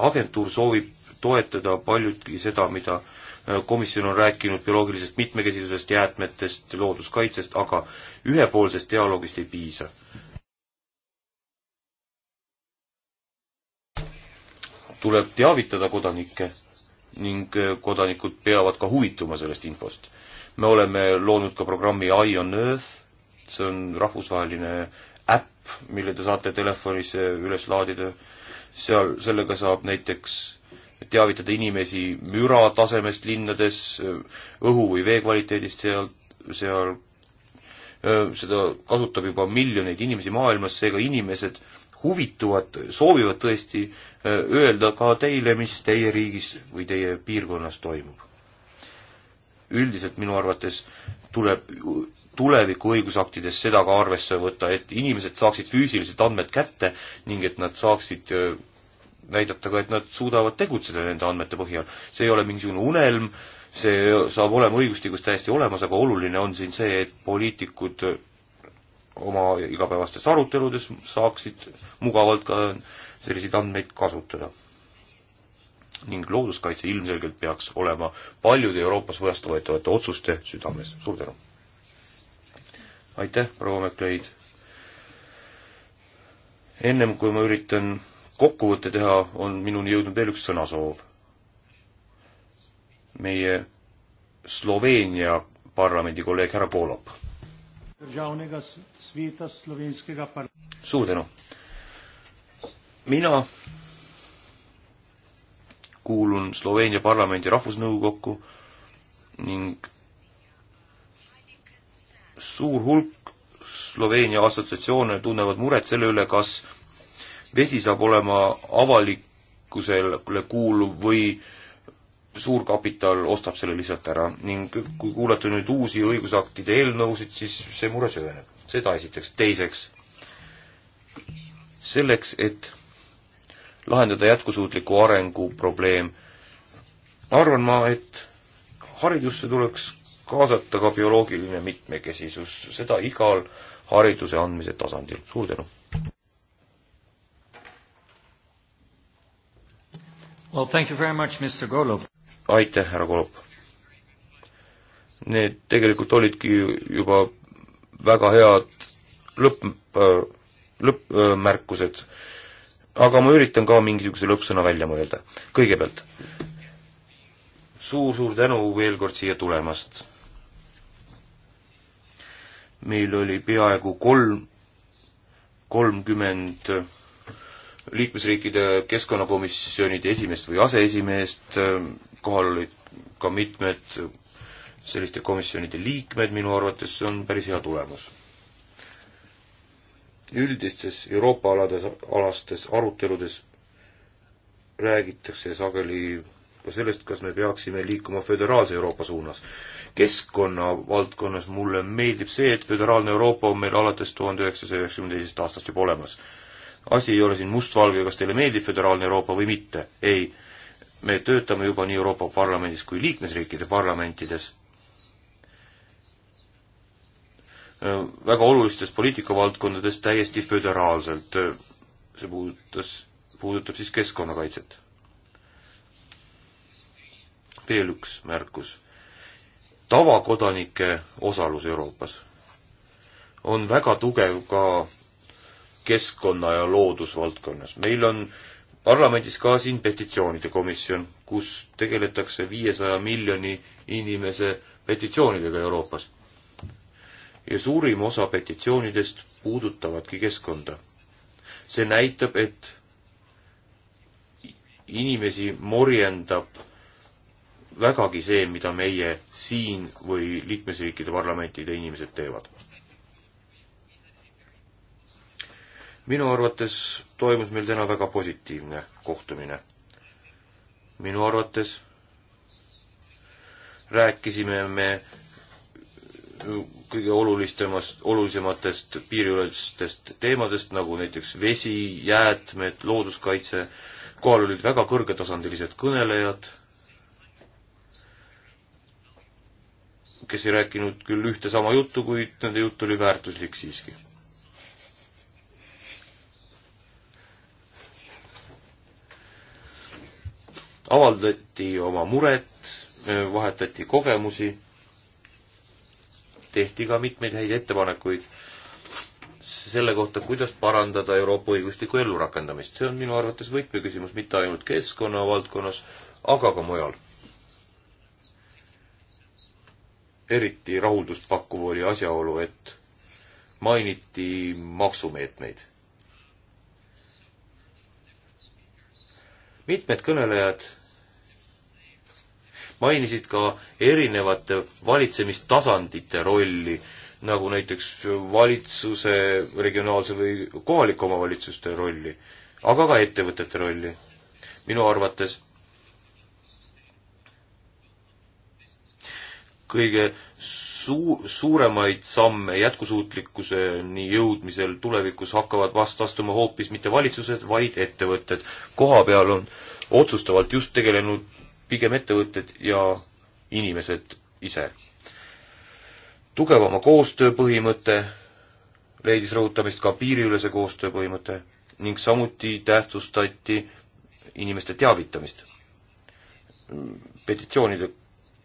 agentuur soovib toetada paljutki seda, mida äh, komisjon on rääkinud bioloogilisest mitmekesisusest, jäätmetest, looduskaitsest, aga ühepoolsest dialoogist ei piisa. tuleb teavitada kodanikke ning eh, kodanikud peavad ka huvituma sellest infost. me oleme loonud ka programmi Eye on Earth, see on rahvusvaheline äpp, mille te saate telefonis üles laadida. seal, sellega saab näiteks teavitada inimesi müra tasemest linnades, õhu või vee kvaliteedist seal, seal seda kasutab juba miljoneid inimesi maailmas, seega inimesed huvituvad, soovivad tõesti äh, öelda ka teile, mis teie riigis või teie piirkonnas toimub. üldiselt minu arvates tuleb tuleviku õigusaktides seda ka arvesse võtta, et inimesed saaksid füüsilised andmed kätte ning et nad saaksid äh, näidata ka, et nad suudavad tegutseda nende andmete põhjal. see ei ole mingisugune unelm, see saab olema õigustikus täiesti olemas, aga oluline on siin see, et poliitikud oma igapäevastes aruteludes saaksid mugavalt ka selliseid andmeid kasutada. ning looduskaitse ilmselgelt peaks olema paljude Euroopas vastuvõetavate otsuste südames. suur tänu! aitäh, proua Mäkleid! ennem kui ma üritan kokkuvõtte teha, on minuni jõudnud veel üks sõnasoov. meie Sloveenia parlamendi kolleeg härra Poolap suur tänu. mina kuulun Sloveenia parlamendi rahvusnõukokku ning suur hulk Sloveenia assotsiatsioone tunnevad muret selle üle, kas vesi saab olema avalikkusele kuuluv või äh, suurkapital ostab selle lihtsalt ära ning kui kuulata nüüd uusi õigusaktide eelnõusid, siis see mure süveneb. seda esiteks. teiseks, selleks, et lahendada jätkusuutliku arengu probleem, arvan ma, et haridusse tuleks kaasata ka bioloogiline mitmekesisus, seda igal hariduse andmise tasandil. suur tänu! Well, thank you very much, Mr. Golub aitäh, härra Kolop. Need tegelikult olidki juba väga head lõpp, äh, lõppmärkused, aga ma üritan ka mingisuguse lõppsõna välja mõelda. kõigepealt suur-suur tänu veel kord siia tulemast. meil oli peaaegu kolm, kolmkümmend liikmesriikide keskkonnakomisjonide esimeest või aseesimeest, kohal olid ka mitmed selliste komisjonide liikmed, minu arvates see on päris hea tulemus. üldistes Euroopa alades, alastes aruteludes räägitakse sageli ka sellest, kas me peaksime liikuma föderaalse Euroopa suunas. keskkonna valdkonnas mulle meeldib see, et föderaalne Euroopa on meil alates tuhande üheksasaja üheksakümne teisest aastast juba olemas. asi ei ole siin mustvalge, kas teile meeldib föderaalne Euroopa või mitte, ei me töötame juba nii Euroopa Parlamendis kui liikmesriikide parlamentides väga olulistes poliitikavaldkondades täiesti föderaalselt. see puudutas, puudutab siis keskkonnakaitset. veel üks märkus. tavakodanike osalus Euroopas on väga tugev ka keskkonna ja loodusvaldkonnas. meil on äh, parlamendis ka siin petitsioonide komisjon, kus tegeletakse viiesaja miljoni inimese petitsioonidega Euroopas. ja suurim osa petitsioonidest puudutavadki keskkonda. see näitab, et inimesi morjendab vägagi see, mida meie siin või liikmesriikide parlamentide inimesed teevad. minu arvates toimus meil täna väga positiivne kohtumine. minu arvates rääkisime me kõige olulisemast, olulisematest piiriülestest teemadest, nagu näiteks vesi, jäätmed, looduskaitse, kohal olid väga kõrgetasandilised kõnelejad, kes ei rääkinud küll ühte sama juttu, kuid nende jutt oli väärtuslik siiski avaldati oma muret, vahetati kogemusi, tehti ka mitmeid häid ettepanekuid selle kohta, kuidas parandada Euroopa õigustiku ellurakendamist. see on minu arvates võtmeküsimus mitte ainult keskkonna valdkonnas, aga ka mujal. eriti rahulduspakkuv oli asjaolu, et mainiti maksumeetmeid. mitmed kõnelejad mainisid ka erinevate valitsemistasandite rolli, nagu näiteks valitsuse, regionaalse või kohalike omavalitsuste rolli, aga ka ettevõtete rolli. minu arvates kõige suu-, suuremaid samme jätkusuutlikkuseni jõudmisel tulevikus hakkavad vast astuma hoopis mitte valitsused, vaid ettevõtted. koha peal on otsustavalt just tegelenud pigem ettevõtted ja inimesed ise. tugevama koostöö põhimõte leidis rõhutamist ka piiriülese koostöö põhimõte ning samuti tähtsustati inimeste teavitamist. petitsioonide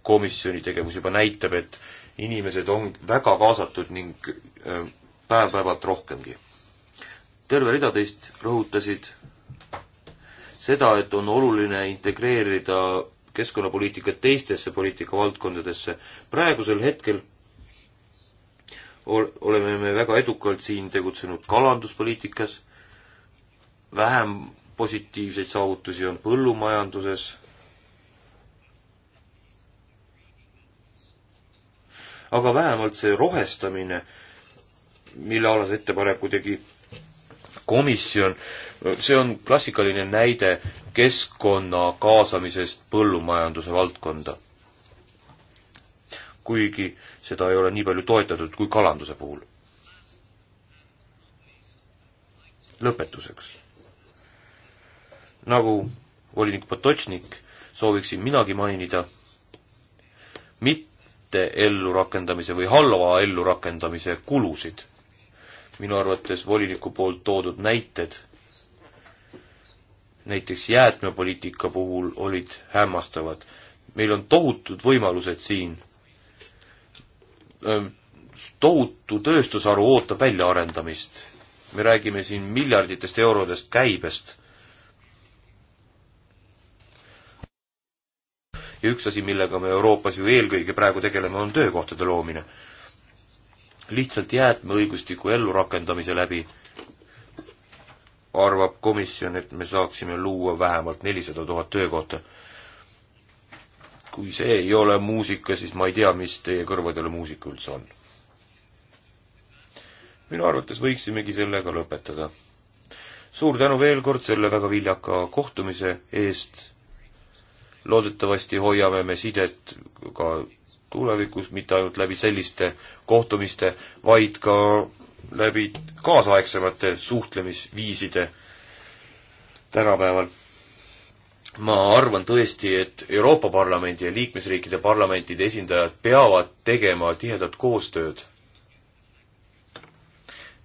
komisjoni tegevus juba näitab, et inimesed on väga kaasatud ning äh, päev-päevalt rohkemgi. terve rida teist rõhutasid seda, et on oluline integreerida keskkonnapoliitikat teistesse poliitikavaldkondadesse. praegusel hetkel oleme me väga edukalt siin tegutsenud kalanduspoliitikas, vähem positiivseid saavutusi on põllumajanduses, aga vähemalt see rohestamine, mille alase ettepaneku tegi komisjon, see on klassikaline näide keskkonna kaasamisest põllumajanduse valdkonda. kuigi seda ei ole nii palju toetatud kui kalanduse puhul. lõpetuseks. nagu volinik Potočnik, sooviksin minagi mainida mitte ellurakendamise või halva ellurakendamise kulusid minu arvates voliniku poolt toodud näited, näiteks jäätmepoliitika puhul olid hämmastavad. meil on tohutud võimalused siin. tohutu tööstusharu ootab väljaarendamist. me räägime siin miljarditest eurodest käibest. ja üks asi, millega me Euroopas ju eelkõige praegu tegeleme, on töökohtade loomine lihtsalt jäätmeõigustiku ellurakendamise läbi arvab komisjon, et me saaksime luua vähemalt nelisada tuhat töökohta. kui see ei ole muusika, siis ma ei tea, mis teie kõrvadele muusika üldse on. minu arvates võiksimegi sellega lõpetada. suur tänu veel kord selle väga viljaka kohtumise eest. loodetavasti hoiame me sidet ka tulevikus mitte ainult läbi selliste kohtumiste, vaid ka läbi kaasaegsemate suhtlemisviiside tänapäeval. ma arvan tõesti, et Euroopa Parlamendi ja liikmesriikide parlamentide esindajad peavad tegema tihedat koostööd.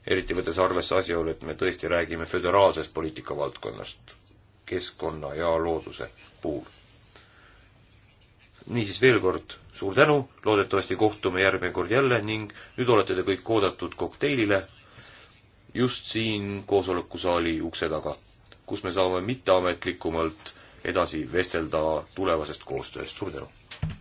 eriti võttes arvesse asjaolu, et me tõesti räägime föderaalsest poliitikavaldkonnast keskkonna ja looduse puhul. niisiis veel kord suur tänu, loodetavasti kohtume järgmine kord jälle ning nüüd olete te kõik oodatud kokteilile just siin koosolekusaali ukse taga, kus me saame mitteametlikumalt edasi vestelda tulevasest koostööst. suur tänu!